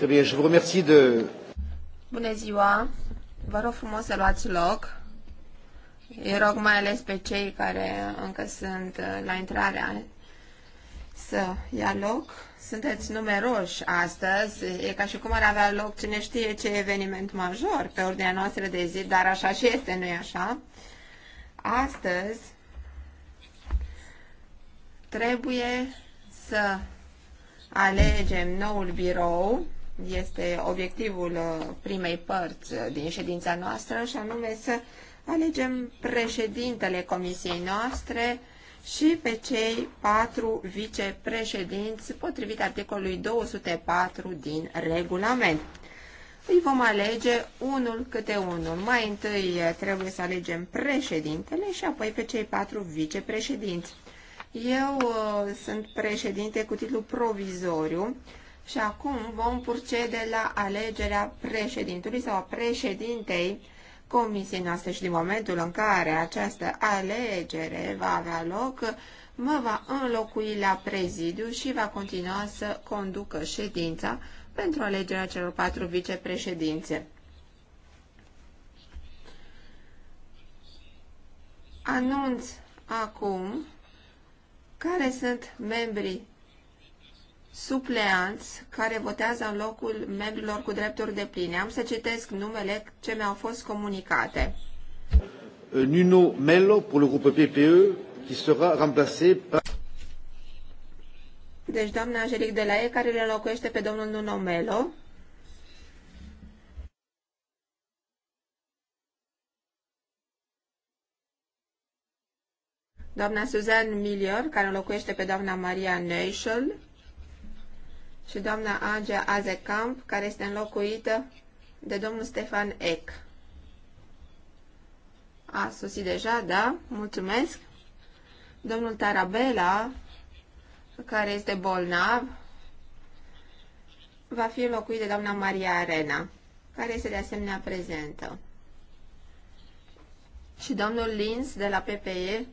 Très bien, je vous remercie de... Bună ziua! Vă rog frumos să luați loc. Îi rog mai ales pe cei care încă sunt uh, la intrarea să ia loc. Sunteți numeroși astăzi, e ca și cum ar avea loc cine știe ce eveniment major pe ordinea noastră de zi, dar așa și este, nu-i așa? Astăzi trebuie să alegem noul birou este obiectivul uh, primei părți uh, din ședința noastră, și anume să alegem președintele comisiei noastre și pe cei patru vicepreședinți potrivit articolului 204 din regulament. Îi vom alege unul câte unul. Mai întâi uh, trebuie să alegem președintele și apoi pe cei patru vicepreședinți. Eu uh, sunt președinte cu titlu provizoriu și acum vom procede la alegerea președintului sau a președintei comisiei noastre și din momentul în care această alegere va avea loc, mă va înlocui la prezidiu și va continua să conducă ședința pentru alegerea celor patru vicepreședințe. Anunț acum care sunt membrii supleanți care votează în locul membrilor cu drepturi de pline. Am să citesc numele ce mi-au fost comunicate. Euh, Nuno Melo pentru grupul PPE care sera remplacé par deci doamna Angelic de la E care le înlocuiește pe domnul Nuno Melo. Doamna Suzanne Milior, care înlocuiește pe doamna Maria Neuschel și doamna Angea Azecamp, care este înlocuită de domnul Stefan Eck. A sosit deja, da, mulțumesc. Domnul Tarabela, care este bolnav, va fi înlocuit de doamna Maria Arena, care este de asemenea prezentă. Și domnul Linz de la PPE,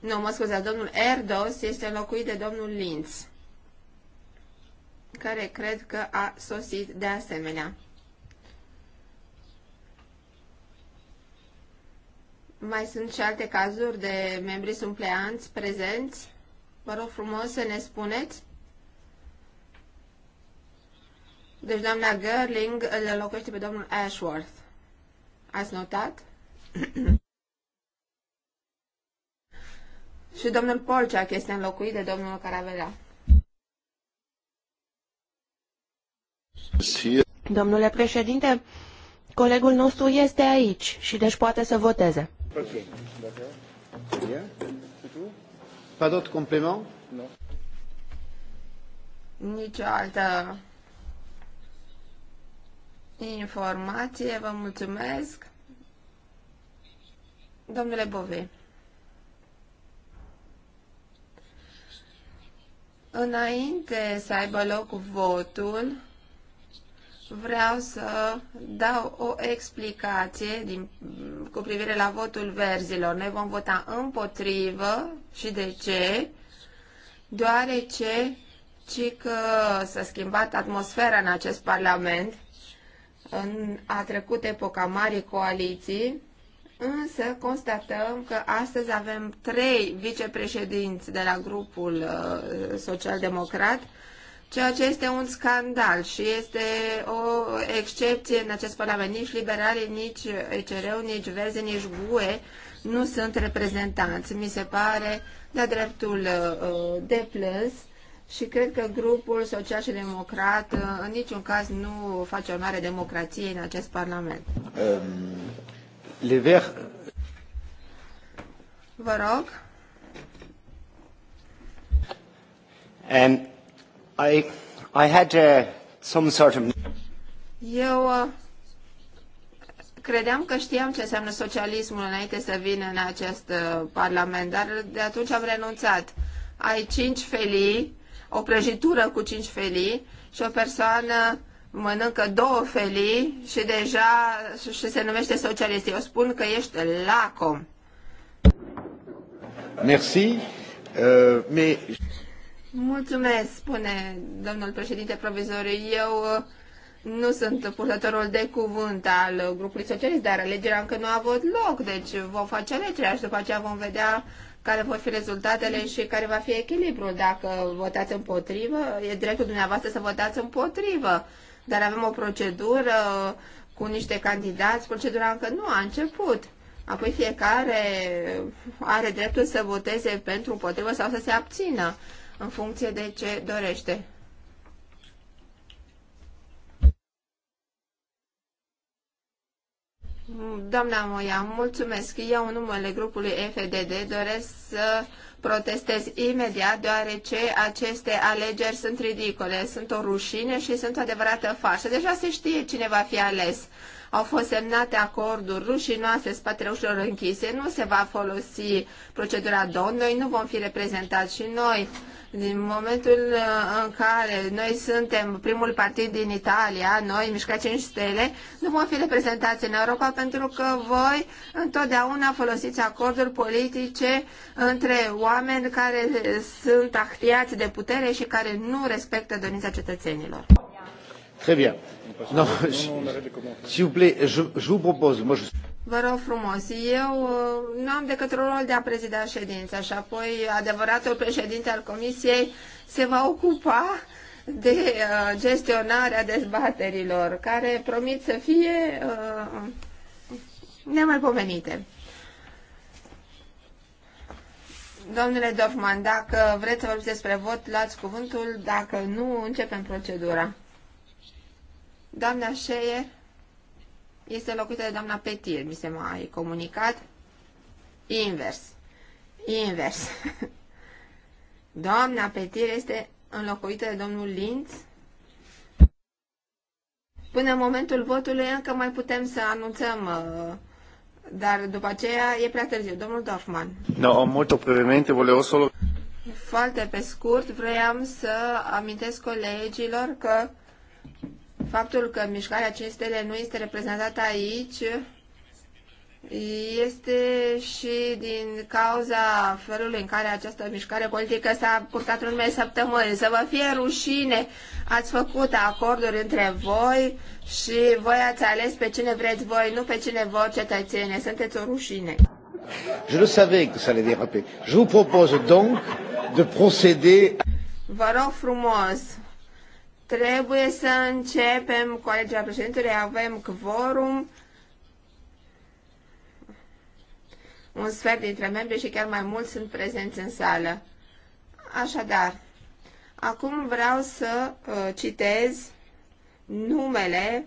nu, mă scuzați, domnul Erdos este înlocuit de domnul Linz care cred că a sosit de asemenea. Mai sunt și alte cazuri de membri supleanți prezenți. Vă rog frumos să ne spuneți. Deci doamna Gerling îl locuiește pe domnul Ashworth. Ați notat? și domnul Polceac este înlocuit de domnul Caravela. Domnule președinte, colegul nostru este aici și deci poate să voteze. Pas d'autres compléments Nicio altă informație, vă mulțumesc. Domnule Bove, înainte să aibă loc votul, vreau să dau o explicație din, cu privire la votul verzilor. Ne vom vota împotrivă și de ce? Deoarece ci că s-a schimbat atmosfera în acest Parlament, în, a trecut epoca Marii Coaliții, însă constatăm că astăzi avem trei vicepreședinți de la grupul uh, social-democrat, ceea ce este un scandal și este o excepție în acest parlament. Nici liberalii, nici ECR-ul, nici Verzi, nici GUE nu sunt reprezentanți. Mi se pare de dreptul uh, de plâns și cred că grupul social și democrat uh, în niciun caz nu face o mare democrație în acest parlament. Um, le Vă rog. I, I had uh, some sort of... Eu uh, credeam că știam ce înseamnă socialismul înainte să vin în acest uh, parlament, dar de atunci am renunțat. Ai cinci felii, o prăjitură cu cinci felii și o persoană mănâncă două felii și deja și se numește socialist. Eu spun că ești lacom. Merci. Uh, mais... Mulțumesc, spune domnul președinte provizoriu. Eu uh, nu sunt purtătorul de cuvânt al uh, grupului socialist, dar alegerea încă nu a avut loc, deci vom face alegerea și după aceea vom vedea care vor fi rezultatele și care va fi echilibrul. Dacă votați împotrivă, e dreptul dumneavoastră să votați împotrivă, dar avem o procedură uh, cu niște candidați, procedura încă nu a început. Apoi fiecare are dreptul să voteze pentru împotrivă sau să se abțină în funcție de ce dorește. Doamna Moia, mulțumesc. Eu, în numele grupului FDD, doresc să protestez imediat, deoarece aceste alegeri sunt ridicole, sunt o rușine și sunt o adevărată farsă. Deja se știe cine va fi ales. Au fost semnate acorduri rușinoase spatele ușilor închise. Nu se va folosi procedura DON. Noi nu vom fi reprezentați și noi. Din momentul uh, în care noi suntem primul partid din Italia, noi, Mișca 5 Stele, nu vom fi reprezentați în Europa pentru că voi întotdeauna folosiți acorduri politice între oameni care sunt actiați de putere și care nu respectă dorința cetățenilor. Très bien. No, Vă rog frumos, eu uh, nu am decât rolul de a prezida ședința și apoi adevăratul președinte al comisiei se va ocupa de uh, gestionarea dezbaterilor, care promit să fie uh, nemaipomenite. Domnule Dorfman, dacă vreți să vorbiți despre vot, luați cuvântul, dacă nu, începem procedura. Doamna Șeier este locuită de doamna Petir, mi se mai comunicat. Invers. Invers. Doamna Petir este înlocuită de domnul Linț. Până în momentul votului încă mai putem să anunțăm, uh, dar după aceea e prea târziu. Domnul Dorfman. No, molto brevemente, volevo solo... Foarte pe scurt, vreau să amintesc colegilor că Faptul că mișcarea cinstele nu este reprezentată aici este și din cauza felului în care această mișcare politică s-a purtat în mai săptămâni. Să vă fie rușine, ați făcut acorduri între voi și voi ați ales pe cine vreți voi, nu pe cine vor cetățene. Sunteți o rușine. Je le savais que ça allait Je vous propose donc de procéder... Vă rog frumos, Trebuie să începem colegia președintelui, avem quorum, un sfert dintre membri și chiar mai mulți sunt prezenți în sală. Așadar, acum vreau să uh, citez numele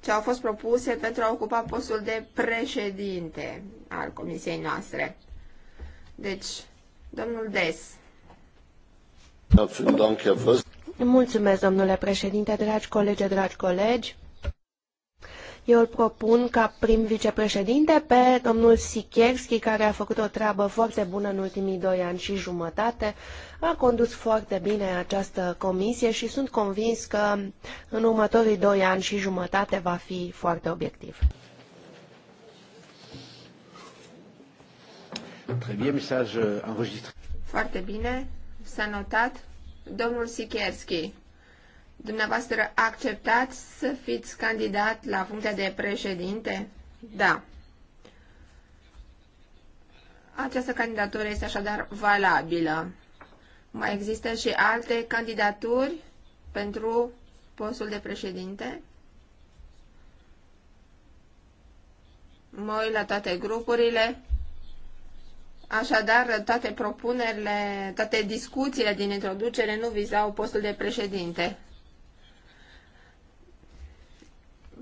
ce au fost propuse pentru a ocupa postul de președinte al comisiei noastre. Deci, domnul Des, Mulțumesc, domnule președinte, dragi colegi, dragi colegi. Eu îl propun ca prim vicepreședinte pe domnul Sikierski, care a făcut o treabă foarte bună în ultimii doi ani și jumătate. A condus foarte bine această comisie și sunt convins că în următorii doi ani și jumătate va fi foarte obiectiv. Foarte bine, s-a notat domnul Sikierski. Dumneavoastră acceptați să fiți candidat la funcția de președinte? Da. Această candidatură este așadar valabilă. Mai există și alte candidaturi pentru postul de președinte? Moi la toate grupurile. Așadar, toate propunerile, toate discuțiile din introducere nu vizau postul de președinte.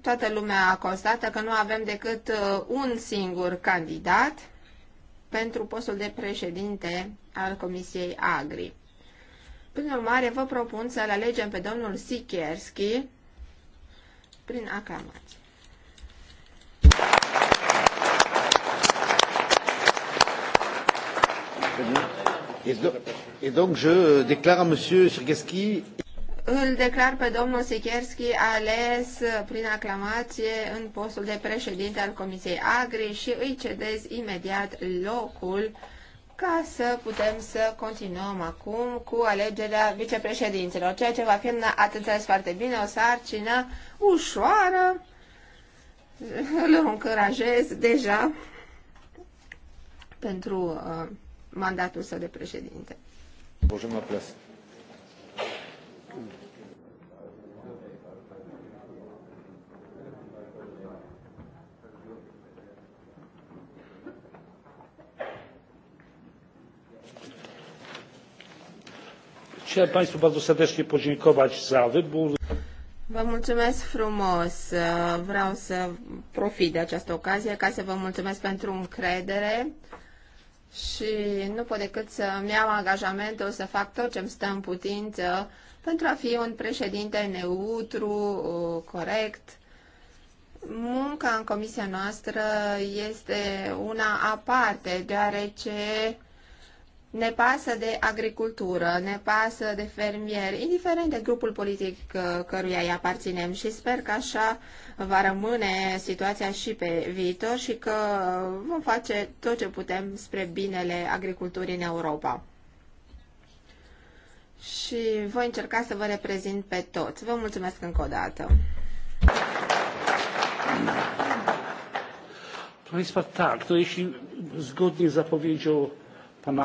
Toată lumea a constată că nu avem decât uh, un singur candidat pentru postul de președinte al Comisiei Agri. Prin urmare, vă propun să-l alegem pe domnul Sikierski prin aclamație. îl declar pe domnul Sikerski ales prin aclamație în postul de președinte al Comisiei Agri și îi cedez imediat locul ca să putem să continuăm acum cu alegerea vicepreședinților, ceea ce va fi, ați înțeles foarte bine, o sarcină ușoară, îl încurajez deja pentru uh, mandatul său de președinte. Vă mulțumesc frumos. Vreau să profit de această ocazie ca să vă mulțumesc pentru încredere și nu pot decât să-mi iau angajamentul să fac tot ce-mi stă în putință pentru a fi un președinte neutru, uh, corect. Munca în comisia noastră este una aparte, deoarece ne pasă de agricultură, ne pasă de fermieri, indiferent de grupul politic uh, căruia îi aparținem și sper că așa va rămâne situația și pe viitor și că vom face tot ce putem spre binele agriculturii în Europa. Și voi încerca să vă reprezint pe toți. Vă mulțumesc încă o dată. Proszę Państwa, tak, to jeśli zgodnie z zapowiedzią Pana...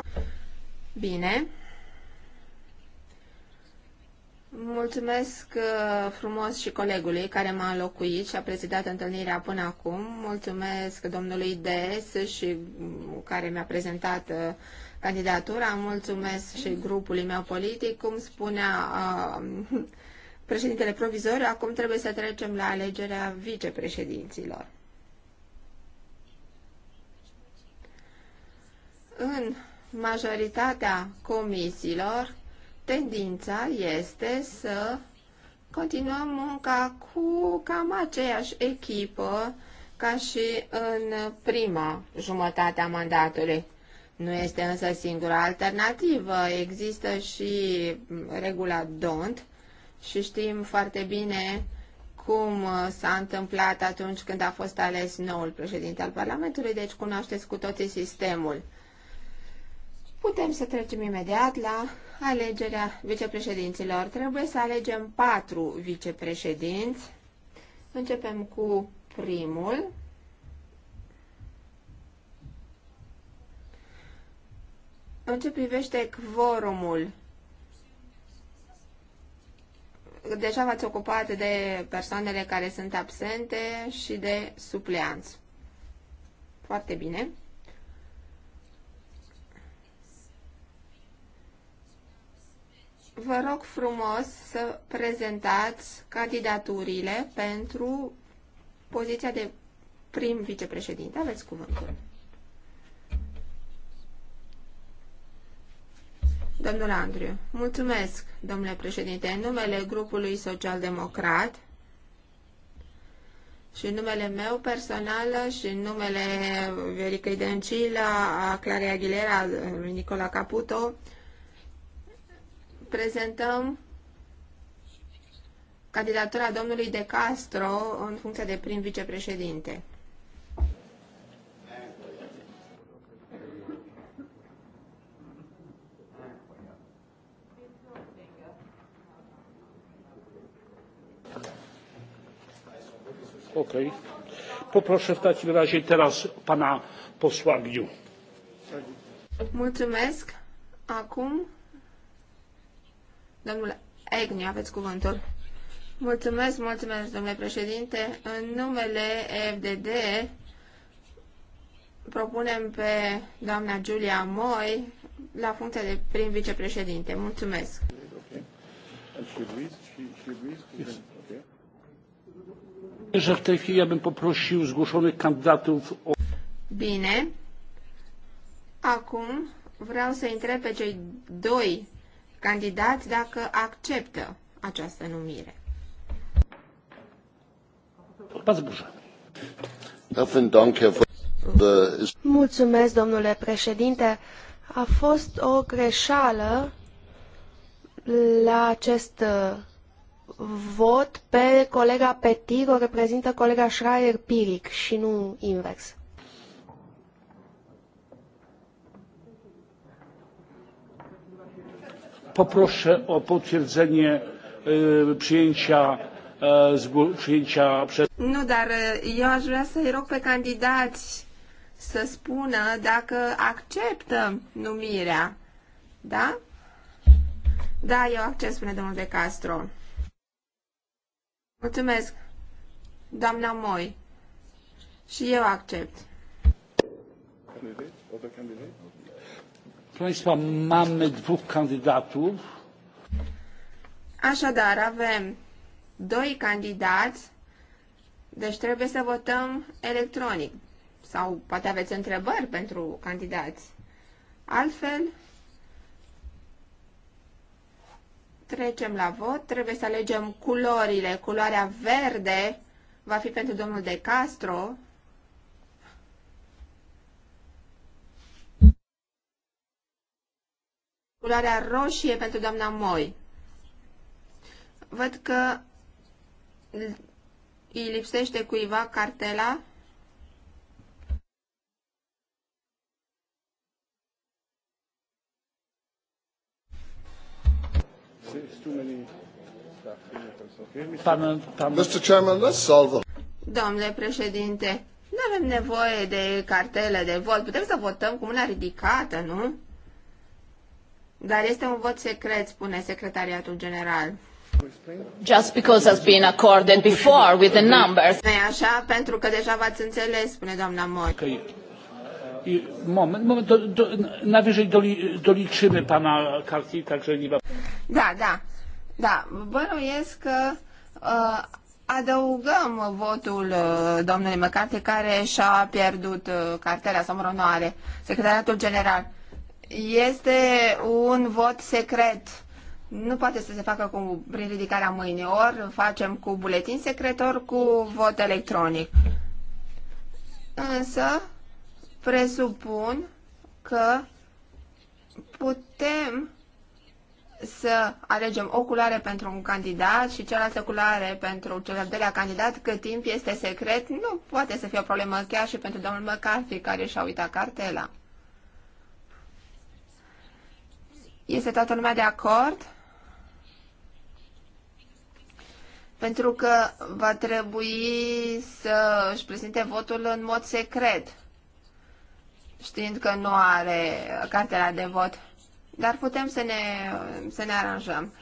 Bine. Mulțumesc uh, frumos și colegului care m-a înlocuit și a prezidat întâlnirea până acum. Mulțumesc domnului DS și mm, care mi-a prezentat uh, candidatura. Mulțumesc și grupului meu politic. Cum spunea uh, președintele provizor, acum trebuie să trecem la alegerea vicepreședinților. În majoritatea comisiilor, tendința este să continuăm munca cu cam aceeași echipă ca și în prima jumătate a mandatului. Nu este însă singura alternativă, există și regula DONT și știm foarte bine cum s-a întâmplat atunci când a fost ales noul președinte al Parlamentului, deci cunoașteți cu toții sistemul. Putem să trecem imediat la alegerea vicepreședinților. Trebuie să alegem patru vicepreședinți. Începem cu primul. În ce privește quorumul, deja v-ați ocupat de persoanele care sunt absente și de supleanți. Foarte bine. Vă rog frumos să prezentați candidaturile pentru poziția de prim vicepreședinte. Aveți cuvântul. Domnul Andriu, mulțumesc, domnule președinte, în numele grupului social-democrat și în numele meu personal și în numele Vericăi Dăncilă, a Clarei Aguilera, Nicola Caputo, prezentăm candidatura domnului De Castro în funcție de prim vicepreședinte. Ok. Poproszę w takim razie teraz pana posła Gniu. Mulțumesc. Acum Domnul Egni, aveți cuvântul. Mulțumesc, mulțumesc, domnule președinte. În numele FDD propunem pe doamna Giulia Moi la funcția de prim vicepreședinte. Mulțumesc. Bine. Acum vreau să întreb pe cei doi candidați dacă acceptă această numire. Mulțumesc, domnule președinte. A fost o greșeală la acest uh, vot pe colega Petir, o reprezintă colega Schreier-Piric și nu invers. Poproszę o potwierdzenie przyjęcia przyjęcia przez... Nu, dar eu aș vrea să-i rog pe candidați să spună dacă acceptă numirea. Da? Da, eu accept, spune domnul De Castro. Mulțumesc, doamna Moi. Și eu accept. Candidate? Other candidate? Państwa, mamy dwóch kandydatów. Așadar, avem doi candidați, deci trebuie să votăm electronic. Sau poate aveți întrebări pentru candidați. Altfel, trecem la vot. Trebuie să alegem culorile. Culoarea verde va fi pentru domnul De Castro, culoarea roșie pentru doamna Moi. Văd că îi lipsește cuiva cartela. Mr. Chairman, let's solve Domnule președinte, nu avem nevoie de cartele de vot. Putem să votăm cu mâna ridicată, nu? Dar este un vot secret, spune secretariatul general. Just because has been accorded before with the numbers. Nu așa, pentru că deja v-ați înțeles, spune doamna Moi. Okay. Moment, moment, do, do, najwyżej doli, doliczymy pana kartki, także nie ma... Da, da, da, bănuiesc că uh, adăugăm votul uh, domnului Măcate care și-a pierdut uh, cartela, sau mă rog, nu are, secretariatul general. Este un vot secret. Nu poate să se facă cu, prin ridicarea mâinii. Ori facem cu buletin secret, ori cu vot electronic. Însă, presupun că putem să alegem o culoare pentru un candidat și cealaltă culoare pentru cel de la candidat, cât timp este secret, nu poate să fie o problemă chiar și pentru domnul McCarthy, care și-a uitat cartela. Este toată lumea de acord? Pentru că va trebui să își prezinte votul în mod secret, știind că nu are cartela de vot. Dar putem să ne, să ne aranjăm.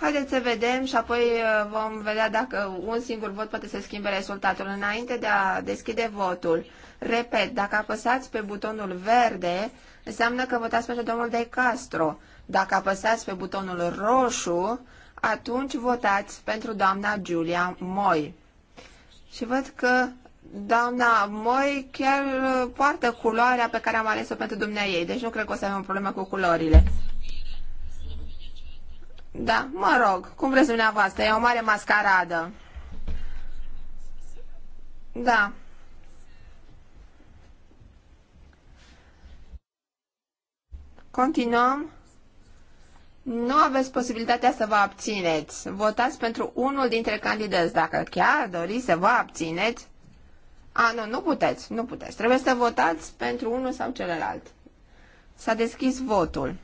Haideți să vedem și apoi uh, vom vedea dacă un singur vot poate să schimbe rezultatul. Înainte de a deschide votul, repet, dacă apăsați pe butonul verde, înseamnă că votați pentru domnul De Castro. Dacă apăsați pe butonul roșu, atunci votați pentru doamna Giulia Moi. Și văd că doamna Moi chiar uh, poartă culoarea pe care am ales-o pentru dumnea ei, deci nu cred că o să avem o problemă cu culorile. Da, mă rog, cum vreți dumneavoastră, e o mare mascaradă. Da. Continuăm. Nu aveți posibilitatea să vă abțineți. Votați pentru unul dintre candidați. Dacă chiar doriți să vă abțineți, a, nu, nu puteți, nu puteți. Trebuie să votați pentru unul sau celălalt. S-a deschis votul.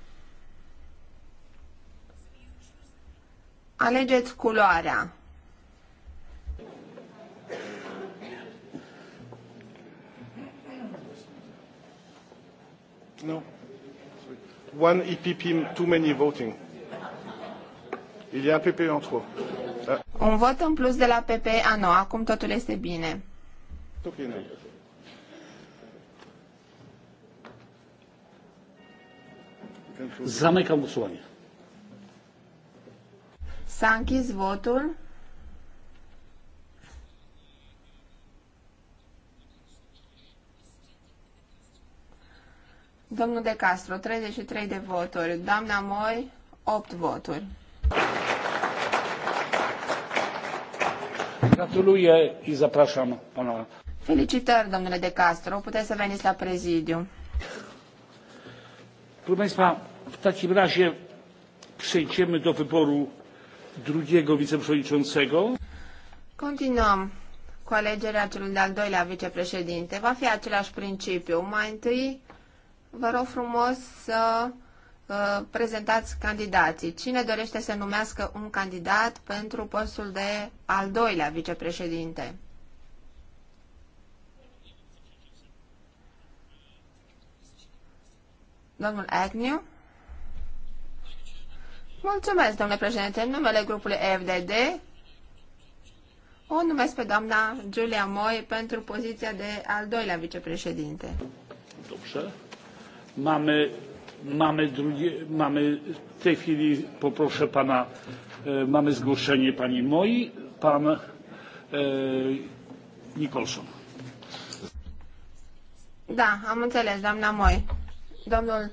Alegeți culoarea. Nu. No. One EPP too many voting. Il y a un PP en trop. Ah. Un vot în plus de la PP. A, ah, nu, acum totul este bine. Okay, no. Zamykam S-a închis votul. Domnul De Castro, 33 de voturi. Doamna Moi, 8 voturi. pana. Felicitări, domnule De Castro. Puteți să veniți la prezidiu. Proszę w takim razie przejdziemy do wyboru drugiego wiceprzewodniczącego. Continuăm cu alegerea celui de-al doilea vicepreședinte. Va fi același principiu. Mai întâi vă rog frumos să uh, prezentați candidații. Cine dorește să numească un candidat pentru postul de al doilea vicepreședinte? Domnul Agnew? Mulțumesc, domnule președinte. În numele grupului FDD o numesc pe doamna Giulia Moi pentru poziția de al doilea vicepreședinte. Mamy, mamy, drugie, mamy w tej chwili poproszę pana, e, mamy zgłoszenie pani Moi, pan Nicholson. Da, am înțeles, doamna Moi. Domnul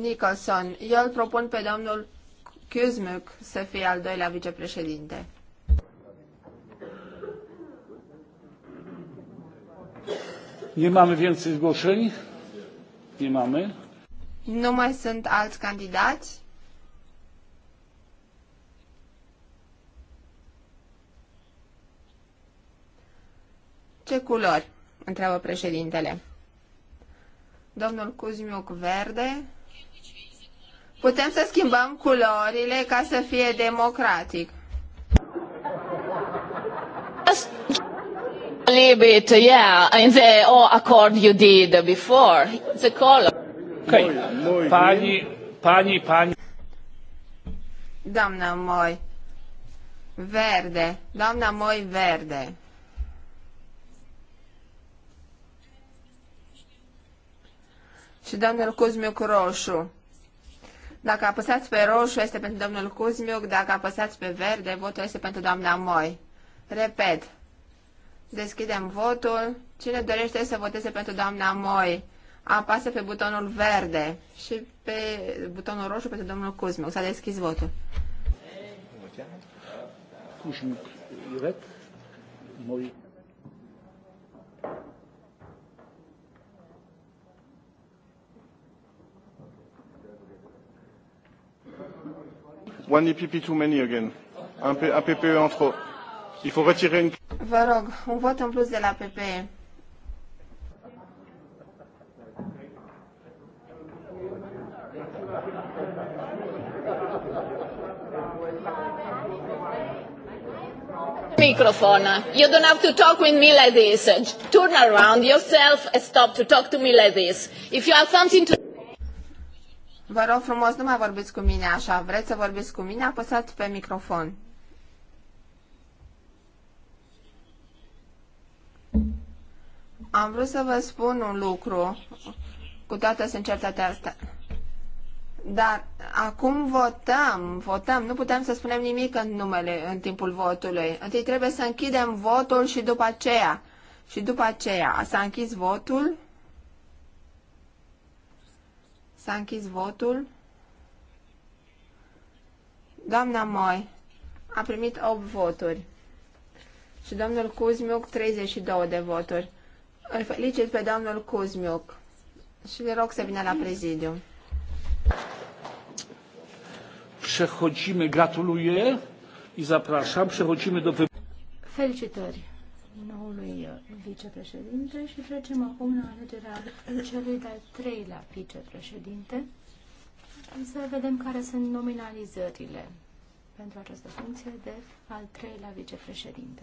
Nicholson, eu îl propun pe domnul Kuzmiuk să fie al doilea vicepreședinte. Nie mamy więcej zgłoszeń. Nie mamy. Nu mai sunt alți candidați? Ce culori? întreabă președintele. Domnul Cuzmiuc verde. Putem să schimbăm culorile ca să fie democratic. A little bit, yeah, in the oh, accord you did before. The color. Okay. Pani, pani, pani. Doamna Moi, verde, doamna Moi, verde. Și domnul Cuzmiuc roșu. Dacă apăsați pe roșu, este pentru domnul Cuzmiuc, dacă apăsați pe verde, votul este pentru doamna Moi. Repet, Deschidem votul. Cine dorește să voteze pentru doamna Moi? Apasă pe butonul verde și pe butonul roșu pentru domnul Cuzmiuc. S-a deschis votul. Cuzmiuc, Iuret, Moi. One EPP too many again. Un PPE en trop. Vă rog, un vot în plus de la PPE. microphone. You don't have to talk with me like this. Turn around yourself and stop to talk to me like this. If you have something to... Vă rog frumos, nu mai vorbiți cu mine așa. Vreți să vorbiți cu mine? Apăsați pe microfon. Am vrut să vă spun un lucru, cu toată sinceritatea asta. Dar acum votăm, votăm, nu putem să spunem nimic în numele, în timpul votului. Întâi trebuie să închidem votul și după aceea. Și după aceea, s-a închis votul? S-a închis votul? Doamna Moi a primit 8 voturi și domnul Cuzmiuc 32 de voturi. Îl felicit pe domnul Cuzmiuc și le rog să vină la prezidiu. Przechodzimy, gratuluję i zapraszam. Przechodzimy do Felicitări noului vicepreședinte și trecem acum la alegerea celui de-al treilea vicepreședinte. Să vedem care sunt nominalizările pentru această funcție de al treilea vicepreședinte.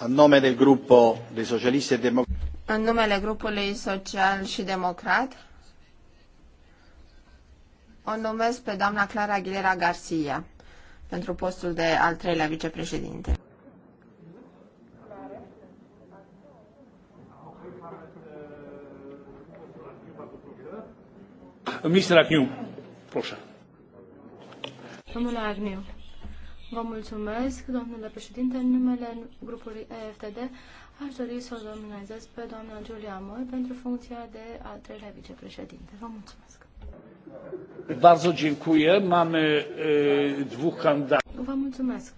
în numele grupului socialist democrat. În numele grupului social și democrat, o numesc pe doamna Clara Aguilera Garcia pentru postul de al treilea vicepreședinte. Mr. Agnew, proszę. Domnule Agnew. Vă mulțumesc, domnule președinte. În numele grupului EFTD aș dori să o nominalizez pe doamna Giulia Moi pentru funcția de al treilea vicepreședinte. Vă mulțumesc. Bardzo dziękuję. Mamy dwóch kandydatów. Vă mulțumesc.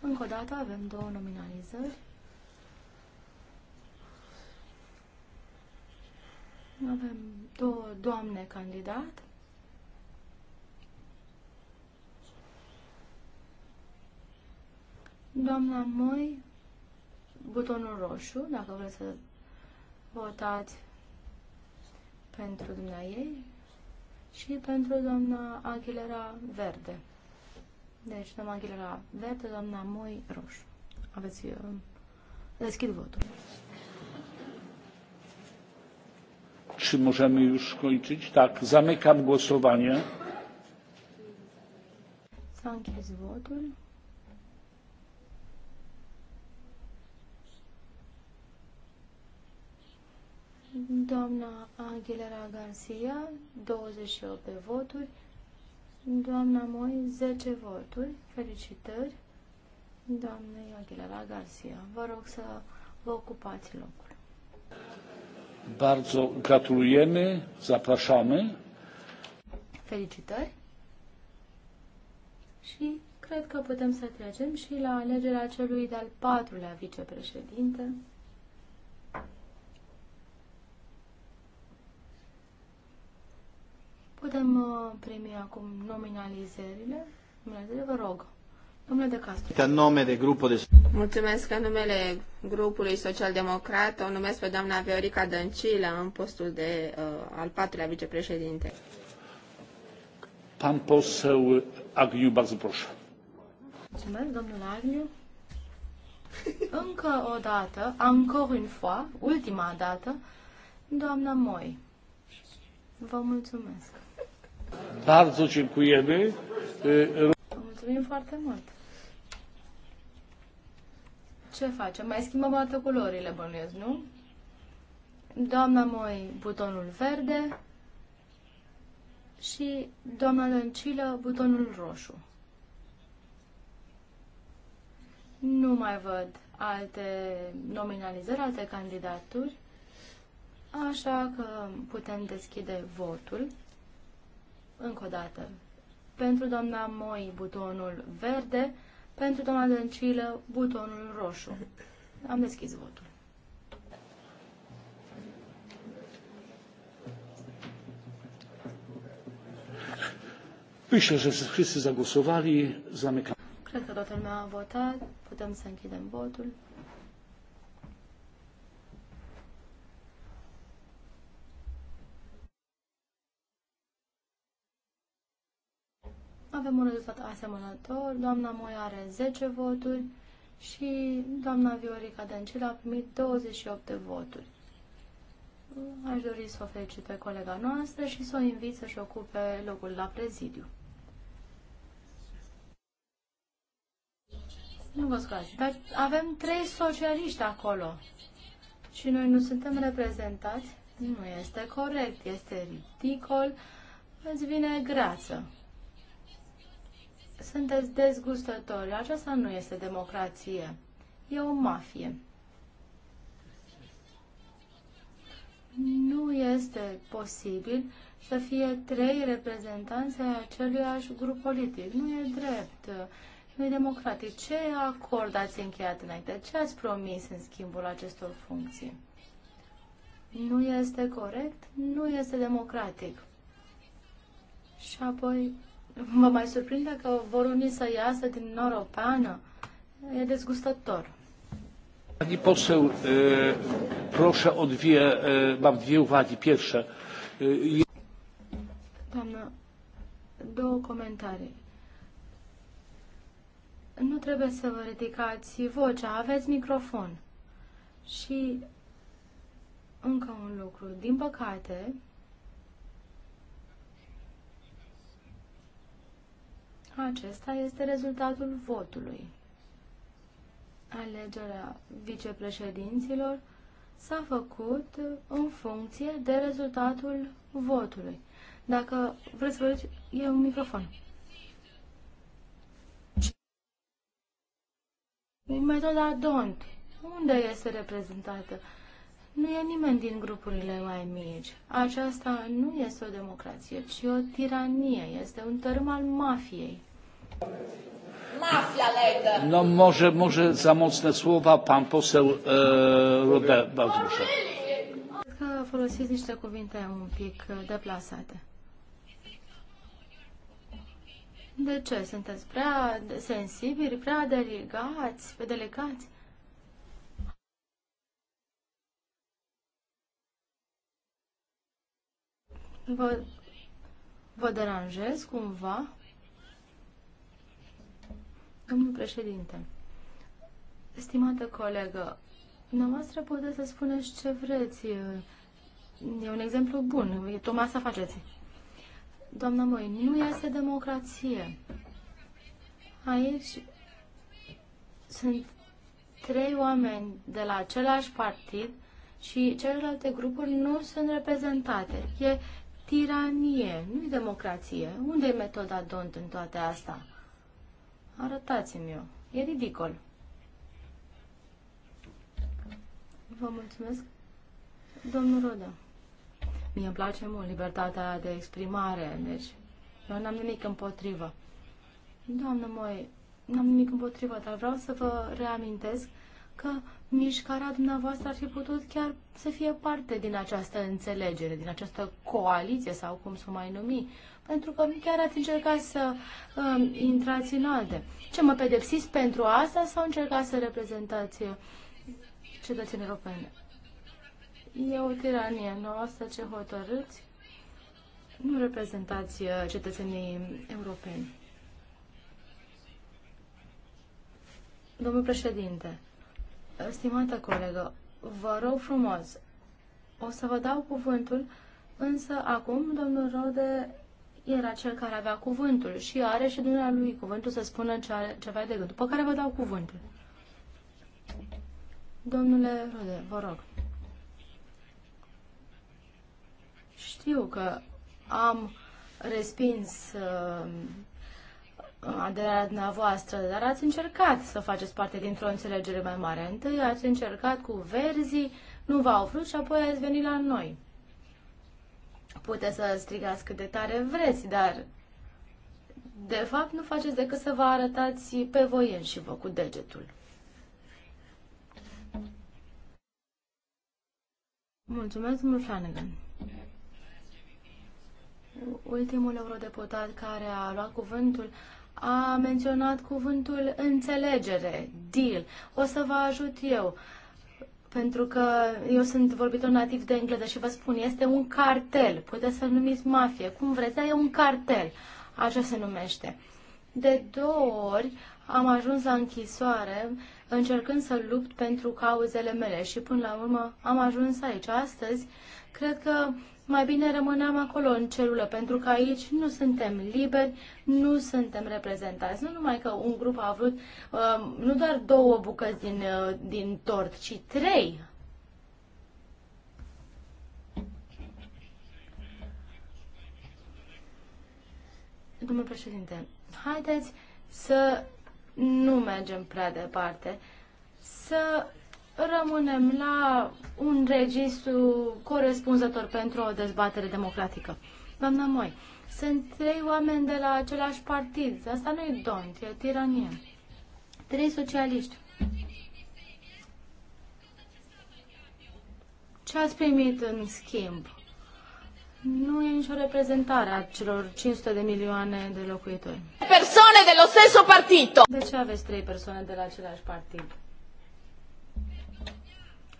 Încă o dată avem două nominalizări. Avem două doamne candidat. Doamna Moi, butonul roșu, dacă vreți să votați pentru dumnea ei și pentru doamna Aguilera Verde. Deci, doamna Aguilera Verde, doamna Moi Roșu. Aveți... Uh, deschid votul. Czy możemy już kończyć? Tak, zamykam głosowanie. Sanki z doamna Aguilera Garcia, 28 de voturi, doamna Moi, 10 voturi, felicitări, doamna Aguilera Garcia. Vă rog să vă ocupați locul. Bardzo gratulujemy, zapraszamy. Felicitări. Și cred că putem să trecem și la alegerea celui de-al patrulea vicepreședinte. Putem uh, primi acum nominalizările. Dumnezeu, vă rog. Domnule de Castro. În nume de grupul de... Mulțumesc în numele grupului social-democrat. O numesc pe doamna Viorica Dăncilă în postul de uh, al patrulea vicepreședinte. Pan poseł Agniu, bardzo proszę. Mulțumesc, domnul Agniu. Încă o dată, encore une fois, ultima dată, doamna Moi. Vă mulțumesc. Bardzo dziękujemy. Mulțumim foarte mult. Ce facem? Mai schimbăm toate culorile, bănuiesc, nu? Doamna Moi, butonul verde și doamna Dăncilă, butonul roșu. Nu mai văd alte nominalizări, alte candidaturi. Așa că putem deschide votul. Încă o dată. Pentru doamna Moi, butonul verde. Pentru doamna Dăncilă, butonul roșu. Am deschis votul. Myślę, że wszyscy zagłosowali. zamykamy. Cred că toată lumea a votat. Putem să votul. Avem un rezultat asemănător. Doamna Moi are 10 voturi și doamna Viorica Dăncilă a primit 28 de voturi. Aș dori să o felicit pe colega noastră și să o invit să-și ocupe locul la prezidiu. Nu vă scuzați, dar avem trei socialiști acolo și noi nu suntem reprezentați. Nu este corect, este ridicol, îți vine grață sunteți dezgustători. Aceasta nu este democrație. E o mafie. Nu este posibil să fie trei reprezentanți ai aceluiași grup politic. Nu e drept, nu e democratic. Ce acord ați încheiat înainte? Ce ați promis în schimbul acestor funcții? Nu este corect, nu este democratic. Și apoi Mă mai surprinde că vor unii să iasă din Uniunea Europeană? E dezgustător. Pani poseł, e, proszę o dwie, e, mam dwie uwagi. Pierwsze. E, Doamna, două comentarii. Nu trebuie să vă ridicați vocea, aveți microfon. Și încă un lucru. Din păcate, Acesta este rezultatul votului. Alegerea vicepreședinților s-a făcut în funcție de rezultatul votului. Dacă vreți să vă e un microfon. Metoda DONT. Unde este reprezentată? Nu e nimeni din grupurile mai mici. Aceasta nu este o democrație, ci o tiranie. Este un tărâm al mafiei. No może, może za mocne słowa pan poseł e, Robert Baldusza. folosiți niște cuvinte un pic deplasate. De ce? Sunteți prea sensibili, prea delicați, delicați? Vă, vă deranjez cumva? Domnul președinte, stimată colegă, dumneavoastră puteți să spuneți ce vreți. E un exemplu bun. E tocmai să faceți. Doamna Moi, nu este democrație. Aici sunt trei oameni de la același partid și celelalte grupuri nu sunt reprezentate. E tiranie, nu e democrație. Unde e metoda DONT în toate astea? Arătați-mi eu. E ridicol. Vă mulțumesc. Domnul Rodă. Mie îmi place mult libertatea de exprimare, deci eu n-am nimic împotrivă. Doamnă Moi, n-am nimic împotrivă, dar vreau să vă reamintesc că mișcarea dumneavoastră ar fi putut chiar să fie parte din această înțelegere, din această coaliție sau cum să o mai numi, pentru că chiar ați încercat să um, intrați în alte. Ce mă pedepsiți pentru asta sau încercați să reprezentați uh, cetățenii europene? E o tiranie noastră ce hotărâți. Nu reprezentați uh, cetățenii europeni. Domnul președinte, uh, stimată colegă, vă rog frumos, o să vă dau cuvântul, însă acum domnul Rode era cel care avea cuvântul și are și lui cuvântul să spună ce are, ce avea de gând. După care vă dau cuvântul. Domnule Rode, vă rog. Știu că am respins uh, aderarea dumneavoastră, dar ați încercat să faceți parte dintr-o înțelegere mai mare. Întâi ați încercat cu verzii, nu v-au vrut și apoi ați venit la noi. Puteți să strigați cât de tare vreți, dar de fapt nu faceți decât să vă arătați pe voi și vă cu degetul. Mulțumesc, mult Flanagan. Ultimul eurodeputat care a luat cuvântul a menționat cuvântul înțelegere, deal. O să vă ajut eu. Uh, pentru că eu sunt vorbitor nativ de engleză și vă spun, este un cartel, puteți să-l numiți mafie, cum vreți, dar e un cartel, așa se numește. De două ori am ajuns la închisoare încercând să lupt pentru cauzele mele și până la urmă am ajuns aici. Astăzi cred că mai bine rămâneam acolo în celulă, pentru că aici nu suntem liberi, nu suntem reprezentați. Nu numai că un grup a avut uh, nu doar două bucăți din, uh, din tort, ci trei. Domnul președinte, haideți să nu mergem prea departe, să rămânem la un registru corespunzător pentru o dezbatere democratică. Doamna Moi, sunt trei oameni de la același partid. Asta nu e don, e tiranie. Trei socialiști. Ce ați primit în schimb? Nu e nicio reprezentare a celor 500 de milioane de locuitori. Persoane de lo stesso partito. De ce aveți trei persoane de la același partid?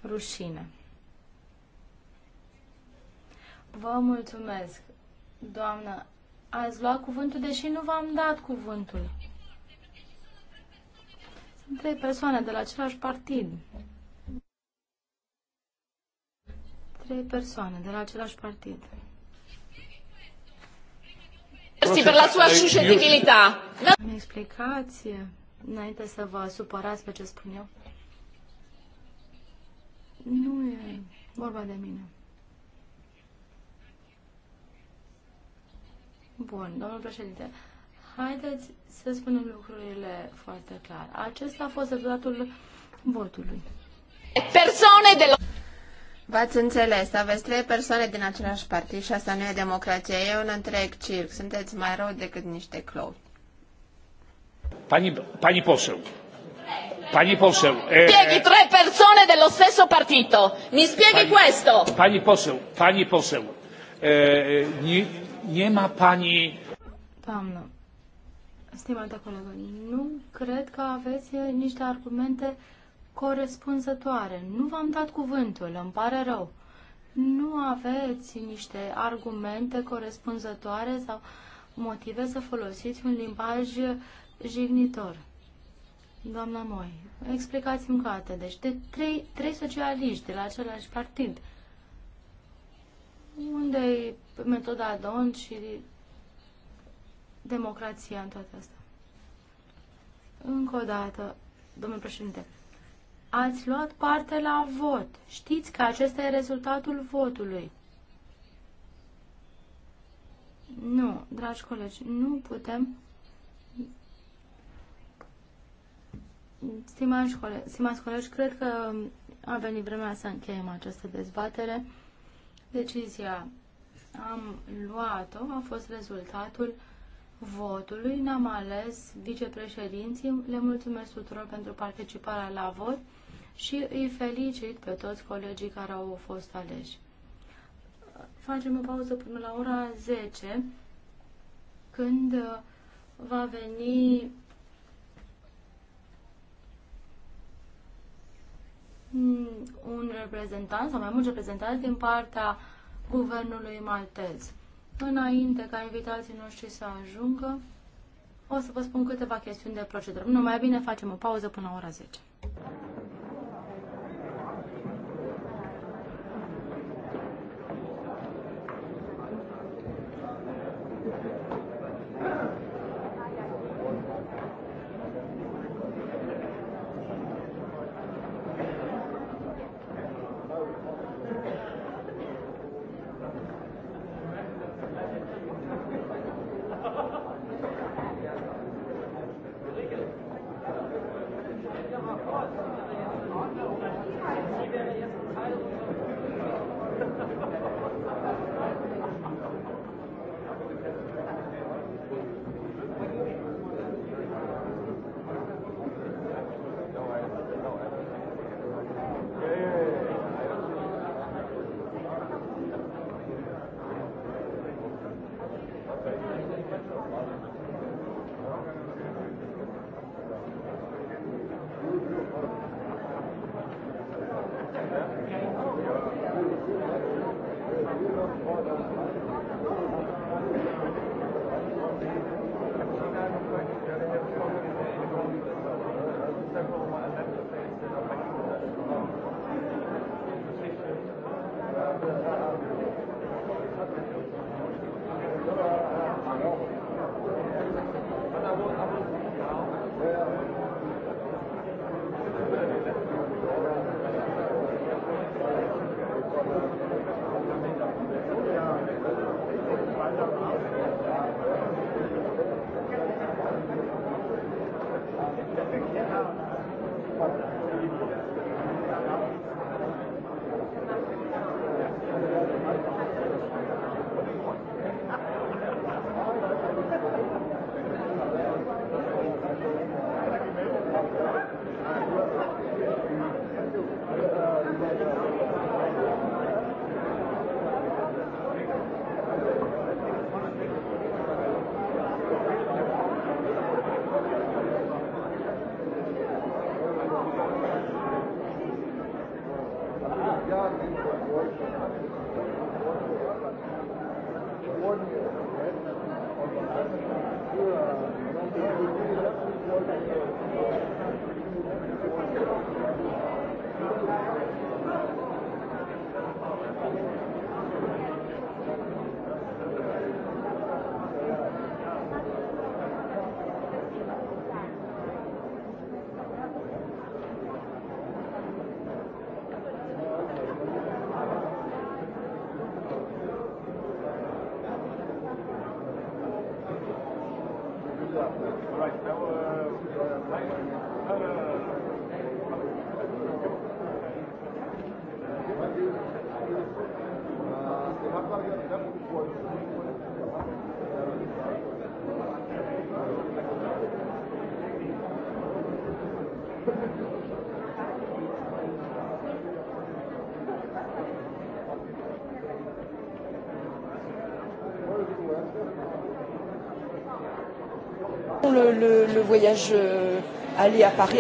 rușine. Vă mulțumesc, doamnă. Ați luat cuvântul, deși nu v-am dat cuvântul. Sunt trei persoane de la același partid. Trei persoane de la același partid. Mersi per la sua suscettibilità. Mi explicație, înainte să vă supărați pe ce spun eu? Nu e vorba de mine. Bun, domnul președinte, haideți să spunem lucrurile foarte clar. Acesta a fost rezultatul votului. Persoane de la... V-ați înțeles, aveți trei persoane din același partid și asta nu e democrație, e un întreg circ. Sunteți mai rău decât niște clovi. Pani, pani poseu. Pani poseł. E... Spieghi tre persone dello stesso partito. Mi spieghi pani, questo. Pani poseł, pani poseł. E, nie, nie ma pani. Doamnă, stimată colegă, nu cred că aveți niște argumente corespunzătoare. Nu v-am dat cuvântul, îmi pare rău. Nu aveți niște argumente corespunzătoare sau motive să folosiți un limbaj jignitor doamna Moi, explicați-mi încă dată. Deci, de trei, trei socialiști de la același partid. Unde e metoda Don și democrația în toate astea? Încă o dată, domnul președinte, ați luat parte la vot. Știți că acesta e rezultatul votului. Nu, dragi colegi, nu putem Stimați colegi, colegi, cred că a venit vremea să încheiem această dezbatere. Decizia am luat-o, a fost rezultatul votului. Ne-am ales vicepreședinții. Le mulțumesc tuturor pentru participarea la vot și îi felicit pe toți colegii care au fost aleși. Facem o pauză până la ora 10, când va veni Mm, un reprezentant sau mai mulți reprezentanți din partea guvernului maltez. Înainte ca invitații noștri să ajungă, o să vă spun câteva chestiuni de procedură. Nu, mai bine facem o pauză până la ora 10. le, le voyage euh, aller à Paris.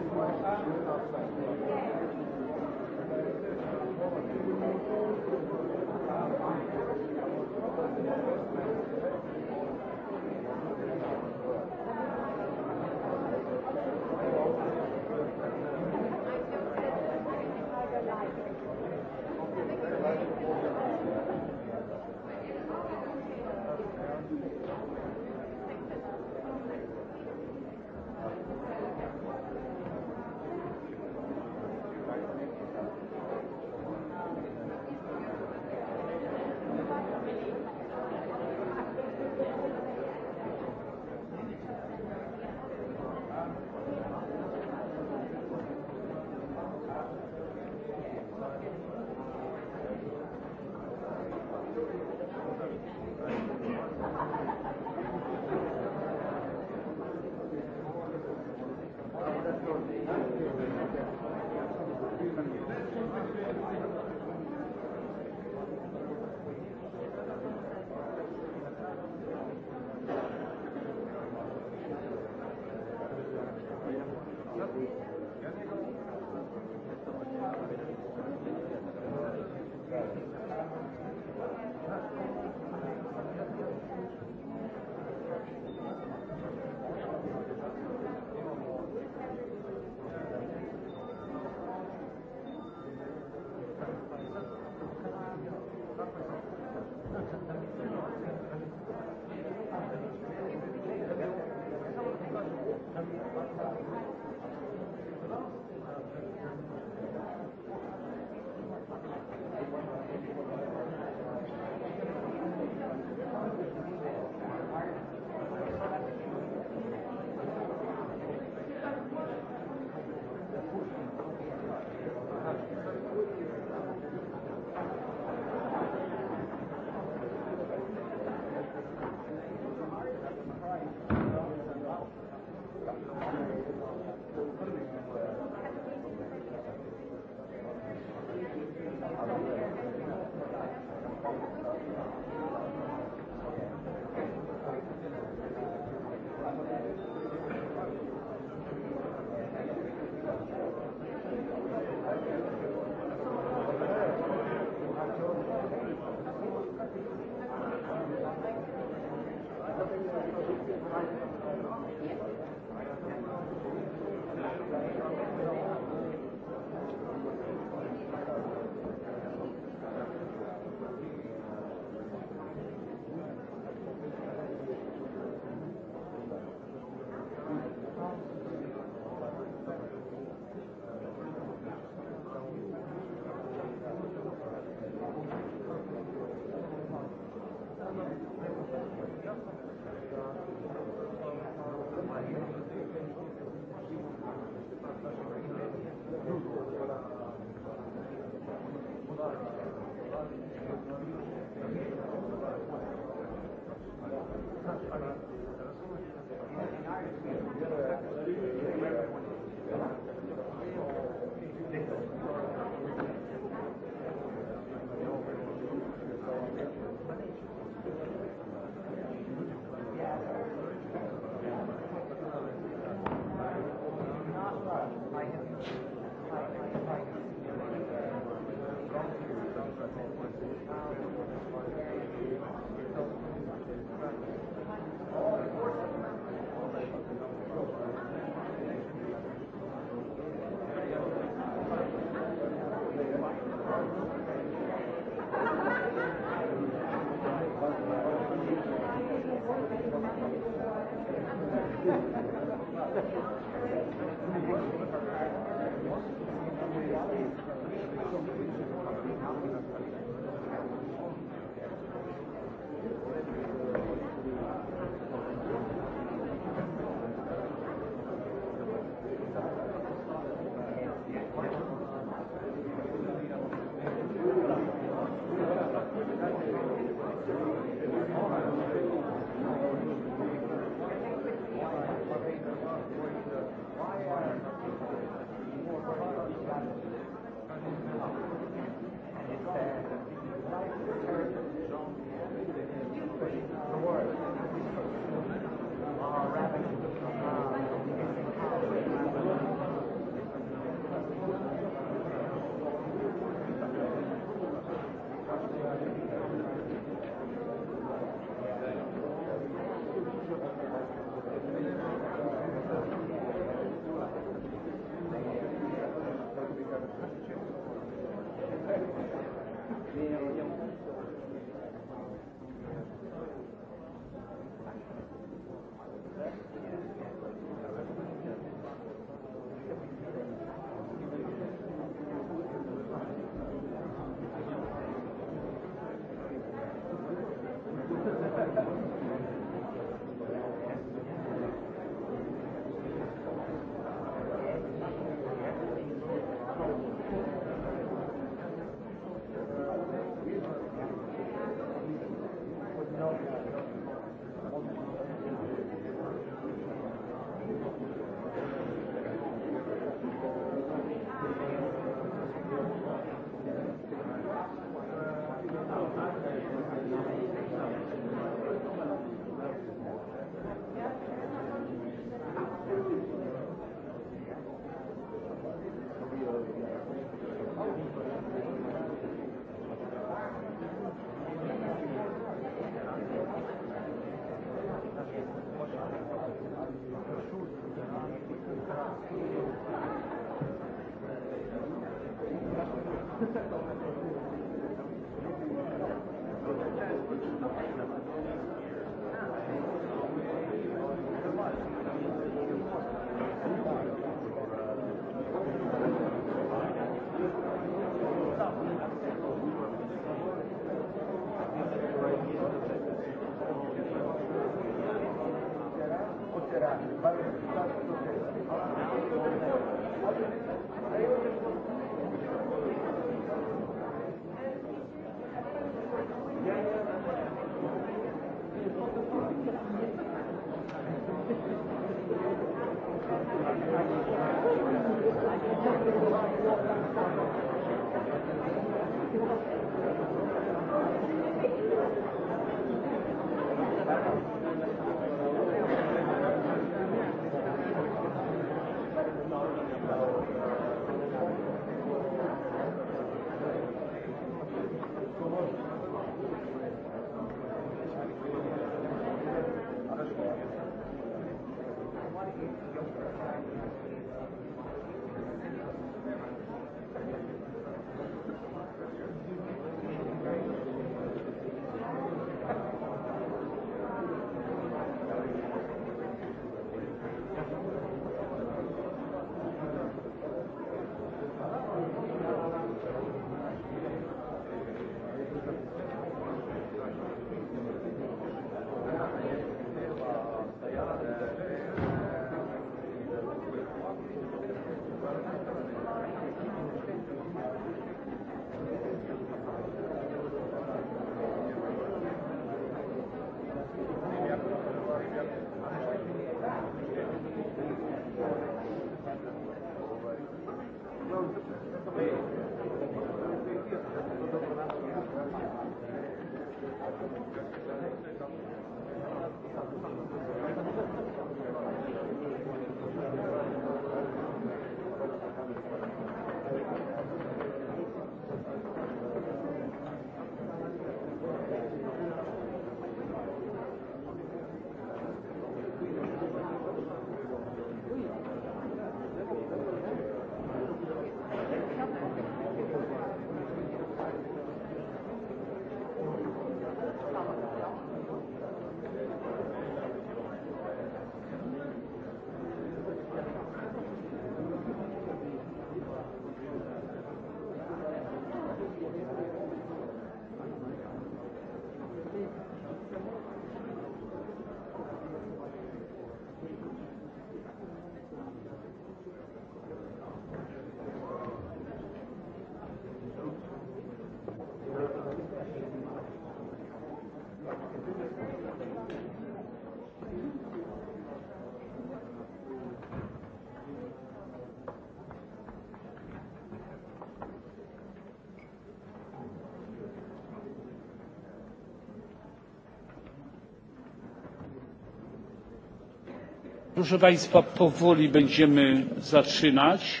Proszę Państwa, powoli będziemy zaczynać.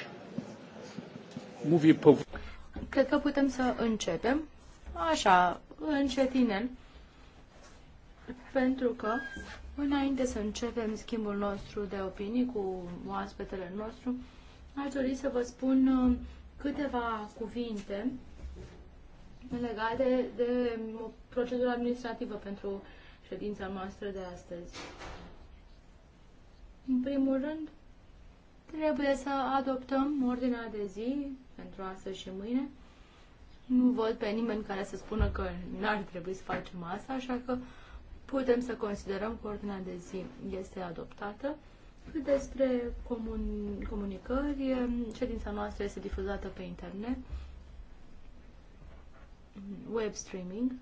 Mówię powoli. Cred că putem să începem, așa, încetinem. pentru că înainte să începem schimbul nostru de opinii cu oaspetele nostru, aș dori să vă spun uh, câteva cuvinte legate de procedura administrativă pentru ședința noastră de astăzi. În primul rând, trebuie să adoptăm ordinea de zi pentru astăzi și mâine. Nu văd pe nimeni care să spună că n-ar trebui să facem asta, așa că putem să considerăm că ordinea de zi este adoptată. despre comun- comunicări, ședința noastră este difuzată pe internet, web streaming,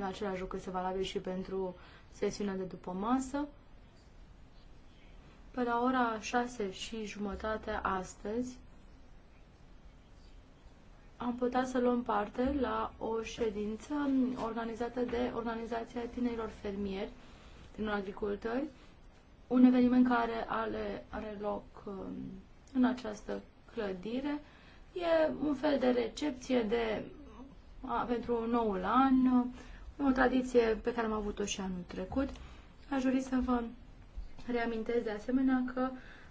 același lucru este valabil și pentru sesiunea de după masă. Pe la ora 6 și jumătate astăzi am putea să luăm parte la o ședință organizată de Organizația Tinerilor Fermieri din agricultori. un eveniment care are, are loc um, în această clădire. E un fel de recepție de, a, pentru noul an, o tradiție pe care am avut-o și anul trecut. Aș dori să vă Reamintesc de asemenea că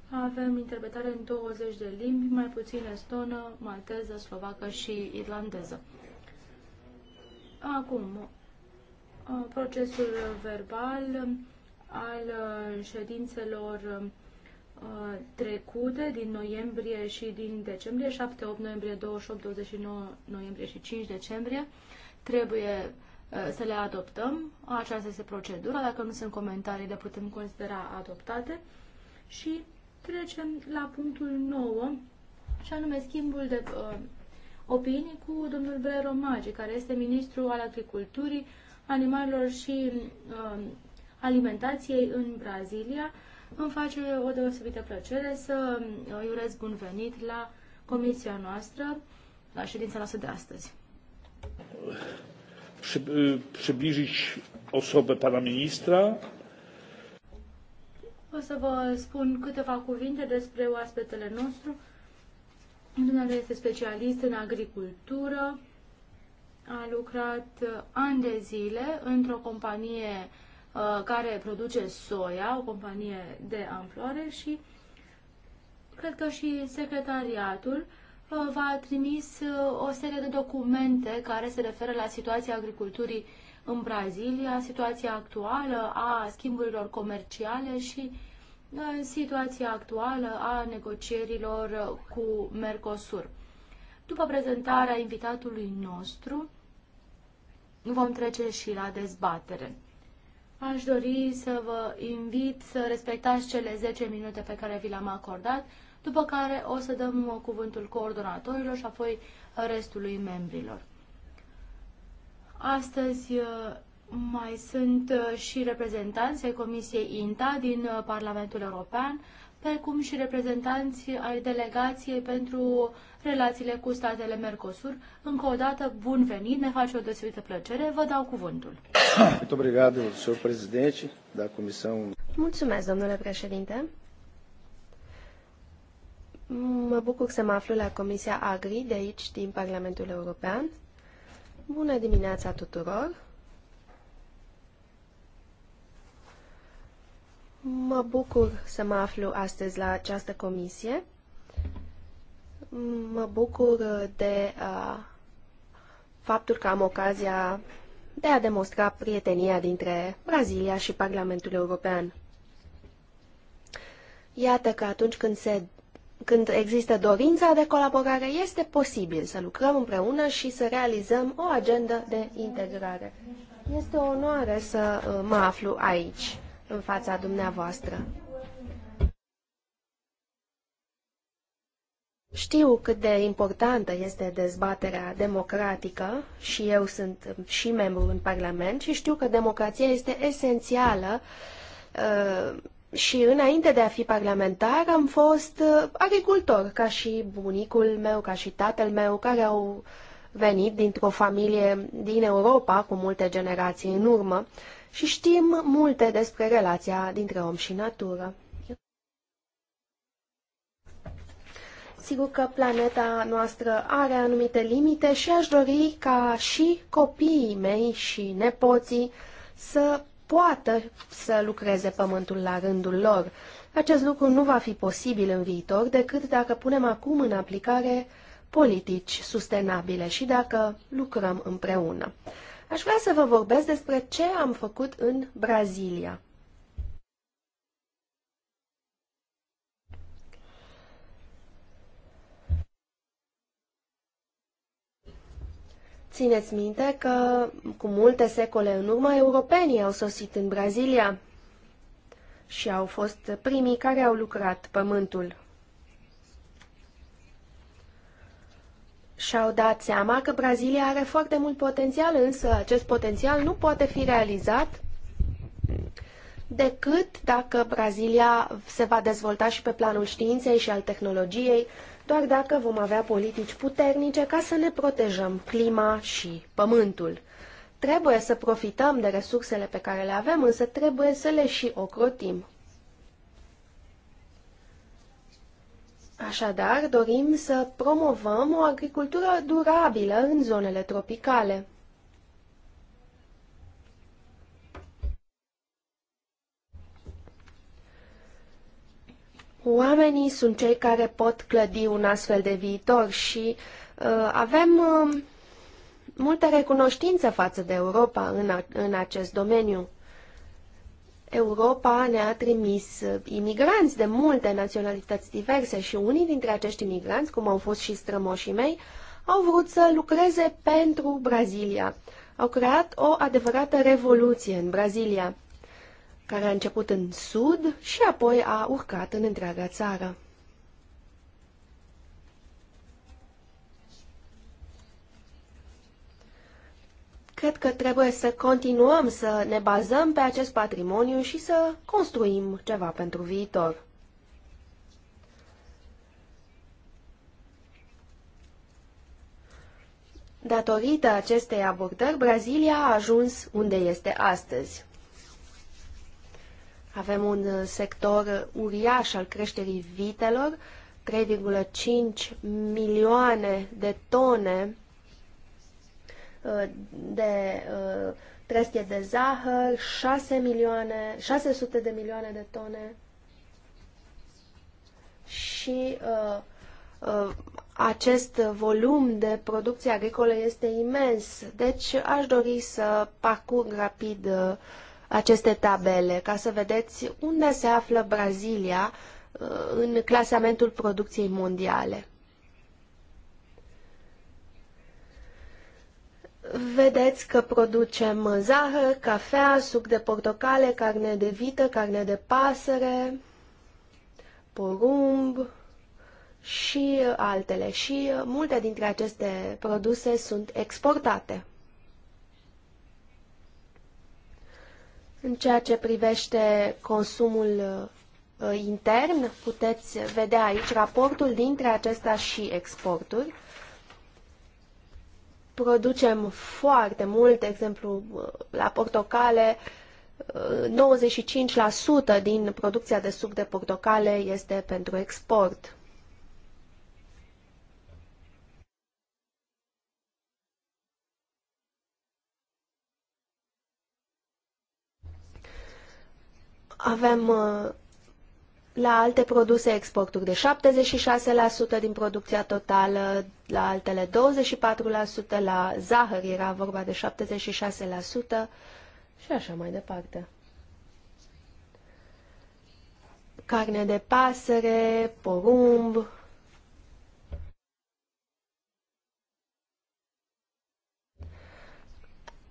avem interpretare în 20 de limbi, mai puțin estonă, malteză, slovacă și irlandeză. Acum, uh, procesul verbal al uh, ședințelor uh, trecute din noiembrie și din decembrie, 7-8 noiembrie, 28-29 noiembrie și 5 decembrie, trebuie Uh, să le adoptăm. Aceasta este procedura. Dacă nu sunt comentarii, le putem considera adoptate. Și trecem la punctul 9, și anume schimbul de uh, opinii cu domnul Brero Magi, care este ministru al agriculturii, animalelor și uh, alimentației în Brazilia. Îmi face o deosebită plăcere să uh, îi urez bun venit la comisia noastră, la ședința noastră de astăzi przybliżyć osobę pana ministra. O să vă spun câteva cuvinte despre oaspetele nostru. Dumnezeu este specialist în agricultură, a lucrat uh, ani de zile într-o companie uh, care produce soia, o companie de amploare și cred că și secretariatul uh, v-a trimis uh, o serie de documente care se referă la situația agriculturii în Brazilia, situația actuală a schimburilor comerciale și uh, situația actuală a negocierilor cu Mercosur. După prezentarea invitatului nostru, vom trece și la dezbatere. Aș dori să vă invit să respectați cele 10 minute pe care vi le-am acordat după care o să dăm uh, cuvântul coordonatorilor și apoi uh, restului membrilor. Astăzi uh, mai sunt și reprezentanți ai Comisiei INTA din Parlamentul European, precum și reprezentanți ai delegației pentru relațiile cu statele Mercosur. Încă o dată, bun venit, ne face o deosebită plăcere, vă dau cuvântul. Da Mulțumesc, domnule președinte. Mă bucur să mă aflu la Comisia Agri de aici, din Parlamentul European. Bună dimineața tuturor! Mă bucur să mă aflu astăzi la această comisie. Mă bucur de uh, faptul că am ocazia de a demonstra prietenia dintre Brazilia și Parlamentul European. Iată că atunci când se când există dorința de colaborare, este posibil să lucrăm împreună și să realizăm o agendă de integrare. Este o onoare să uh, mă aflu aici, în fața dumneavoastră. Știu cât de importantă este dezbaterea democratică și eu sunt uh, și membru în Parlament și știu că democrația este esențială uh, și înainte de a fi parlamentar am fost uh, agricultor, ca și bunicul meu, ca și tatăl meu, care au venit dintr-o familie din Europa cu multe generații în urmă și știm multe despre relația dintre om și natură. Sigur că planeta noastră are anumite limite și aș dori ca și copiii mei și nepoții să poată să lucreze pământul la rândul lor. Acest lucru nu va fi posibil în viitor decât dacă punem acum în aplicare politici sustenabile și dacă lucrăm împreună. Aș vrea să vă vorbesc despre ce am făcut în Brazilia. Țineți minte că cu multe secole în urmă europenii au sosit în Brazilia și au fost primii care au lucrat pământul. Și-au dat seama că Brazilia are foarte mult potențial, însă acest potențial nu poate fi realizat decât dacă Brazilia se va dezvolta și pe planul științei și al tehnologiei, doar dacă vom avea politici puternice ca să ne protejăm clima și pământul. Trebuie să profităm de resursele pe care le avem, însă trebuie să le și ocrotim. Așadar, dorim să promovăm o agricultură durabilă în zonele tropicale. Oamenii sunt cei care pot clădi un astfel de viitor și uh, avem uh, um, multă recunoștință față de Europa în, a, în acest domeniu. Europa ne-a trimis uh, imigranți de multe naționalități diverse și unii dintre acești imigranți, cum au fost și strămoșii mei, au vrut să lucreze pentru Brazilia. Au creat o adevărată revoluție în Brazilia care a început în sud și apoi a urcat în întreaga țară. Cred că trebuie să continuăm să ne bazăm pe acest patrimoniu și să construim ceva pentru viitor. Datorită acestei abordări, Brazilia a ajuns unde este astăzi. Avem un uh, sector uriaș al creșterii vitelor, 3,5 milioane de tone uh, de uh, trestie de zahăr, 6 milioane, 600 de milioane de tone și acest volum de producție agricolă este imens. Deci aș dori să parcurg rapid uh, aceste tabele ca să vedeți unde se află Brazilia uh, în clasamentul producției mondiale. Vedeți că producem zahăr, cafea, suc de portocale, carne de vită, carne de pasăre, porumb și altele. Și uh, multe dintre aceste produse sunt exportate. În ceea ce privește consumul uh, intern, puteți vedea aici raportul dintre acesta și exporturi. Producem foarte mult, de exemplu, uh, la portocale, 95% uh, din producția de suc de portocale este pentru export. Avem uh, la alte produse exporturi de 76% din producția totală, la altele 24%, la zahăr era vorba de 76% și așa mai departe. Carne de pasăre, porumb,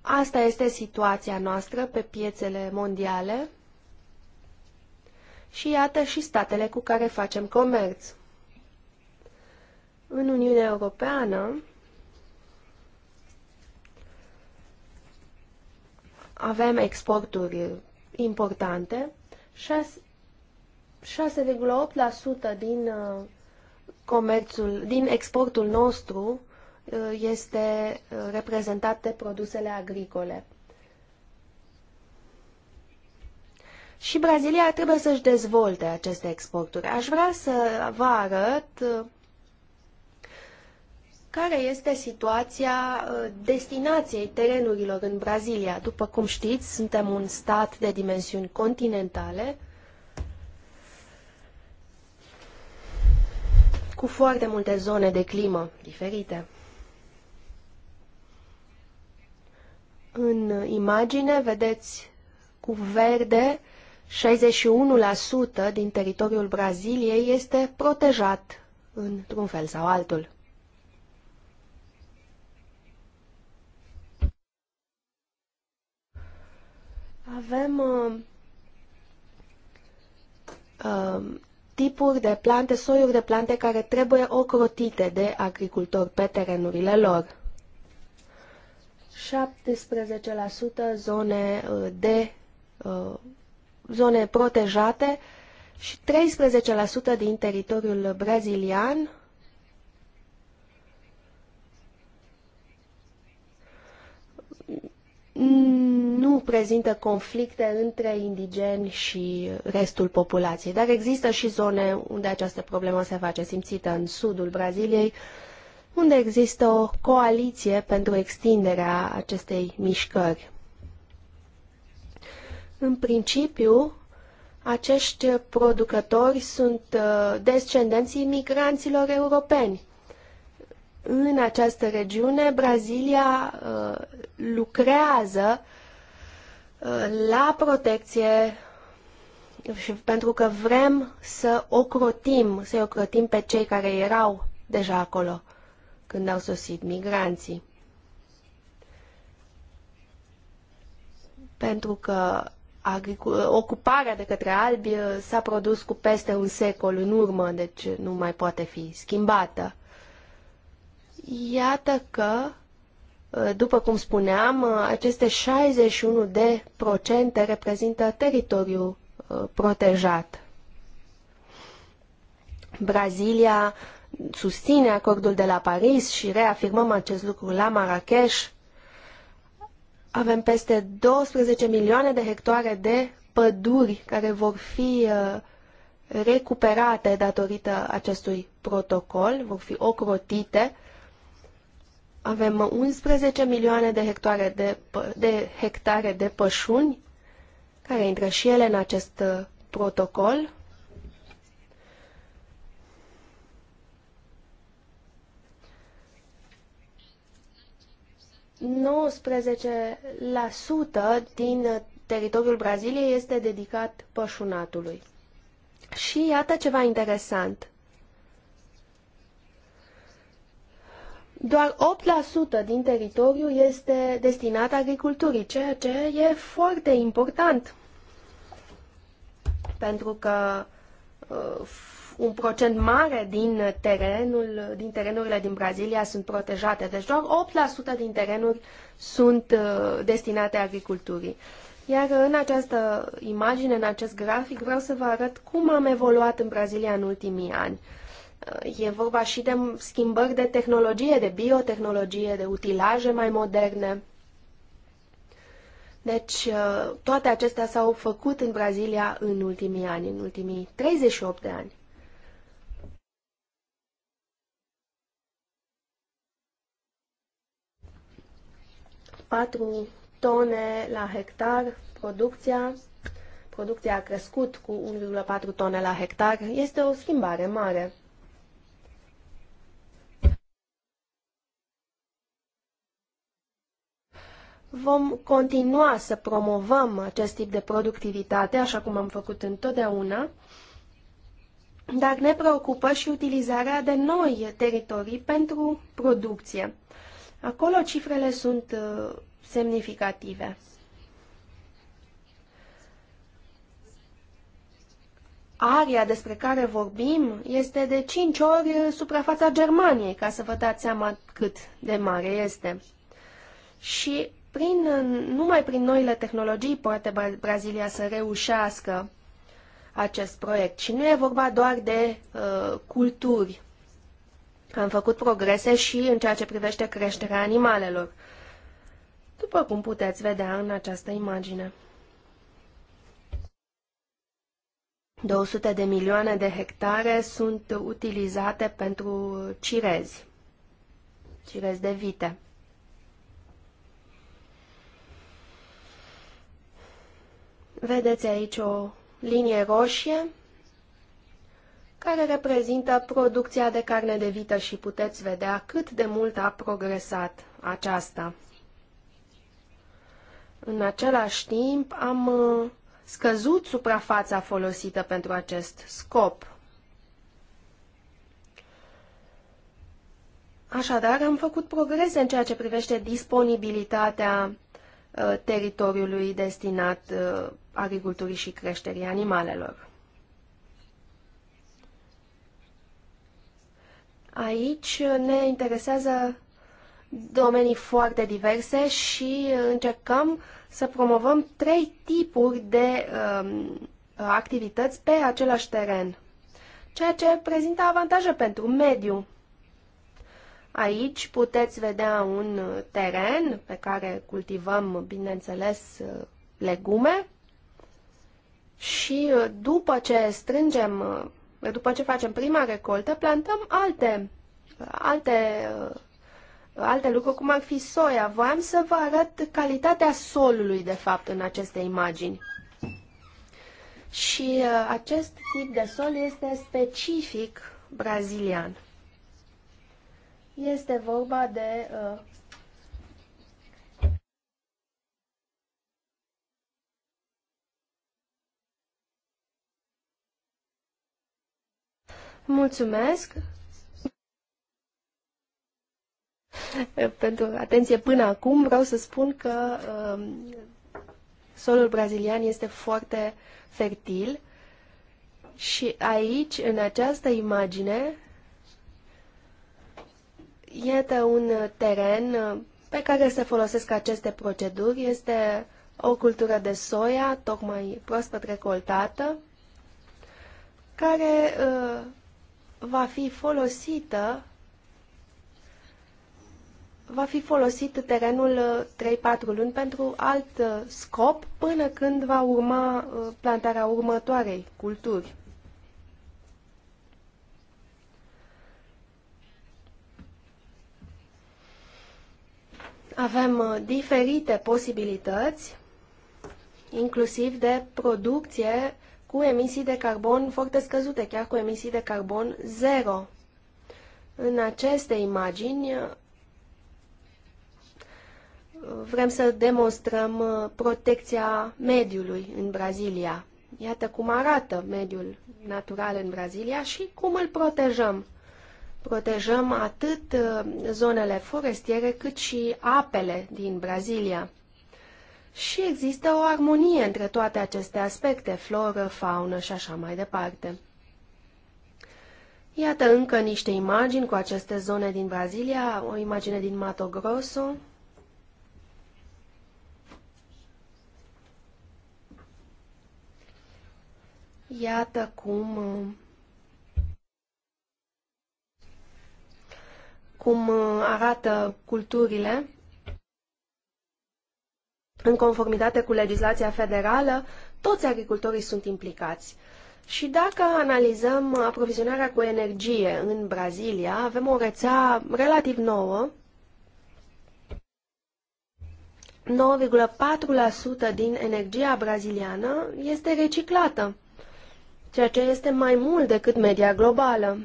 Asta este situația noastră pe piețele mondiale și iată și statele cu care facem comerț. În Uniunea Europeană avem exporturi importante, 6,8% din uh, comerțul, din exportul nostru uh, este uh, reprezentat de produsele agricole. Și Brazilia trebuie să-și dezvolte aceste exporturi. Aș vrea să vă arăt uh, care este situația uh, destinației terenurilor în Brazilia. După cum știți, suntem un stat de dimensiuni continentale, cu foarte multe zone de climă diferite. În imagine vedeți cu verde 61% din teritoriul Braziliei este protejat într-un fel sau altul. Avem uh, uh, tipuri de plante, soiuri de plante care trebuie ocrotite de agricultori pe terenurile lor. 17% zone uh, de uh, zone protejate și 13% din teritoriul brazilian nu prezintă conflicte între indigeni și restul populației, dar există și zone unde această problemă se face simțită în sudul Braziliei, unde există o coaliție pentru extinderea acestei mișcări. În principiu, acești producători sunt uh, descendenții migranților europeni. În această regiune, Brazilia uh, lucrează uh, la protecție și pentru că vrem să ocrotim, să ocrotim pe cei care erau deja acolo când au sosit migranții. Pentru că ocuparea de către albi uh, s-a produs cu peste un secol în urmă, deci nu mai poate fi schimbată. Iată că, uh, după cum spuneam, uh, aceste 61 de procente reprezintă teritoriu protejat. Brazilia susține acordul de la Paris și reafirmăm acest lucru la Marrakech avem peste 12 milioane de hectare de păduri care vor fi uh, recuperate datorită acestui protocol, vor fi ocrotite. Avem 11 milioane de hectare de, de, hectare de pășuni care intră și ele în acest uh, protocol. 19% din teritoriul Braziliei este dedicat pășunatului. Și iată ceva interesant. Doar 8% din teritoriu este destinat agriculturii, ceea ce e foarte important. Pentru că uh, un procent mare din terenul, din terenurile din Brazilia sunt protejate, deci doar 8% din terenuri sunt uh, destinate agriculturii. Iar în această imagine, în acest grafic, vreau să vă arăt cum am evoluat în Brazilia în ultimii ani. Uh, e vorba și de schimbări de tehnologie, de biotehnologie, de utilaje mai moderne. Deci, uh, toate acestea s-au făcut în Brazilia în ultimii ani, în ultimii 38 de ani. 4 tone la hectar producția. Producția a crescut cu 1,4 tone la hectar. Este o schimbare mare. Vom continua să promovăm acest tip de productivitate, așa cum am făcut întotdeauna, dar ne preocupă și utilizarea de noi teritorii pentru producție. Acolo cifrele sunt uh, semnificative. Aria despre care vorbim este de 5 ori uh, suprafața Germaniei, ca să vă dați seama cât de mare este. Și prin, uh, numai prin noile tehnologii poate Brazilia să reușească acest proiect. Și nu e vorba doar de uh, culturi că am făcut progrese și în ceea ce privește creșterea animalelor, după cum puteți vedea în această imagine. 200 de milioane de hectare sunt utilizate pentru cirezi, cirezi de vite. Vedeți aici o linie roșie care reprezintă producția de carne de vită și puteți vedea cât de mult a progresat aceasta. În același timp am uh, scăzut suprafața folosită pentru acest scop. Așadar, am făcut progrese în ceea ce privește disponibilitatea uh, teritoriului destinat uh, agriculturii și creșterii animalelor. Aici ne interesează domenii foarte diverse și încercăm să promovăm trei tipuri de um, activități pe același teren, ceea ce prezintă avantaje pentru mediu. Aici puteți vedea un teren pe care cultivăm, bineînțeles, legume și după ce strângem după ce facem prima recoltă, plantăm alte, alte, alte lucruri, cum ar fi soia. Voiam să vă arăt calitatea solului, de fapt, în aceste imagini. Și uh, acest tip de sol este specific brazilian. Este vorba de uh, Mulțumesc pentru atenție până acum. Vreau să spun că um, solul brazilian este foarte fertil și aici, în această imagine, este un teren pe care se folosesc aceste proceduri. Este o cultură de soia, tocmai proaspăt recoltată, care uh, va fi folosită va fi folosit terenul 3-4 uh, luni pentru alt uh, scop până când va urma uh, plantarea următoarei culturi. Avem diferite posibilități, inclusiv de producție cu emisii de carbon foarte scăzute, chiar cu emisii de carbon zero. În aceste imagini vrem să demonstrăm uh, protecția mediului în Brazilia. Iată cum arată mediul natural în Brazilia și cum îl protejăm. Protejăm atât uh, zonele forestiere cât și apele din Brazilia și există o armonie între toate aceste aspecte, floră, faună și așa mai departe. Iată încă niște imagini cu aceste zone din Brazilia, o imagine din Mato Grosso. Iată cum cum arată culturile în conformitate cu legislația federală, toți agricultorii sunt implicați. Și dacă analizăm aprovizionarea cu energie în Brazilia, avem o rețea relativ nouă, 9,4% din energia braziliană este reciclată, ceea ce este mai mult decât media globală.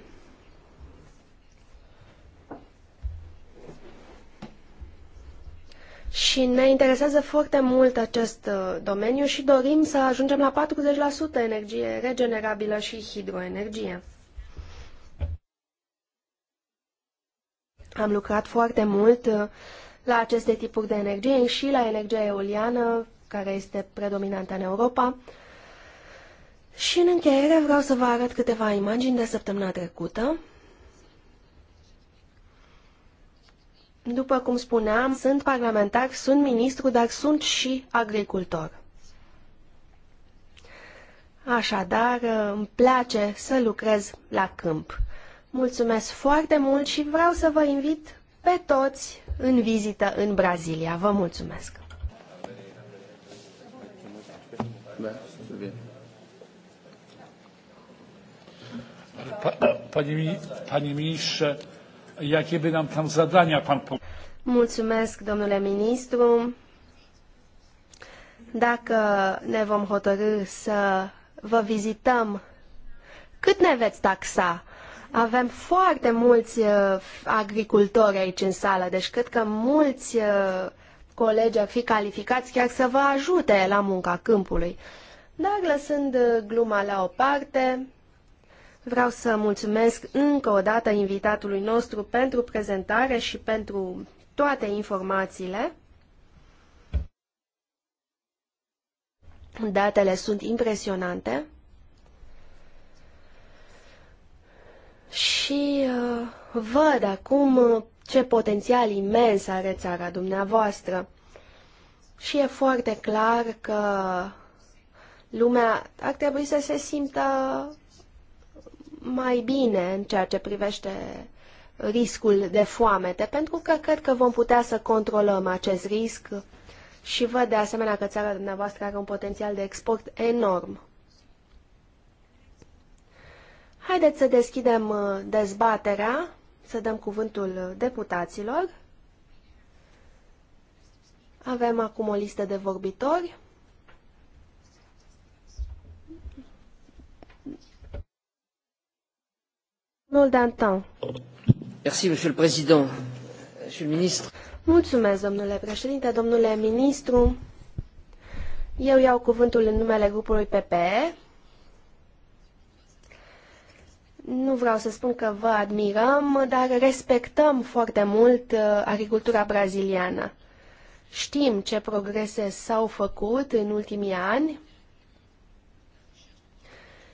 și ne interesează foarte mult acest uh, domeniu și dorim să ajungem la 40% energie regenerabilă și hidroenergie. Am lucrat foarte mult uh, la aceste tipuri de energie și la energia eoliană, care este predominantă în Europa. Și în încheiere vreau să vă arăt câteva imagini de săptămâna trecută. După cum spuneam, sunt parlamentar, sunt ministru, dar sunt și agricultor. Așadar, îmi place să lucrez la câmp. Mulțumesc foarte mult și vreau să vă invit pe toți în vizită în Brazilia. Vă mulțumesc! Panie, ministrze, jakie by nam tam zadania pan... Mulțumesc, domnule ministru. Dacă ne vom hotărâ să vă vizităm, cât ne veți taxa? Avem foarte mulți uh, agricultori aici în sală, deci cred că mulți uh, colegi ar fi calificați chiar să vă ajute la munca câmpului. Dar lăsând uh, gluma la o parte, Vreau să mulțumesc încă o dată invitatului nostru pentru prezentare și pentru toate informațiile. Datele sunt impresionante. Și uh, văd acum ce potențial imens are țara dumneavoastră. Și e foarte clar că lumea ar trebui să se simtă mai bine în ceea ce privește riscul de foamete, pentru că cred că vom putea să controlăm acest risc și văd de asemenea că țara dumneavoastră are un potențial de export enorm. Haideți să deschidem uh, dezbaterea, să dăm cuvântul deputaților. Avem acum o listă de vorbitori. Domnul Dantan. Merci, monsieur le président. Monsieur le ministre. Mulțumesc, domnule președinte, domnule ministru. Eu iau cuvântul în numele grupului PPE. Nu vreau să spun că vă admirăm, dar respectăm foarte mult uh, agricultura braziliană. Știm ce progrese s-au făcut în ultimii ani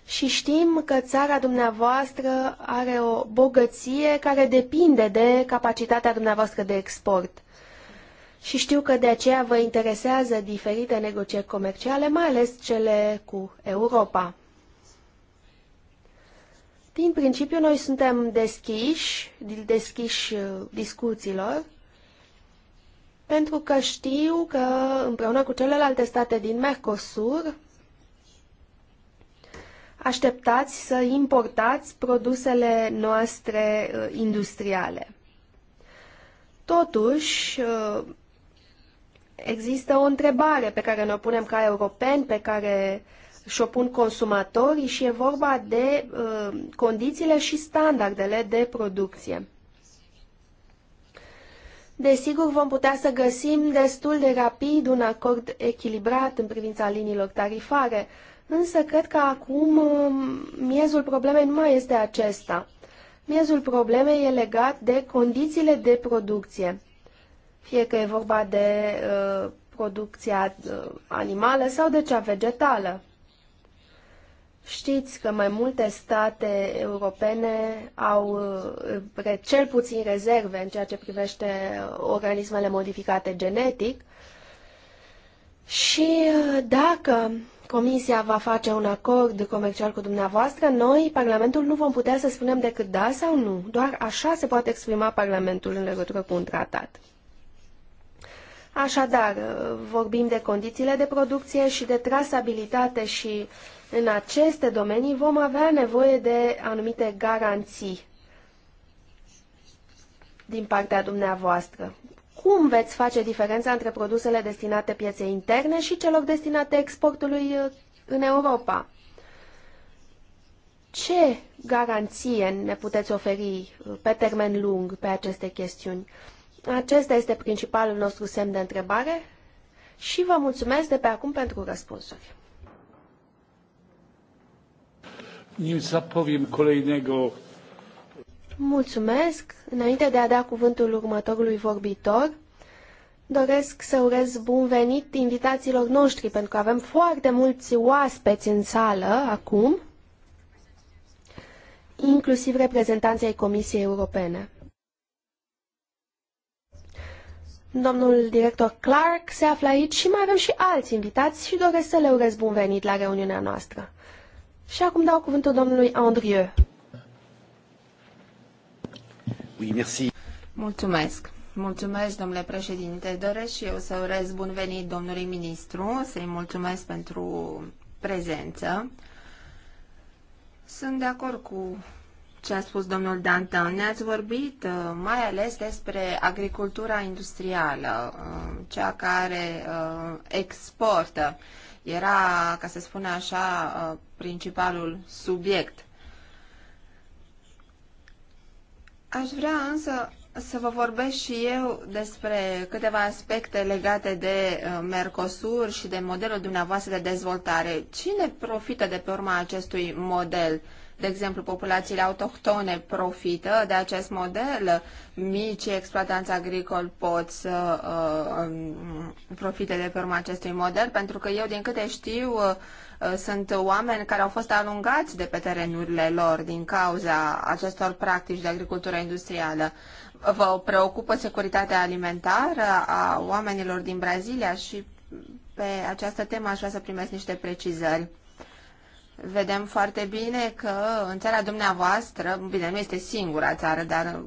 și știm că țara dumneavoastră are o bogăție care depinde de capacitatea dumneavoastră de export. Și știu că de aceea vă interesează diferite negocieri comerciale, mai ales cele cu Europa. Din principiu, noi suntem deschiși, deschiși uh, discuțiilor, pentru că știu că împreună cu celelalte state din Mercosur, așteptați să importați produsele noastre uh, industriale. Totuși, uh, există o întrebare pe care ne-o punem ca europeni, pe care și-o pun consumatorii și e vorba de uh, condițiile și standardele de producție. Desigur, vom putea să găsim destul de rapid un acord echilibrat în privința liniilor tarifare, Însă cred că acum um, miezul problemei nu mai este acesta. Miezul problemei e legat de condițiile de producție. Fie că e vorba de uh, producția uh, animală sau de cea vegetală. Știți că mai multe state europene au uh, cel puțin rezerve în ceea ce privește uh, organismele modificate genetic și uh, dacă Comisia va face un acord comercial cu dumneavoastră, noi, Parlamentul, nu vom putea să spunem decât da sau nu. Doar așa se poate exprima Parlamentul în legătură cu un tratat. Așadar, vorbim de condițiile de producție și de trasabilitate și în aceste domenii vom avea nevoie de anumite garanții din partea dumneavoastră cum veți face diferența între produsele destinate pieței interne și celor destinate exportului uh, în Europa? Ce garanție ne puteți oferi uh, pe termen lung pe aceste chestiuni? Acesta este principalul nostru semn de întrebare și vă mulțumesc de pe acum pentru răspunsuri. Nim zapowiem kolejnego Mulțumesc! Înainte de a da cuvântul următorului vorbitor, doresc să urez bun venit invitațiilor noștri, pentru că avem foarte mulți oaspeți în sală acum, inclusiv reprezentanții Comisiei Europene. Domnul director Clark se află aici și mai avem și alți invitați și doresc să le urez bun venit la reuniunea noastră. Și acum dau cuvântul domnului Andrieu. Mulțumesc. Mulțumesc, domnule președinte. Doresc și eu să urez bun venit domnului ministru, să-i mulțumesc pentru prezență. Sunt de acord cu ce a spus domnul Dantan. Ne-ați vorbit uh, mai ales despre agricultura industrială, uh, cea care uh, exportă. Era, ca să spun așa, principalul subiect Aș vrea însă să vă vorbesc și eu despre câteva aspecte legate de uh, Mercosur și de modelul dumneavoastră de dezvoltare. Cine profită de pe urma acestui model? De exemplu, populațiile autohtone profită de acest model, micii exploatanți agricoli pot să uh, um, profite de pe urma acestui model, pentru că eu, din câte știu, uh, Uh, sunt oameni care au fost alungați de pe terenurile lor din cauza acestor practici de agricultură industrială. Vă preocupă securitatea alimentară a oamenilor din Brazilia și pe această temă aș vrea să primesc niște precizări. Vedem foarte bine că în țara dumneavoastră, bine, nu este singura țară, dar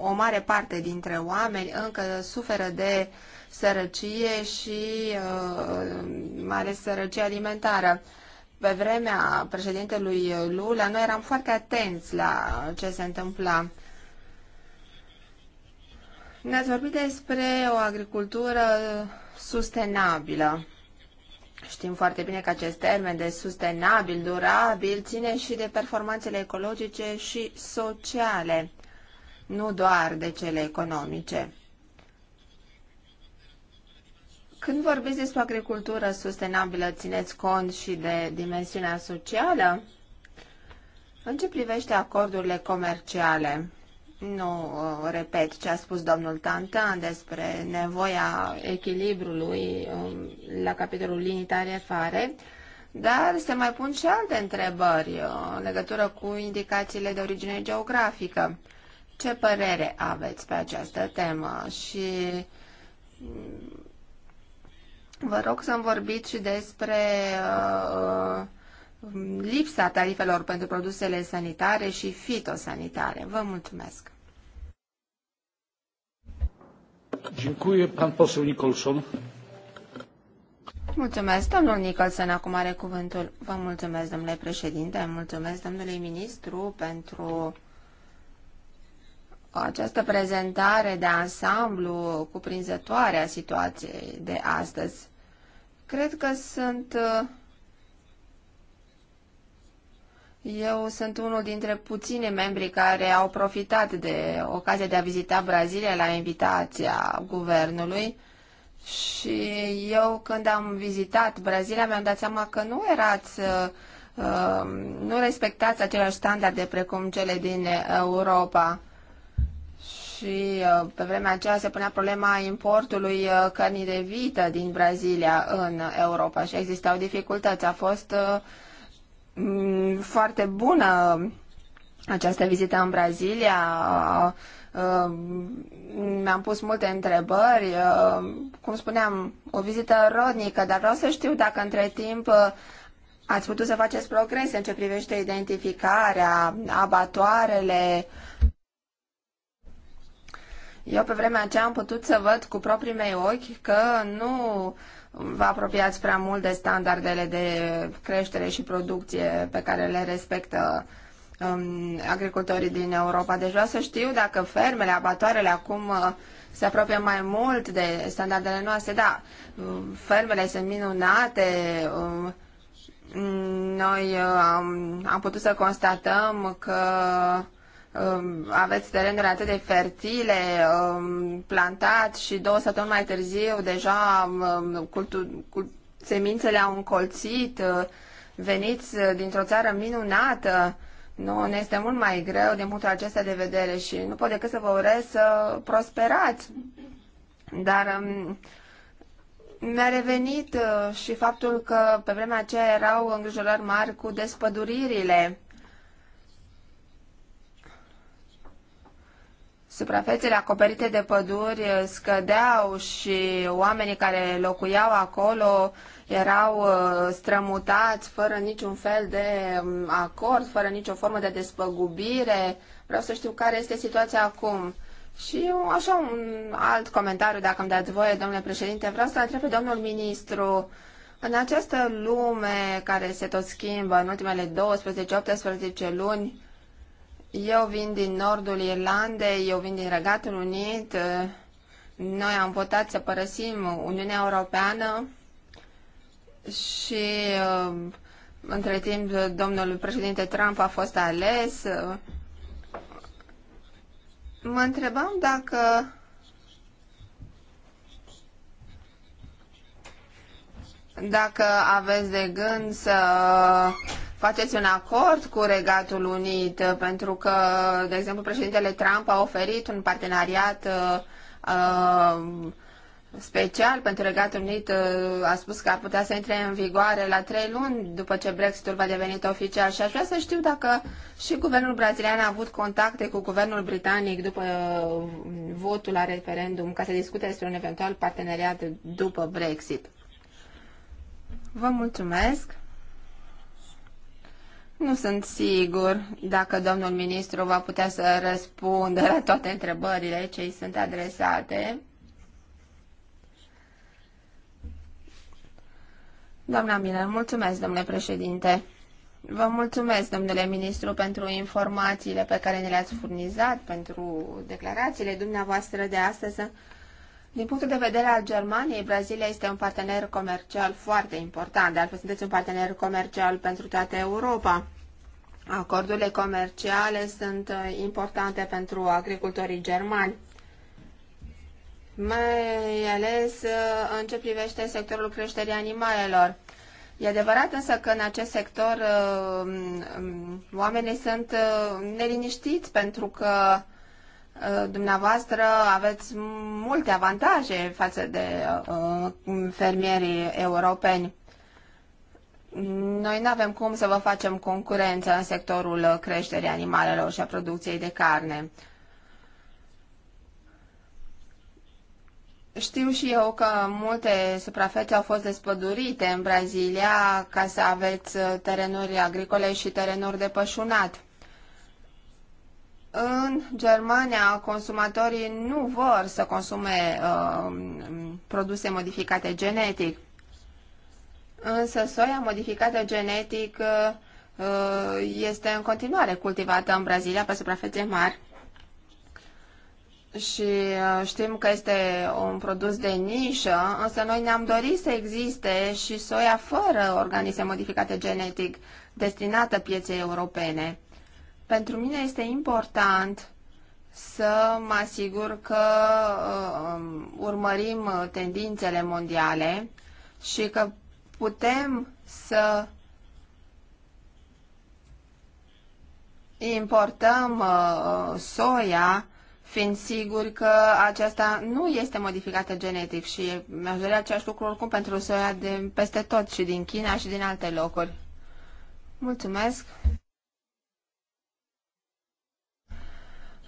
o mare parte dintre oameni încă suferă de uh, sărăcie și uh, mai ales sărăcie alimentară. Pe vremea președintelui Lula, noi eram foarte atenți la ce se întâmpla. Ne-ați vorbit despre o agricultură sustenabilă. Știm foarte bine că acest termen de sustenabil, durabil, ține și de performanțele ecologice și sociale, nu doar de cele economice. Când vorbiți despre agricultură sustenabilă, țineți cont și de dimensiunea socială? În ce privește acordurile comerciale, nu uh, repet ce a spus domnul Tantan despre nevoia echilibrului um, la capitolul linii tarifare, dar se mai pun și alte întrebări uh, în legătură cu indicațiile de origine geografică. Ce părere aveți pe această temă și Vă rog să-mi vorbiți și despre uh, lipsa tarifelor pentru produsele sanitare și fitosanitare. Vă mulțumesc. Dziękuję. Pan poseł Nicholson. Mulțumesc, domnul Nicholson. Acum are cuvântul. Vă mulțumesc, domnule președinte. Mulțumesc, domnule ministru, pentru această prezentare de ansamblu cuprinzătoare a situației de astăzi. Cred că sunt... Uh, eu sunt unul dintre puțini membri care au profitat de ocazia de a vizita Brazilia la invitația guvernului și eu când am vizitat Brazilia mi-am dat seama că nu erați uh, uh, nu respectați aceleași standarde precum cele din Europa și uh, pe vremea aceea se punea problema importului uh, cărnii de vită din Brazilia în Europa și existau dificultăți. A fost uh, foarte bună această vizită în Brazilia. Mi-am pus multe întrebări, cum spuneam, o vizită rodnică, dar vreau să știu dacă între timp ați putut să faceți progrese în ce privește identificarea, abatoarele, eu pe vremea aceea am putut să văd cu proprii mei ochi că nu vă apropiați prea mult de standardele de creștere și producție pe care le respectă um, agricultorii din Europa. Deci vreau să știu dacă fermele, abatoarele acum uh, se apropie mai mult de standardele noastre. Da, um, fermele sunt minunate, um, noi um, am putut să constatăm că Um, aveți terenuri atât de fertile, um, plantat și două săptămâni mai târziu deja um, cultu- semințele au încolțit, uh, veniți uh, dintr-o țară minunată, nu, ne este mult mai greu din punctul acesta de vedere și nu pot decât să vă urez să prosperați. Dar mi-a revenit uh, și faptul că pe vremea aceea erau îngrijorări mari cu despăduririle suprafețele acoperite de păduri eh, scădeau și oamenii care locuiau acolo erau eh, strămutați fără niciun fel de mm, acord, fără nicio formă de despăgubire. Vreau să știu care este situația acum. Și așa un alt comentariu, dacă îmi dați voie, domnule președinte, vreau să întreb pe domnul ministru, în această lume care se tot schimbă în ultimele 12-18 luni, eu vin din nordul Irlandei, eu vin din Regatul Unit. Noi am votat să părăsim Uniunea Europeană și uh, între timp domnul președinte Trump a fost ales. Mă întrebam dacă dacă aveți de gând să faceți un acord cu Regatul Unit, uh, pentru că, de exemplu, președintele Trump a oferit un parteneriat uh, uh, special pentru Regatul Unit, uh, a spus că ar putea să intre în vigoare la trei luni după ce Brexitul va deveni oficial și aș vrea să știu dacă și guvernul brazilian a avut contacte cu guvernul britanic după uh, votul la referendum ca să discute despre un eventual parteneriat după Brexit. Vă mulțumesc! Nu sunt sigur dacă domnul ministru va putea să răspundă la toate întrebările ce îi sunt adresate. Doamna Miller, mulțumesc, domnule președinte. Vă mulțumesc, domnule ministru, pentru informațiile pe care ne le-ați furnizat, pentru declarațiile dumneavoastră de astăzi. Din punctul de vedere al Germaniei, Brazilia este un partener comercial foarte important, de altfel sunteți un partener comercial pentru toată Europa. Acordurile comerciale sunt uh, importante pentru agricultorii germani, mai ales uh, în ce privește sectorul creșterii animalelor. E adevărat însă că în acest sector uh, um, oamenii sunt neliniștiți pentru că dumneavoastră aveți multe avantaje față de fermierii europeni. Noi nu avem cum să vă facem concurență în sectorul uh, creșterii animalelor și a producției de carne. Știu și eu că multe suprafețe au fost despădurite în Brazilia ca să aveți uh, terenuri agricole și terenuri de pășunat. În Germania, consumatorii nu vor să consume uh, produse modificate genetic însă soia modificată genetic uh, este în continuare cultivată în Brazilia pe suprafețe mari și uh, știm că este un produs de nișă, însă noi ne-am dorit să existe și soia fără organisme modificate genetic destinată pieței europene. Pentru mine este important să mă asigur că uh, um, urmărim tendințele mondiale și că putem să importăm uh, uh, soia, fiind sigur că aceasta nu este modificată genetic și mi-aș dori același lucru oricum pentru soia de peste tot și din China și din alte locuri. Mulțumesc!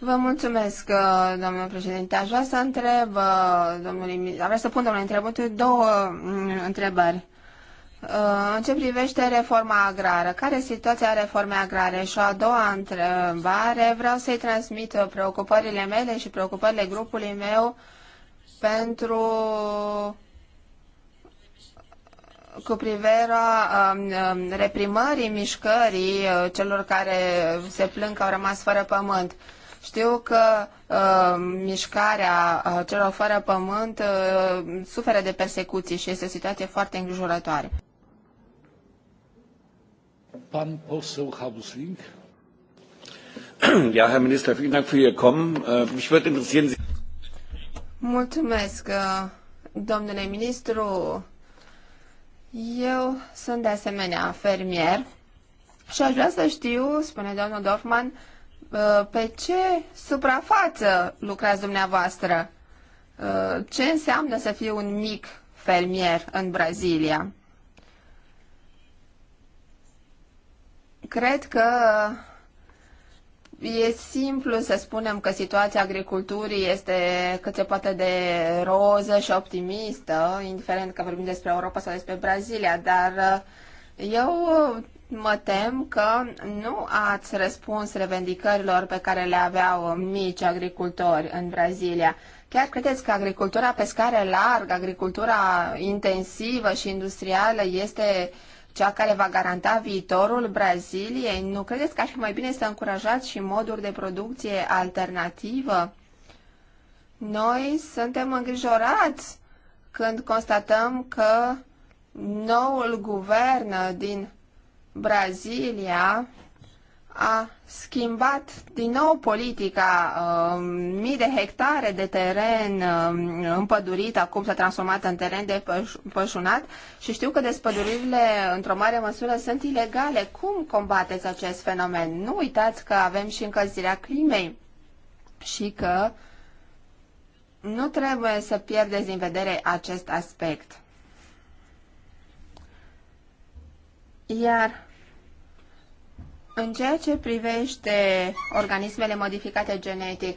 Vă mulțumesc, uh, domnule președinte. Aș vrea să întreb, domnului, vrea să pun, domnule, întrebări, două mm, întrebări. Uh, în ce privește reforma agrară, care este situația reformei agrare? Și a doua întrebare, vreau să-i transmit preocupările mele și preocupările grupului meu pentru cu privirea uh, um, um, reprimării mișcării uh, celor care se plâng că au rămas fără pământ. Știu că uh, mișcarea celor fără pământ uh, suferă de persecuții și este o situație foarte îngrijorătoare. Herr Minister, vielen Dank für Ihr Kommen. Äh, mich würde interessieren Sie... Mulțumesc, uh, domnule ministru. Eu sunt de asemenea fermier și aș vrea să știu, spune domnul Dorfman, uh, pe ce suprafață lucrați dumneavoastră? Uh, ce înseamnă să fie un mic fermier în Brazilia? Cred că e simplu să spunem că situația agriculturii este cât se poate de roză și optimistă, indiferent că vorbim despre Europa sau despre Brazilia, dar uh, eu mă tem că nu ați răspuns revendicărilor pe care le aveau mici agricultori în Brazilia. Chiar credeți că agricultura pe scară largă, agricultura intensivă și industrială este uh, cea care va garanta viitorul Braziliei? Nu credeți că ar fi mai bine să încurajați și moduri de producție alternativă? Noi suntem îngrijorați când constatăm că noul guvern din Brazilia a schimbat din nou politica. Um, mii de hectare de teren um, împădurit acum s-a transformat în teren de pășunat și știu că despăduririle într-o mare măsură sunt ilegale. Cum combateți acest fenomen? Nu uitați că avem și încălzirea climei și că nu trebuie să pierdeți din vedere acest aspect. Iar în ceea ce privește organismele modificate genetic,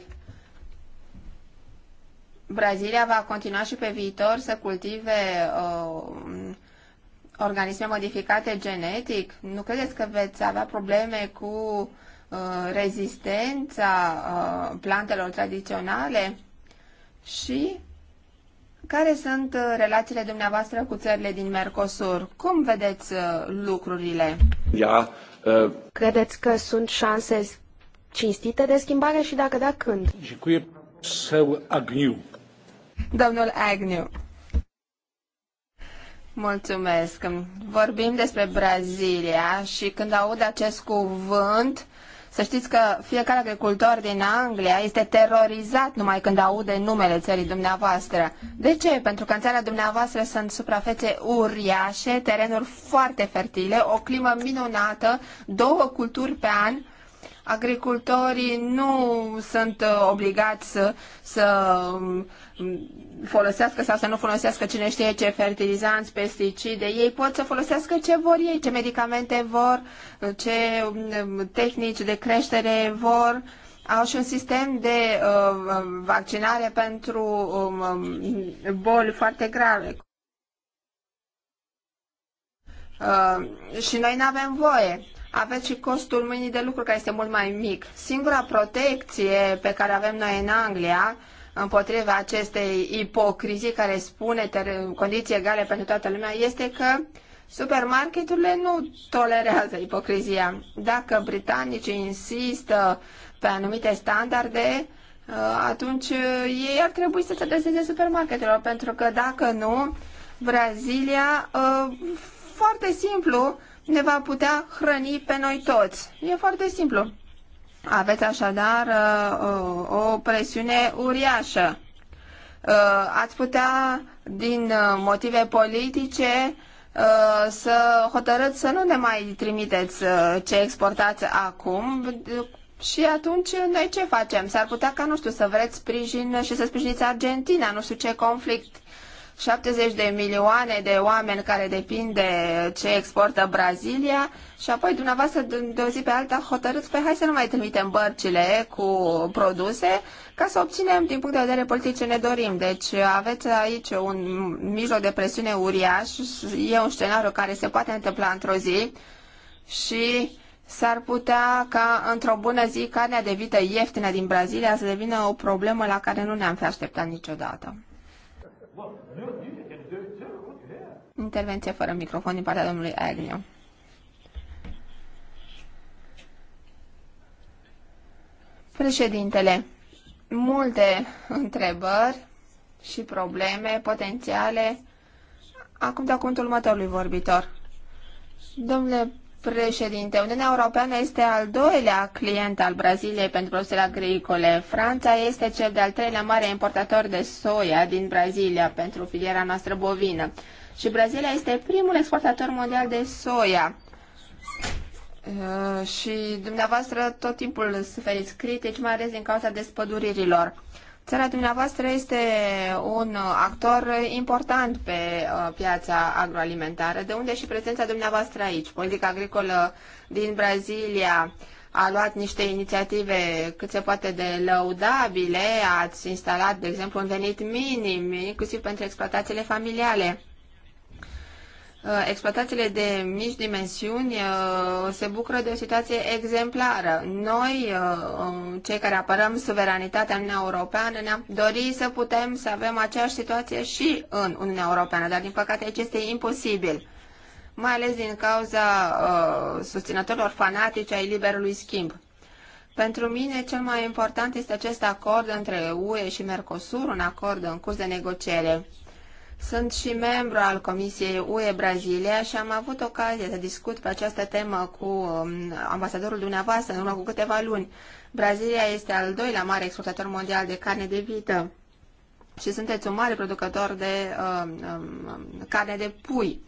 Brazilia va continua și pe viitor să cultive uh, organisme modificate genetic? Nu credeți că veți avea probleme cu uh, rezistența uh, plantelor tradiționale? Și care sunt uh, relațiile dumneavoastră cu țările din Mercosur? Cum vedeți uh, lucrurile? Yeah. Uh, Credeți că sunt șanse cinstite de schimbare și dacă da, când? Domnul Agnew. Mulțumesc. Vorbim despre Brazilia și când aud acest cuvânt, să știți că fiecare agricultor din Anglia este terorizat numai când aude numele țării dumneavoastră. De ce? Pentru că în țara dumneavoastră sunt suprafețe uriașe, terenuri foarte fertile, o climă minunată, două culturi pe an, agricultorii nu sunt uh, obligați să, să um, folosească sau să nu folosească cine știe ce fertilizanți, pesticide. Ei pot să folosească ce vor ei, ce medicamente vor, ce mm, tehnici de creștere vor. Au și un sistem de uh, vaccinare pentru um, um boli foarte grave. Uh, și noi nu avem voie. Aveți și costul mâinii de lucru care este mult mai mic. Singura protecție pe care avem noi în Anglia uh, împotriva acestei ipocrizii care spune condiții egale pentru toată lumea este că supermarketurile nu tolerează ipocrizia. Dacă britanicii insistă pe anumite standarde, uh, atunci uh, ei ar trebui să se adreseze supermarketelor, pentru că dacă nu, Brazilia uh, foarte simplu ne va putea hrăni pe noi toți. E foarte simplu. Aveți așadar uh, o presiune uriașă. Uh, ați putea, din uh, motive politice, să hotărâți să nu ne mai trimiteți ce exportați acum și atunci noi ce facem? S-ar putea ca, nu știu, să vreți sprijin și să sprijiniți Argentina, nu știu ce conflict 70 de milioane de oameni care depind de ce exportă Brazilia și apoi dumneavoastră de o zi pe alta hotărâți pe păi hai să nu mai trimitem bărcile cu produse ca să obținem din punct de vedere politic ce ne dorim. Deci aveți aici un mijloc de presiune uriaș, e un scenariu care se poate întâmpla într-o zi și s-ar putea ca într-o bună zi carnea de vită ieftină din Brazilia să devină o problemă la care nu ne-am fi așteptat niciodată. Intervenție fără microfon din partea domnului Agnew. Președintele, multe întrebări și probleme potențiale. Acum de cuvântul următorului vorbitor. Domnule președinte, Uniunea Europeană este al doilea client al Braziliei pentru produsele agricole. Franța este cel de-al treilea mare importator de soia din Brazilia pentru filiera noastră bovină. Și Brazilia este primul exportator mondial de soia. Uh, și dumneavoastră tot timpul suferiți critici, mai ales din cauza despăduririlor. Țara dumneavoastră este un actor important pe uh, piața agroalimentară, de unde și prezența dumneavoastră aici. Politica agricolă din Brazilia a luat niște inițiative cât se poate de lăudabile, ați instalat, de exemplu, un venit minim, inclusiv pentru exploatațiile familiale. Uh, exploatațiile de mici dimensiuni uh, se bucură de o situație exemplară. Noi, uh, um, cei care apărăm suveranitatea în Uniunea Europeană, ne-am dorit să putem să avem aceeași situație și în Uniunea Europeană, dar din păcate aici este imposibil, mai ales din cauza susținătorilor fanatici ai liberului schimb. Pentru mine, cel mai important este acest acord între UE și Mercosur, un acord în curs de negociere. Sunt și membru al Comisiei UE Brazilia și am avut ocazia să discut pe această temă cu um, ambasadorul dumneavoastră în urmă cu câteva luni. Brazilia este al doilea mare exportator mondial de carne de vită și sunteți un mare producător de uh, um, carne de pui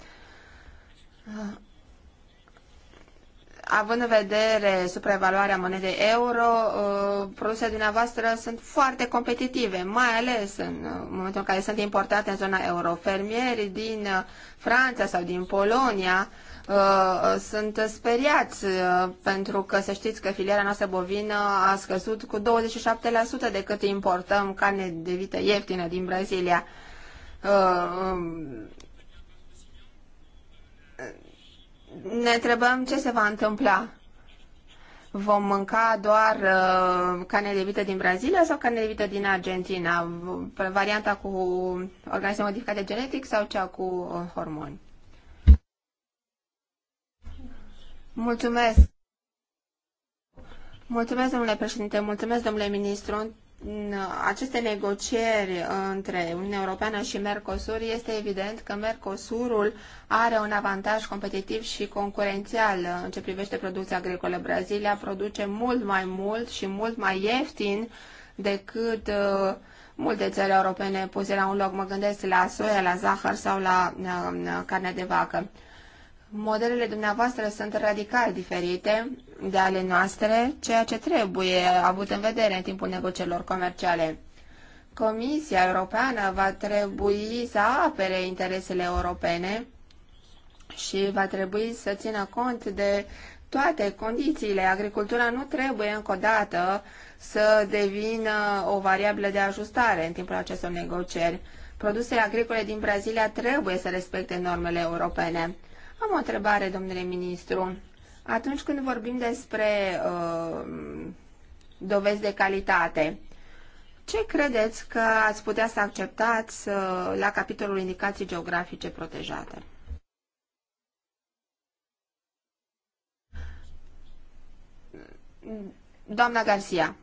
având în vedere supraevaluarea monedei euro, uh, produsele dumneavoastră sunt foarte competitive, mai ales uh, în momentul în care sunt importate în zona euro. Fermierii din uh, Franța sau din Polonia sunt speriați pentru că să știți că filiera noastră bovină a scăzut cu 27% decât importăm carne de vită ieftină din Brazilia um, ne întrebăm ce se va întâmpla. Vom mânca doar uh, carne de vită din Brazilia sau carne de vită din Argentina? Varianta cu organisme modificate genetic sau cea cu uh, hormoni? Mulțumesc! Mulțumesc, domnule președinte, mulțumesc, domnule ministru aceste negocieri uh, între Uniunea Europeană și Mercosur, este evident că Mercosurul are un avantaj competitiv și concurențial uh, în ce privește producția agricolă. Brazilia produce mult mai mult și mult mai ieftin decât uh, multe țări europene puse la un loc. Mă gândesc la soia, la zahăr sau la uh, carne de vacă modelele dumneavoastră sunt radical diferite de ale noastre, ceea ce trebuie avut în vedere în timpul negocierilor comerciale. Comisia Europeană va trebui să apere interesele europene și va trebui să țină cont de toate condițiile. Agricultura nu trebuie încă o dată să devină o variabilă de ajustare în timpul acestor negocieri. Produsele agricole din Brazilia trebuie să respecte normele europene. Am o întrebare, domnule ministru. Atunci când vorbim despre uh, dovezi de calitate, ce credeți că ați putea să acceptați uh, la capitolul indicații geografice protejate? Doamna Garcia,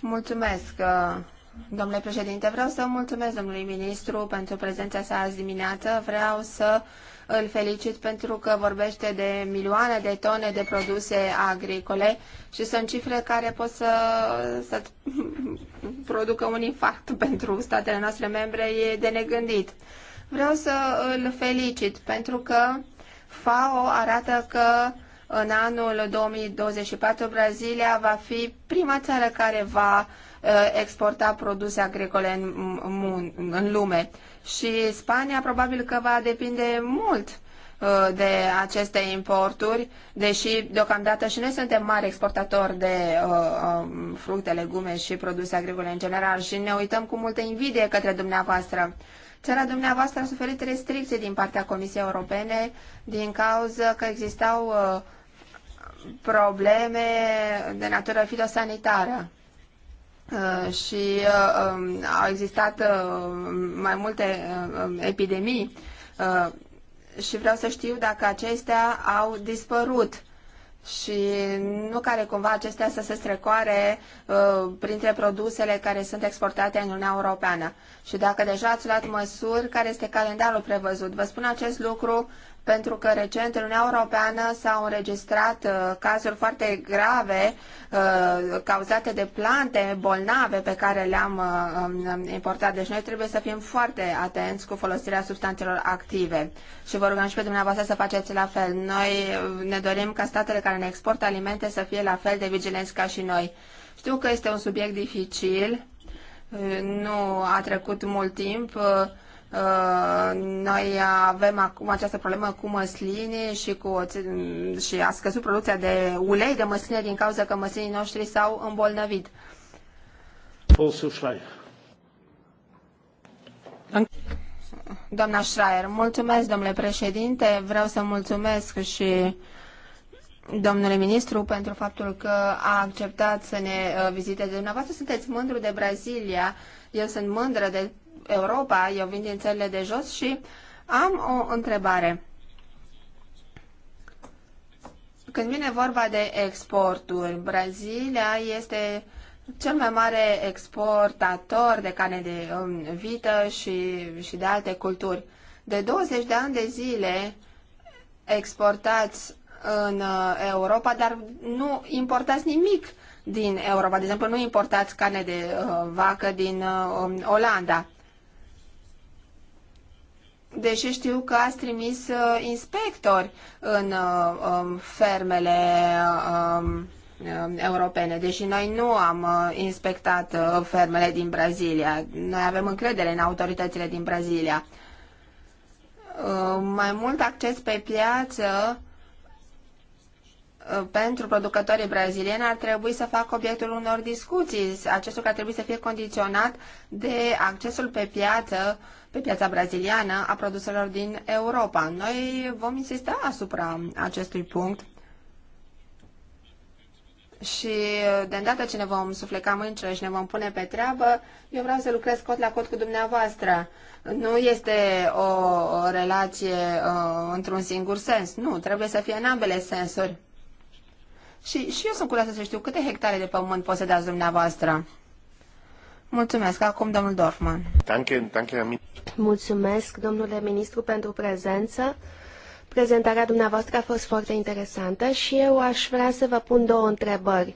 mulțumesc, uh, domnule președinte. Vreau să mulțumesc domnului ministru pentru prezența sa azi dimineață. Vreau să uh, îl felicit pentru că vorbește de milioane de tone de produse agricole și sunt cifre care pot să, să producă un infarct pentru statele noastre membre, e de negândit. Vreau să îl felicit pentru că FAO arată că în anul 2024 Brazilia va fi prima țară care va Uh, exporta produse agricole în, în lume. Și Spania probabil că va depinde mult uh, de aceste importuri, deși deocamdată și noi suntem mari exportatori de uh, um, fructe, legume și produse agricole în general și ne uităm cu multă invidie către dumneavoastră. Țara dumneavoastră a suferit restricții din partea Comisiei Europene din cauza că existau uh, probleme de natură fitosanitară. Uh, și uh, um, au existat uh, mai multe um, epidemii și vreau să știu dacă acestea au dispărut și nu care cumva acestea să se strecoare uh, printre produsele care sunt exportate în Uniunea Europeană. Și dacă deja ați luat măsuri, care este calendarul prevăzut? Vă spun acest lucru pentru că recent în Uniunea Europeană s-au înregistrat uh, cazuri foarte grave uh, cauzate de plante bolnave pe care le-am uh, um, importat. Deci noi trebuie să fim foarte atenți cu folosirea substanțelor active și vă rugăm și pe dumneavoastră să faceți la fel. Noi uh, ne dorim ca statele care ne exportă alimente să fie la fel de vigilenți ca și noi. Știu că este un subiect dificil, uh, nu a trecut mult timp, uh, Uh, noi avem acum această problemă cu măsline și, cu, și a scăzut producția de ulei de măsline din cauza că măslinii noștri s-au îmbolnăvit. Doamna Schreier, mulțumesc, domnule președinte. Vreau să mulțumesc și domnule ministru pentru faptul că a acceptat să ne uh, viziteze. Dumneavoastră sunteți mândru de Brazilia. Eu sunt mândră de Europa, eu vin din țările de jos și am o întrebare. Când vine vorba de exporturi, Brazilia este cel mai mare exportator de carne de um, vită și, și de alte culturi. De 20 de ani de zile exportați în uh, Europa, dar nu importați nimic din Europa. De exemplu, nu importați carne de uh, vacă din uh, um, Olanda deși știu că ați trimis uh, inspectori în uh, um, fermele uh, europene, deși noi nu am uh, inspectat uh, fermele din Brazilia. Noi avem încredere în autoritățile din Brazilia. Uh, mai mult acces pe piață Uh, pentru producătorii brazilieni ar trebui să facă obiectul unor discuții. Acest lucru ar trebui să fie condiționat de accesul pe piață, pe piața braziliană, a produselor din Europa. Noi vom insista asupra acestui punct și de îndată ce ne vom sufleca mâncile și ne vom pune pe treabă, eu vreau să lucrez cot la cot cu dumneavoastră. Nu este o, relație uh, într-un singur sens. Nu, trebuie să fie în ambele sensuri. Și, și eu sunt curioasă să știu câte hectare de pământ posedați dumneavoastră. Mulțumesc. Acum domnul Dorfman. Danke, danke. Mulțumesc, domnule ministru, pentru prezență. Prezentarea dumneavoastră a fost foarte interesantă și eu aș vrea să vă pun două întrebări.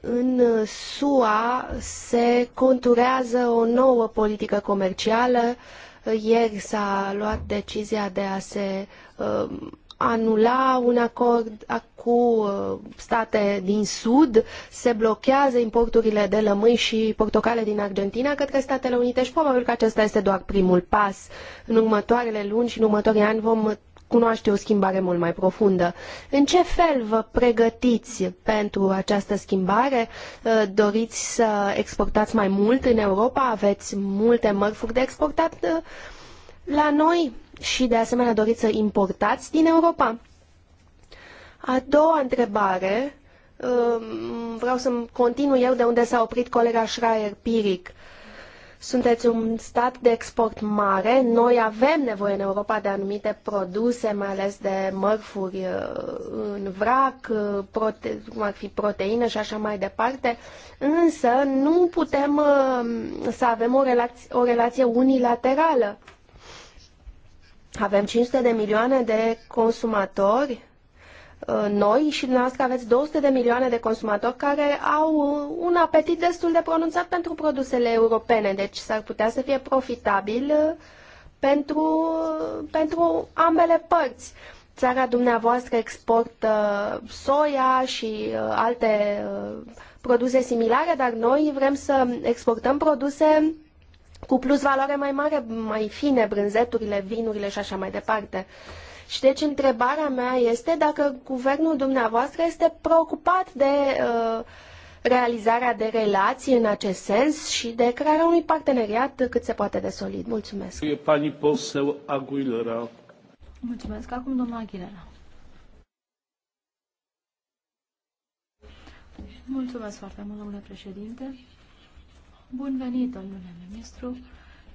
În SUA se conturează o nouă politică comercială. Ieri s-a luat decizia de a se uh, anula un acord cu uh, state din sud, se blochează importurile de lămâi și portocale din Argentina către Statele Unite și probabil că acesta este doar primul pas. În următoarele luni și în următorii ani vom cunoaște o schimbare mult mai profundă. În ce fel vă pregătiți pentru această schimbare? Uh, doriți să exportați mai mult în Europa? Aveți multe mărfuri de exportat uh, la noi? și de asemenea doriți să importați din Europa? A doua întrebare, um, vreau să continui eu de unde s-a oprit colega Schreier-Piric. Sunteți un stat de export mare, noi avem nevoie în Europa de anumite produse, mai ales de mărfuri uh, în vrac, uh, prote- cum ar fi proteină și așa mai departe, însă nu putem uh, să avem o relație, o relație unilaterală avem 500 de milioane de consumatori uh, noi și dumneavoastră aveți 200 de milioane de consumatori care au un apetit destul de pronunțat pentru produsele europene, deci s-ar putea să fie profitabil uh, pentru, pentru ambele părți. Țara dumneavoastră exportă soia și uh, alte produse similare, dar noi vrem să exportăm produse cu plus valoare mai mare, mai fine, brânzeturile, vinurile și așa mai departe. Și deci întrebarea mea este dacă guvernul dumneavoastră este preocupat de uh, realizarea de relații în acest sens și de crearea unui parteneriat cât se poate de solid. Mulțumesc. Mulțumesc. Acum domnul Aguilera. Mulțumesc foarte mult, domnule președinte. Bun venit, domnule ministru.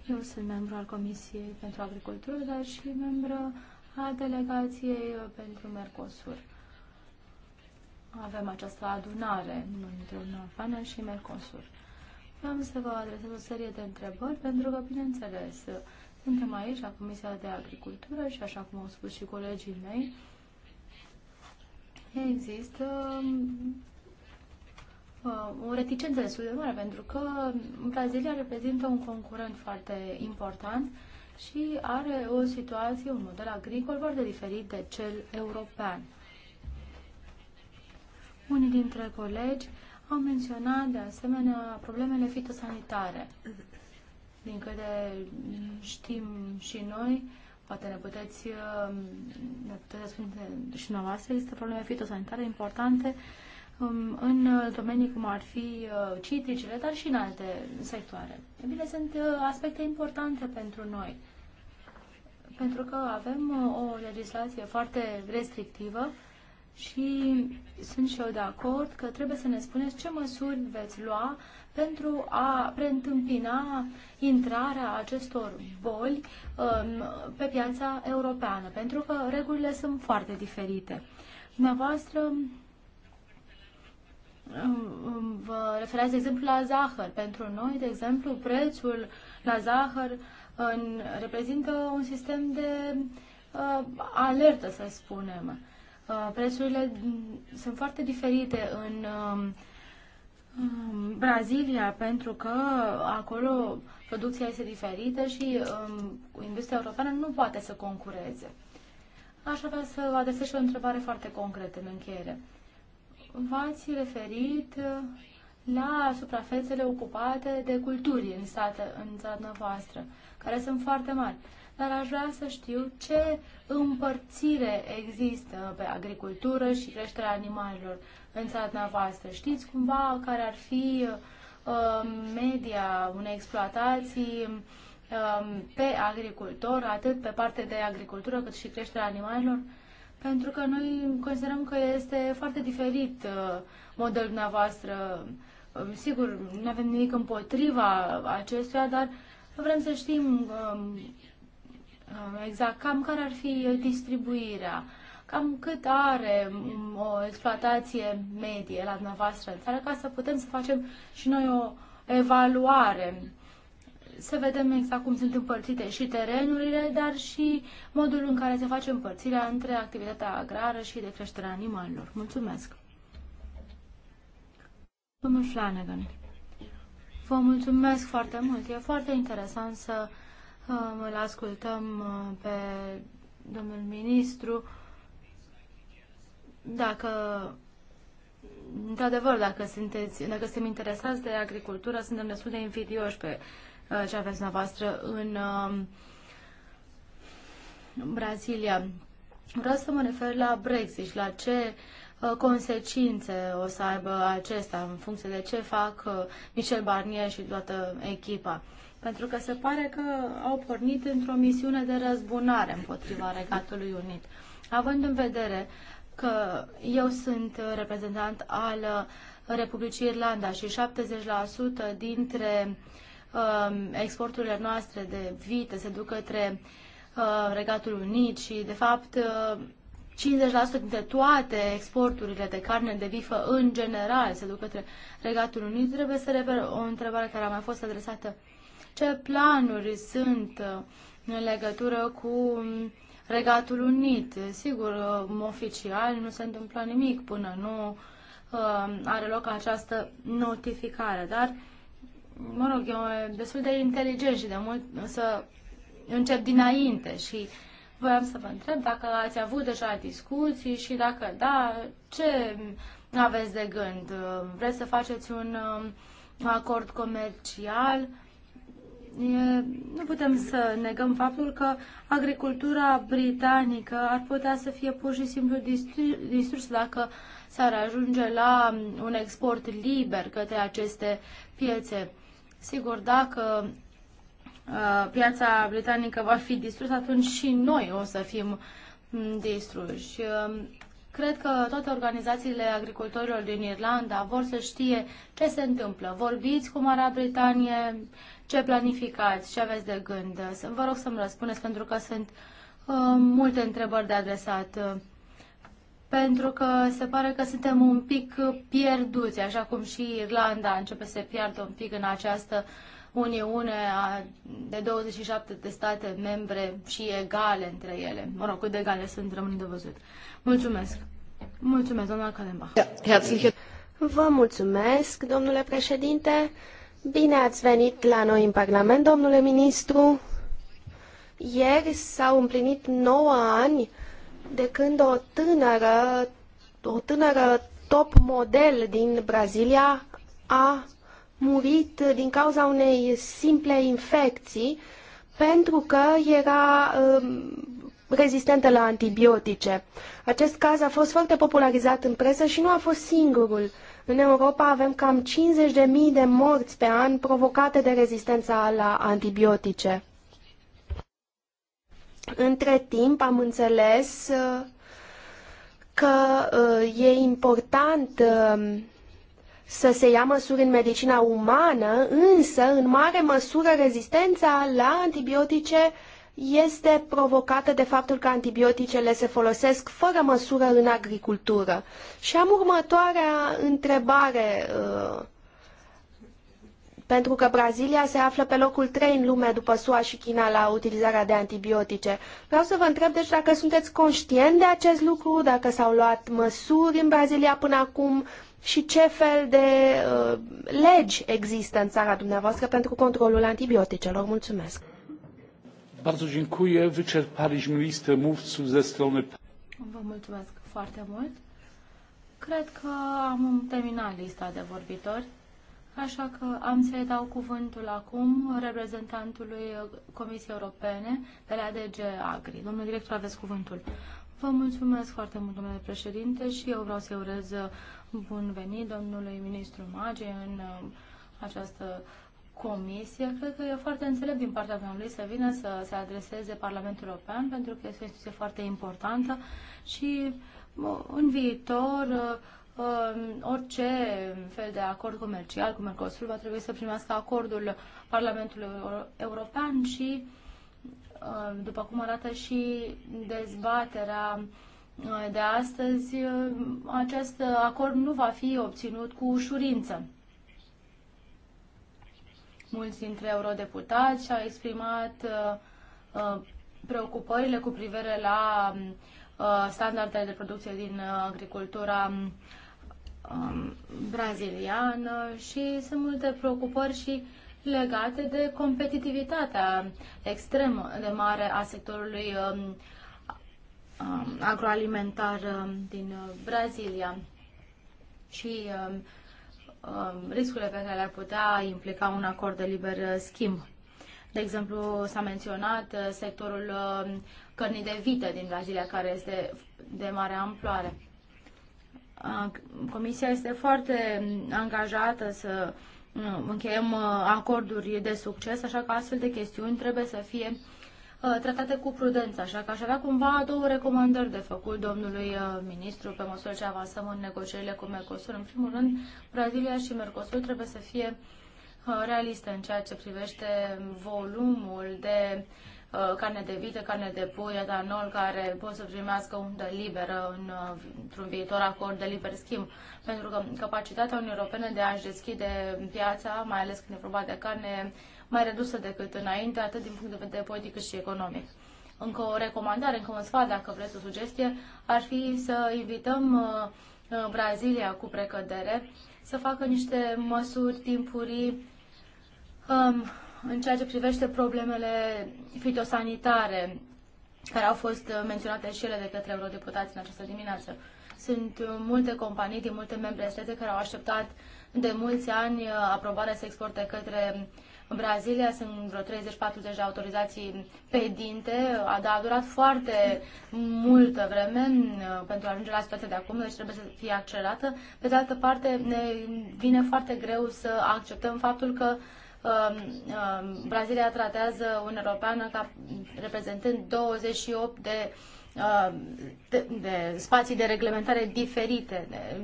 Eu sunt membru al Comisiei pentru Agricultură, dar și membru a delegației pentru Mercosur. Avem această adunare între Uniunea Europeană și Mercosur. Vreau să vă adresez o serie de întrebări, pentru că, bineînțeles, suntem aici la Comisia de Agricultură și, așa cum au spus și colegii mei, există Uh, o reticență destul de mare, pentru că Brazilia reprezintă un concurent foarte important și are o situație, un model agricol foarte diferit de cel european. Unii dintre colegi au menționat de asemenea problemele fitosanitare. Din câte știm și noi, poate ne puteți, uh, ne puteți spune și noastră, există probleme fitosanitare importante uh, Um, în uh, domenii cum ar fi uh, citricele, dar și în alte sectoare. E bine, sunt uh, aspecte importante pentru noi, pentru că avem o legislație foarte restrictivă și sunt și eu de acord că trebuie să ne spuneți ce măsuri veți lua pentru a preîntâmpina intrarea acestor boli um, pe piața europeană, pentru că regulile sunt foarte diferite. Dumneavoastră Vă referați, de exemplu, la zahăr. Pentru noi, de exemplu, prețul la zahăr în, reprezintă un sistem de uh, alertă, să spunem. Uh, prețurile sunt foarte diferite în uh, Brazilia, pentru că acolo producția este diferită și uh, industria europeană nu poate să concureze. Aș avea să adresez și o întrebare foarte concretă în încheiere v-ați referit uh, la suprafețele ocupate de culturi în, state, în țara voastră, care sunt foarte mari. Dar aș vrea să știu ce împărțire există pe agricultură și creșterea animalelor în țara voastră. Știți cumva care ar fi uh, media unei exploatații uh, pe agricultor, atât pe partea de agricultură cât și creșterea animalelor? Uh, pentru că noi considerăm că este foarte diferit uh, modelul dumneavoastră. Um, sigur, nu avem nimic împotriva acestuia, dar vrem să știm um, um, exact cam care ar fi distribuirea, cam cât are o exploatație medie la dumneavoastră în țară, ca să putem să facem și noi o evaluare să vedem exact cum sunt împărțite și terenurile, dar și modul în care se face împărțirea între activitatea agrară și de creșterea animalelor. Mulțumesc! Domnul Flanagan, vă mulțumesc foarte mult. E foarte interesant să uh, îl ascultăm uh, pe domnul ministru. Dacă Într-adevăr, dacă sunteți, dacă suntem interesați de agricultură, suntem destul de invidioși pe Uh, ce aveți dumneavoastră în um, Brazilia. Vreau să mă refer la Brexit și la ce uh, consecințe o să aibă acesta în funcție de ce fac uh, Michel Barnier și toată echipa. Pentru că se pare că au pornit într-o misiune de răzbunare împotriva Regatului Unit. Având în vedere că eu sunt reprezentant al Republicii Irlanda și 70% dintre uh, Um, exporturile noastre de vite se duc către uh, Regatul Unit și, de fapt, 50% uh, dintre toate exporturile de carne de bifă în general se duc către Regatul Unit. Trebuie să reper o întrebare care a mai fost adresată. Ce planuri sunt uh, în legătură cu Regatul Unit? Sigur, oficial nu se întâmplă nimic până nu are loc această notificare, dar mă rog, eu destul de inteligent și de mult să încep dinainte și voiam să vă întreb dacă ați avut deja discuții și dacă da, ce aveți de gând? Vreți să faceți un um, acord comercial? Nu putem să negăm faptul că agricultura britanică ar putea să fie pur și simplu distrusă dacă s-ar ajunge la um, un export liber către aceste piețe. Sigur, dacă uh, piața britanică va fi distrusă, atunci și noi o să fim mm, distruși. Um, cred că toate organizațiile agricultorilor din Irlanda vor să știe ce se întâmplă. Vorbiți cu Marea Britanie, ce planificați, ce aveți de gând. Vă rog să-mi răspundeți pentru că sunt uh, multe întrebări de adresat pentru că se pare că suntem un pic pierduți, așa cum și Irlanda începe să se piardă un pic în această uniune a, de 27 de state membre și egale între ele. Mă rog, cât de egale sunt, rămâne de văzut. Mulțumesc. Mulțumesc, doamna Kalembach. Vă mulțumesc, domnule președinte. Bine ați venit la noi în Parlament, domnule ministru. Ieri s-au împlinit 9 ani de când o tânără, o tânără top model din Brazilia a murit din cauza unei simple infecții pentru că era um, rezistentă la antibiotice. Acest caz a fost foarte popularizat în presă și nu a fost singurul. În Europa avem cam 50.000 de morți pe an provocate de rezistența la antibiotice. Între timp am înțeles uh, că uh, e important uh, să se ia măsuri în medicina umană, însă, în mare măsură, rezistența la antibiotice este provocată de faptul că antibioticele se folosesc fără măsură în agricultură. Și am următoarea întrebare pentru că Brazilia se află pe locul 3 în lume după SUA și China la utilizarea de antibiotice. Vreau să vă întreb deci dacă sunteți conștient de acest lucru, dacă s-au luat măsuri în Brazilia până acum și ce fel de uh, legi există în țara dumneavoastră pentru controlul antibioticelor. Mulțumesc! Bardzo dziękuję. Wyczerpaliśmy listę mówców ze strony. Vă mulțumesc foarte mult. Cred că am terminat lista de vorbitori. Așa că am să-i dau cuvântul acum reprezentantului Comisiei Europene de la DG Agri. Domnul director, aveți cuvântul. Vă mulțumesc foarte mult, domnule președinte, și eu vreau să-i urez bun venit domnului ministru Mage în uh, această comisie. Cred că e foarte înțelept din partea domnului să vină să se adreseze Parlamentul European, pentru că este o instituție foarte importantă și uh, în viitor uh, Ehm, orice fel de acord comercial cu Mercosul va trebui să primească acordul Parlamentului European și, ehm, după cum arată și dezbaterea eh, de astăzi, ehm, acest acord nu va fi obținut cu ușurință. Mulți dintre eurodeputați și-au exprimat eh, eh, preocupările cu privire la standardele de producție din agricultura um, braziliană și sunt multe preocupări și legate de competitivitatea extrem de mare a sectorului um, um agroalimentar um, din uh, Brazilia și um, um, riscurile pe care le-ar putea implica un acord de liber uh, schimb. De exemplu, s-a menționat uh, sectorul um, cărnii de vită din Brazilia, care este de mare amploare. Comisia este foarte angajată să uh, încheiem uh, acorduri de succes, așa că astfel de chestiuni trebuie să fie uh, tratate cu prudență, așa că aș avea cumva două recomandări de făcut domnului ministru pe măsură ce avansăm în negocierile cu Mercosur. În primul rând, Brazilia și Mercosur trebuie să fie realiste în ceea ce privește volumul de Uh, carne de vită, carne de pui, etanol, care pot să primească undă liberă în, uh, într-un viitor acord de liber schimb. Pentru că capacitatea Uniunii Europene de a-și deschide piața, mai ales când e vorba de carne, mai redusă decât înainte, atât din punct de vedere politic cât și economic. Încă o recomandare, încă un sfat, dacă vreți o sugestie, ar fi să invităm uh, Brazilia cu precădere să facă niște măsuri timpurii um, în ceea ce privește problemele fitosanitare, care au fost uh, menționate și ele de către eurodeputați în această dimineață. Sunt uh, multe companii din multe membre state care au așteptat de mulți ani uh, aprobarea să exporte către Brazilia. Sunt vreo 30-40 de autorizații pe dinte, a durat foarte multă vreme pentru a ajunge la situația de acum, deci trebuie să fie accelerată. Pe de altă parte, ne vine foarte greu să acceptăm faptul că Um, um, Brazilia tratează un european ca reprezentând 28 de um, de, de spații de reglementare diferite, de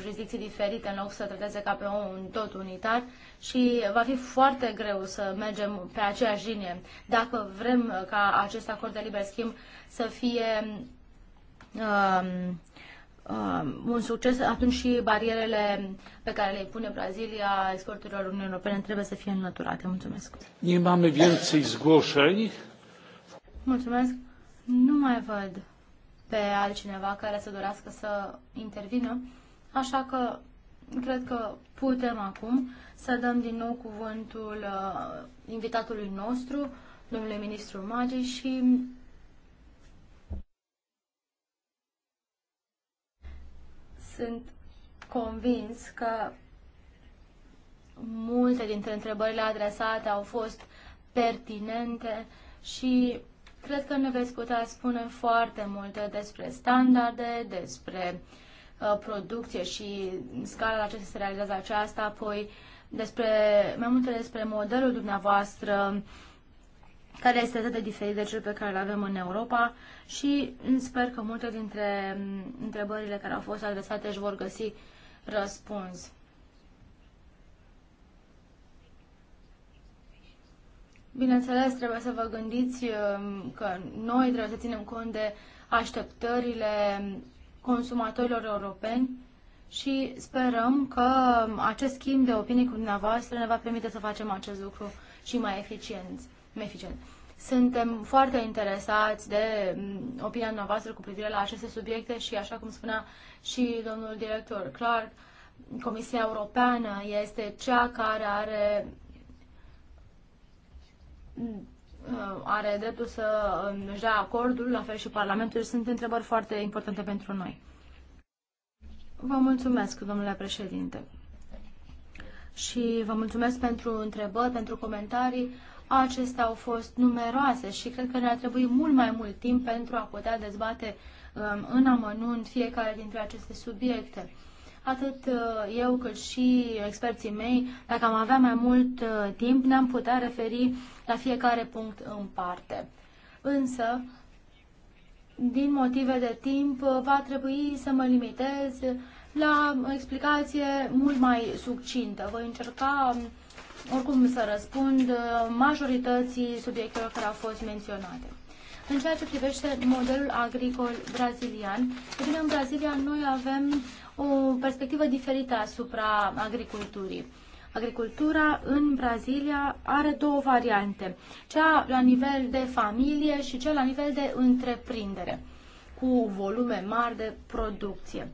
jurisdicții diferite, în loc să trateze ca pe un tot unitar și va fi foarte greu să mergem pe aceeași linie dacă vrem ca acest acord de liber schimb să fie Um, un succes, atunci și barierele pe care le pune Brazilia exporturilor Uniunii Europene trebuie să fie înlăturate. Mulțumesc. Nie mamy więcej zgłoszeń. Mulțumesc. Nu mai văd pe altcineva care să dorească să intervină, așa că cred că putem acum să dăm din nou cuvântul uh, invitatului nostru, domnule ministru Magi și sunt convins că multe dintre întrebările adresate au fost pertinente și cred că ne veți putea spune foarte multe despre standarde, despre uh, producție și scala la ce se realizează aceasta, apoi despre, mai multe despre modelul dumneavoastră care este atât de diferit de cel pe care îl avem în Europa și sper că multe dintre mm, întrebările care au fost adresate își vor găsi răspuns. Bineînțeles, trebuie să vă gândiți mm, că noi trebuie să ținem cont de așteptările consumatorilor europeni și sperăm că mm, acest schimb de opinii cu dumneavoastră ne va permite să facem acest lucru și mai eficient. Meficent. Suntem foarte interesați de mm, opinia noastră cu privire la aceste subiecte și, așa cum spunea și domnul director Clark, Comisia Europeană este cea care are mm, are dreptul să mm, își dea acordul, la fel și Parlamentul, sunt întrebări foarte importante pentru noi. Vă mulțumesc, domnule președinte. Și vă mulțumesc pentru întrebări, pentru comentarii acestea au fost numeroase și cred că ne-ar trebui mult mai mult timp pentru a putea dezbate um, în amănunt fiecare dintre aceste subiecte. Atât uh, eu cât și experții mei, dacă am avea mai mult uh, timp, ne-am putea referi la fiecare punct în parte. Însă, din motive de timp, uh, va trebui să mă limitez la o explicație mult mai succintă. Voi încerca um, oricum să răspund uh, majorității subiectelor care au fost menționate. În ceea ce privește modelul agricol brazilian, bine, în Brazilia noi avem o perspectivă diferită asupra agriculturii. Agricultura în Brazilia are două variante, cea la nivel de familie și cea la nivel de întreprindere, cu volume mari de producție.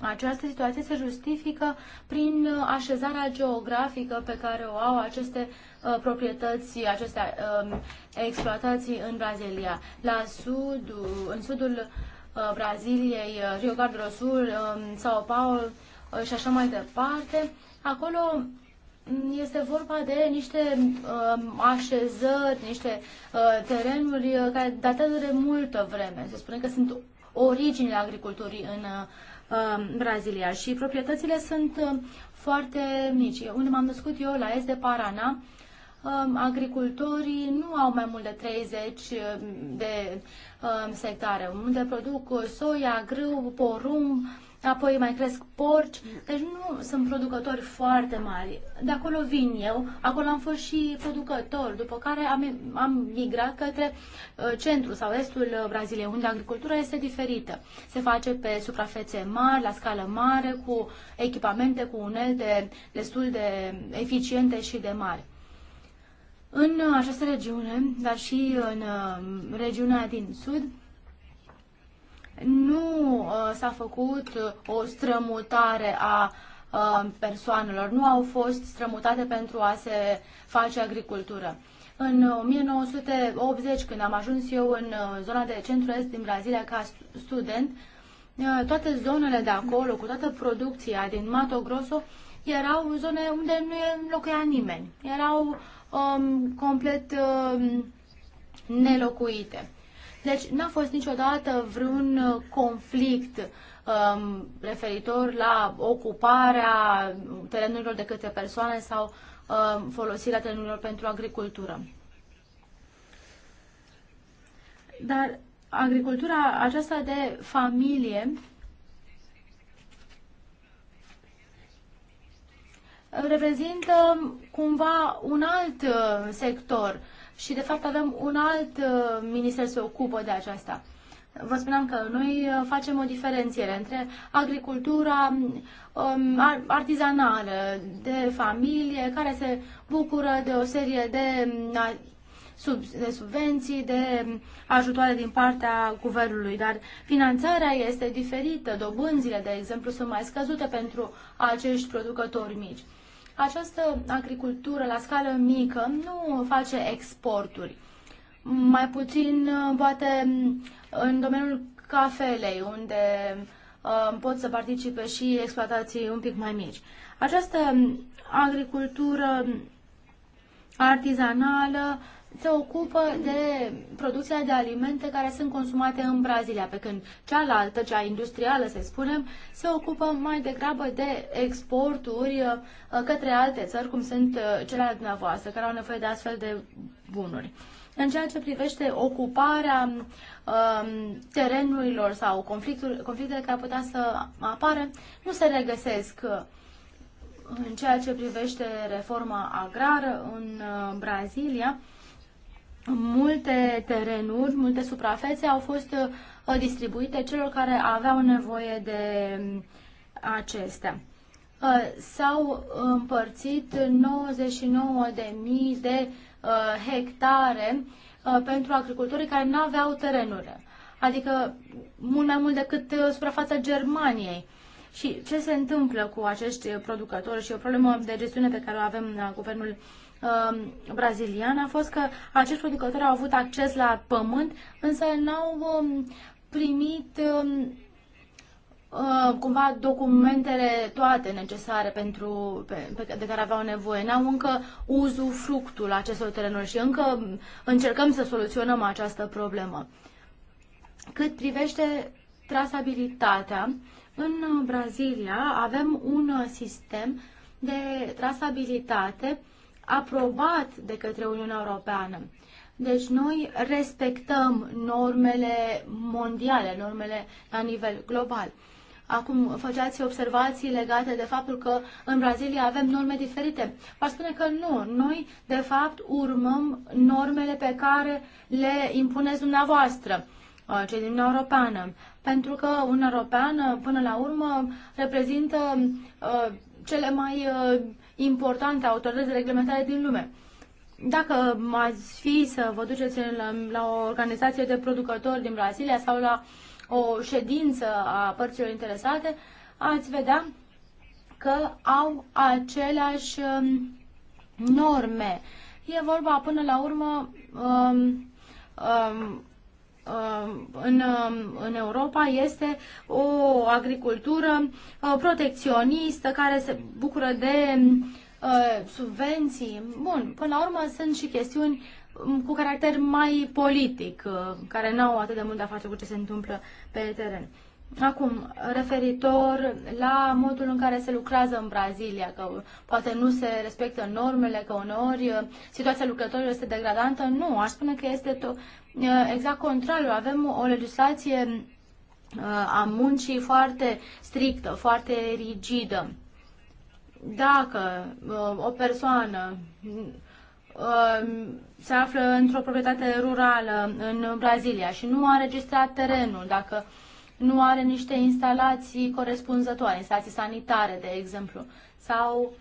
Această situație se justifică prin uh, așezarea geografică pe care o au aceste uh, proprietăți, aceste um, exploatații în Brazilia. La sud, în sudul uh, Braziliei, Rio Grande do Sul, um, São Paulo și așa mai departe, acolo mm, este vorba de niște uh, așezări, niște uh, terenuri care datează de multă vreme. Se spune că sunt originile agriculturii în uh, Uh, Brazilia și proprietățile sunt uh, foarte mici. Unde m-am născut eu, la Est de Parana, uh, agricultorii nu au mai mult de 30 de sectare, unde produc soia, grâu, porumb, apoi mai cresc porci, deci nu sunt producători foarte mari. De acolo vin eu, acolo am fost și producător, după care am, am migrat către uh, centrul sau estul uh, Braziliei, unde agricultura este diferită. Se face pe suprafețe mari, la scală mare, cu echipamente, cu unelte destul de eficiente și de mari. În această regiune, dar și în uh, regiunea din sud, nu uh, s-a făcut uh, o strămutare a uh, persoanelor, nu au fost strămutate pentru a se face agricultură. În 1980, uh, când am ajuns eu în uh, zona de centru-est din Brazilia ca student, toate zonele de acolo, cu toată producția din Mato Grosso, erau zone unde nu locuia nimeni. Erau um, complet um, nelocuite. Deci n-a fost niciodată vreun uh, conflict um, referitor la ocuparea terenurilor de către persoane sau um, folosirea terenurilor pentru agricultură. Dar agricultura aceasta de familie reprezintă cumva un alt uh, sector și de fapt avem un alt uh, minister se ocupă de aceasta. Vă spuneam că noi uh, facem o diferențiere între agricultura um, artizanală de familie, care se bucură de o serie de, mm, sub, de subvenții, de mm, ajutoare din partea guvernului, dar finanțarea este diferită, dobânzile, de exemplu, sunt mai scăzute pentru acești producători mici această agricultură la scală mică nu face exporturi. Mai puțin, poate, în domeniul cafelei, unde uh, pot să participe și exploatații un pic mai mici. Această agricultură artizanală se ocupă de producția de alimente care sunt consumate în Brazilia, pe când cealaltă, cea industrială, să spunem, se ocupă mai degrabă de exporturi uh, către alte țări, cum sunt uh, cele ale dumneavoastră, care au nevoie de astfel de bunuri. În ceea ce privește ocuparea um, terenurilor sau conflictele care putea să apară, nu se regăsesc uh, în ceea ce privește reforma agrară în Brazilia, multe terenuri, multe suprafețe au fost uh, distribuite celor care aveau nevoie de um, acestea. Uh, s-au împărțit 99.000 de uh, hectare pentru agricultorii care nu aveau terenuri, adică mult mai mult decât suprafața Germaniei. Și ce se întâmplă cu acești producători și o problemă de gestiune pe care o avem la guvernul uh, Um, brazilian a fost că acești producători au avut acces la pământ, însă n-au um, primit um, uh, cumva documentele toate necesare pentru, pe, pe, de care aveau nevoie. N-au încă fructul acestor terenuri și încă încercăm să soluționăm această problemă. Cât privește trasabilitatea, în Brazilia avem un sistem de trasabilitate aprobat de către Uniunea Europeană. Deci noi respectăm normele mondiale, normele la nivel global. Acum făceați observații legate de faptul că în Brazilia avem norme diferite. v spune că nu. Noi, de fapt, urmăm normele pe care le impuneți dumneavoastră, uh, cei din Uniunea Europeană. Pentru că Uniunea Europeană, până la urmă, reprezintă uh, cele mai uh, importante, autorități reglementare din lume. Dacă ați fi să vă duceți la, la o organizație de producători din Brazilia sau la o ședință a părților interesate, ați vedea că au aceleași um, norme. E vorba până la urmă um, um, Um, în, um, în Europa este o agricultură uh, protecționistă care se bucură de uh, subvenții. Bun, până la urmă sunt și chestiuni um, cu caracter mai politic, uh, care n-au atât de mult de a face cu ce se întâmplă pe teren. Acum, referitor la modul în care se lucrează în Brazilia, că poate nu se respectă normele, că uneori uh, situația lucrătorilor este degradantă, nu, aș spune că este uh, exact contrariul. Avem o legislație uh, a muncii foarte strictă, foarte rigidă. Dacă o persoană se află într-o proprietate rurală în Brazilia și nu a înregistrat terenul, dacă nu are niște instalații corespunzătoare, instalații sanitare, de exemplu, sau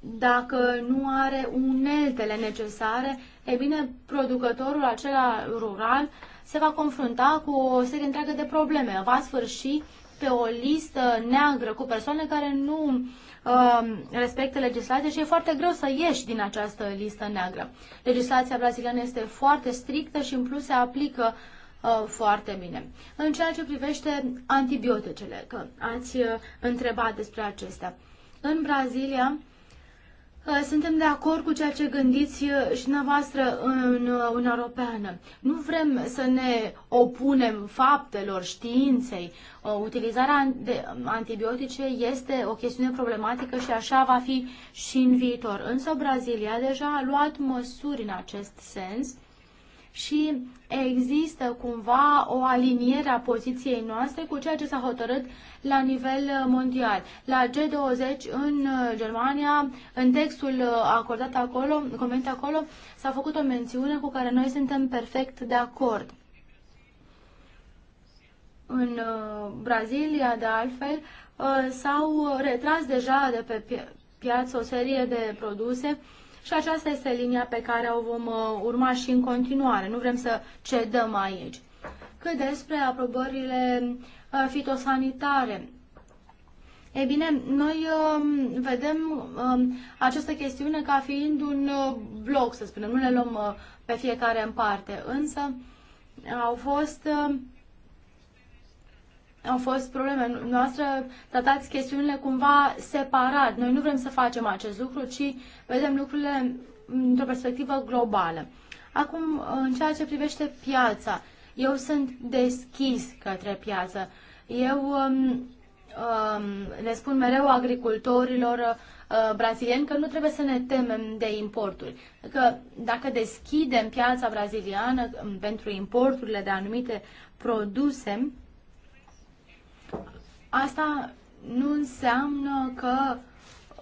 dacă nu are uneltele necesare, e bine, producătorul acela rural se va confrunta cu o serie întreagă de probleme. Va sfârși pe o listă neagră cu persoane care nu uh, respectă legislația și e foarte greu să ieși din această listă neagră. Legislația braziliană este foarte strictă și în plus se aplică uh, Uh, foarte bine. În ceea ce privește antibioticele, că ați uh, întrebat despre acestea. În Brazilia, uh, suntem de acord cu ceea ce gândiți și dumneavoastră în Uniunea Europeană. Nu vrem să ne opunem faptelor, științei. Utilizarea de um, antibiotice este o chestiune problematică și așa va fi și în viitor. Însă Brazilia deja a luat măsuri în acest sens și există cumva o aliniere a poziției noastre cu ceea ce s-a hotărât la nivel mondial. La G20 în uh, Germania, în textul uh, acordat acolo, comentat acolo, s-a făcut o mențiune cu care noi suntem perfect de acord. În uh, Brazilia, de altfel, s-au retras deja de pe piață o serie de produse uh, și aceasta este linia pe care o vom uh, urma și în continuare. Nu vrem să cedăm aici. Cât despre aprobările uh, fitosanitare, ei bine, noi um, vedem um, această chestiune ca fiind un uh, bloc, să spunem, nu le luăm pe fiecare în parte, însă au fost um, au fost probleme noastre, tratați chestiunile cumva separat. Noi nu vrem să facem acest lucru, ci vedem lucrurile într-o perspectivă globală. Acum, în ceea ce privește piața, eu sunt deschis către piață. Eu um, um, le spun mereu agricultorilor uh, brazilieni că nu trebuie să ne temem de importuri. Că dacă deschidem piața braziliană um, pentru importurile de anumite produse, asta nu înseamnă că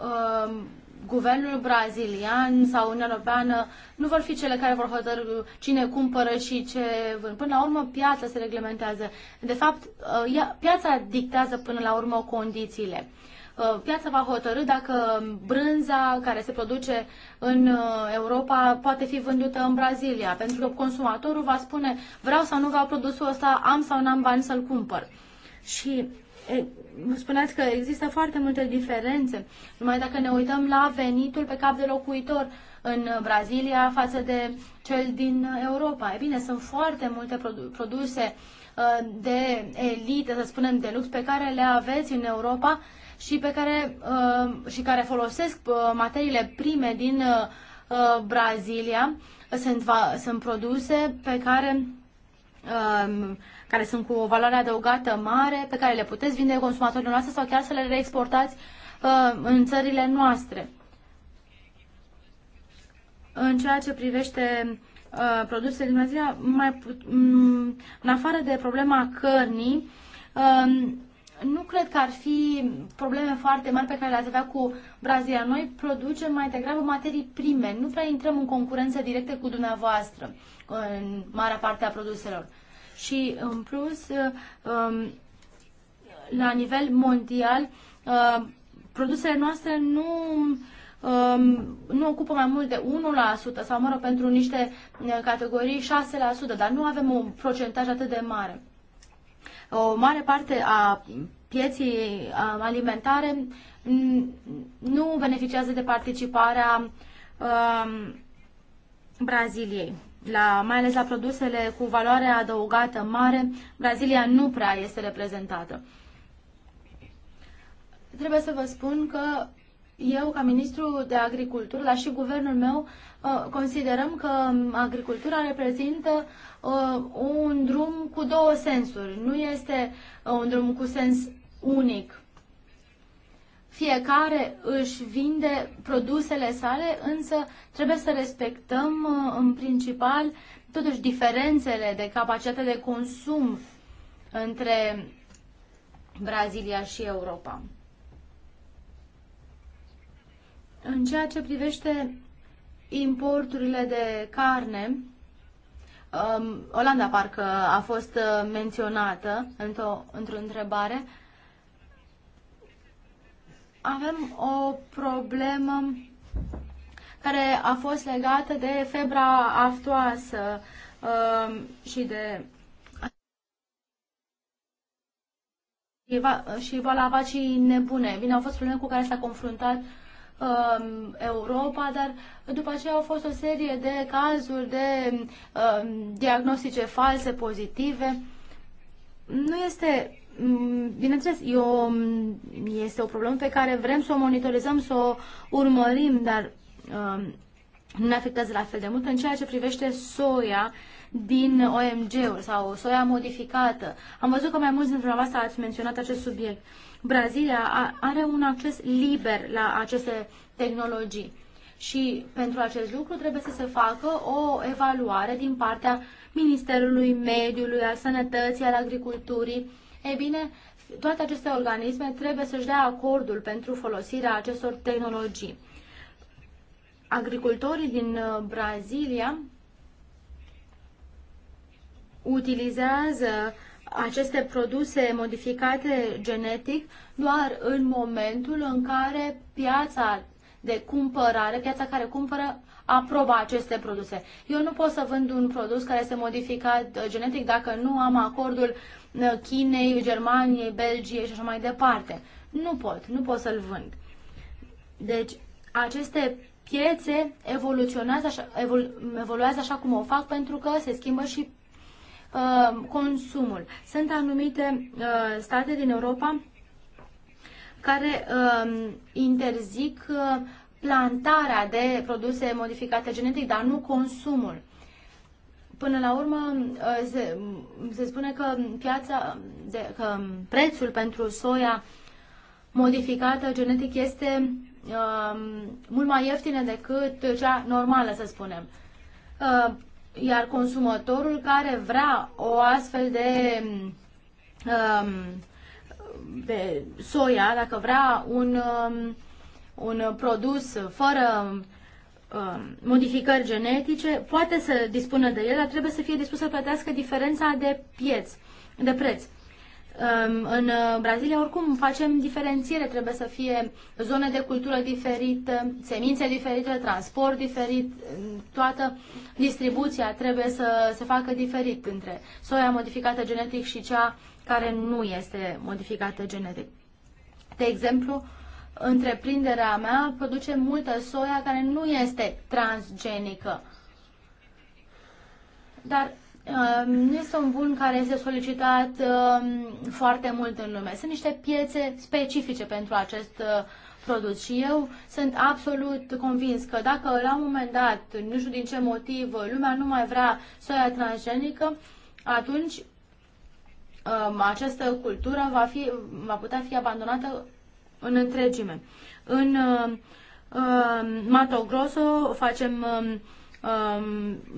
um, guvernul brazilian sau Uniunea Europeană nu vor fi cele care vor hotărâ cine cumpără și ce vând. Până la urmă, piața se reglementează. De fapt, uh, piața dictează până la urmă condițiile. Uh, piața va hotărâ dacă brânza care se produce în uh, Europa poate fi vândută în Brazilia, pentru că consumatorul va spune vreau sau nu vreau produsul ăsta, am sau n-am bani să-l cumpăr. Și spuneați că există foarte multe diferențe. Numai dacă ne uităm la venitul pe cap de locuitor în Brazilia față de cel din Europa. E bine, sunt foarte multe produse uh, de elită, să spunem, de lux, pe care le aveți în Europa și, pe care, uh, și care folosesc uh, materiile prime din Brazilia. Sunt, sunt produse pe care Um, care sunt cu o valoare adăugată mare, pe care le puteți vinde consumatorilor noastre sau chiar să le reexportați uh, în țările noastre. În ceea ce privește uh, produsele din Brazilia, mai, în afară de problema cărnii, um, nu cred că ar fi probleme foarte mari pe care le-ați avea cu Brazilia. Noi producem mai degrabă materii prime, nu prea intrăm în concurență directă cu dumneavoastră în marea parte a produselor. Și în plus, um, la nivel mondial, uh, produsele noastre nu, um, nu ocupă mai mult de 1% sau, mă rog, pentru niște uh, categorii 6%, dar nu avem un procentaj atât de mare o mare parte a pieții alimentare nu beneficiază de participarea um, Braziliei. La, mai ales la produsele cu valoare adăugată mare, Brazilia nu prea este reprezentată. Trebuie să vă spun că eu, ca ministru de agricultură, dar și guvernul meu, Uh, considerăm că um, agricultura reprezintă uh, un drum cu două sensuri. Nu este uh, un drum cu sens unic. Fiecare își vinde produsele sale, însă trebuie să respectăm în principal totuși diferențele de capacitate de consum între Brazilia și Europa. În ceea ce privește importurile de carne, um, Olanda parcă a fost uh, menționată într-o, într-o întrebare, avem o problemă care a fost legată de febra aftoasă um, și de și boala vacii nebune. Bine, au fost probleme cu care s-a confruntat Um, Europa, dar după aceea au fost o serie de cazuri de um, diagnostice false, pozitive. Nu este, mm, bineînțeles, e o, este o problemă pe care vrem să o monitorizăm, să o urmărim, dar um, nu ne afectează la fel de mult. În ceea ce privește soia, uh, din OMG-uri sau soia modificată. Am văzut că mai mulți dintre dumneavoastră ați menționat acest subiect. Brazilia are un acces liber la aceste tehnologii. Și pentru acest lucru trebuie să se facă o evaluare din partea Ministerului Mediului, al Sănătății, al Agriculturii. Ei bine, toate aceste organisme trebuie să-și dea acordul pentru folosirea acestor tehnologii. Agricultorii din uh, Brazilia utilizează aceste produse modificate genetic doar în momentul în care piața de cumpărare, piața care cumpără aprobă aceste produse. Eu nu pot să vând un produs care este modificat uh, genetic dacă nu am acordul uh, Chinei, Germaniei, Belgiei și așa mai departe. Nu pot, nu pot să-l vând. Deci, aceste piețe evoluționează așa, evolu, evoluează așa cum o fac pentru că se schimbă și Uh, consumul. Sunt anumite uh, state din Europa care uh, interzic uh, plantarea de produse modificate genetic, dar nu consumul. Până la urmă, uh, se, se spune că, piața de, că prețul pentru soia modificată genetic este um, mult mai ieftină decât cea normală, să spunem. Uh, iar consumatorul care vrea o astfel de, um, de soia, dacă vrea un, um, un produs fără um, modificări genetice, poate să dispună de el, dar trebuie să fie dispus să plătească diferența de pieț, de preț. Um, în uh, Brazilia, oricum, facem diferențiere, trebuie să fie zone de cultură diferite, semințe diferite, transport diferit, um, toată distribuția trebuie să se facă diferit între soia modificată genetic și cea care nu este modificată genetic. De exemplu, întreprinderea mea produce multă soia care nu este transgenică. Dar Ehm, nu este un bun care este solicitat ehm, foarte mult în lume. Sunt niște piețe specifice pentru acest eh, produs și eu sunt absolut convins că dacă la un moment dat, nu știu din ce motiv, lumea nu mai vrea soia transgenică, atunci ehm, această cultură va, fi, va putea fi abandonată în întregime. În Mato Grosso facem,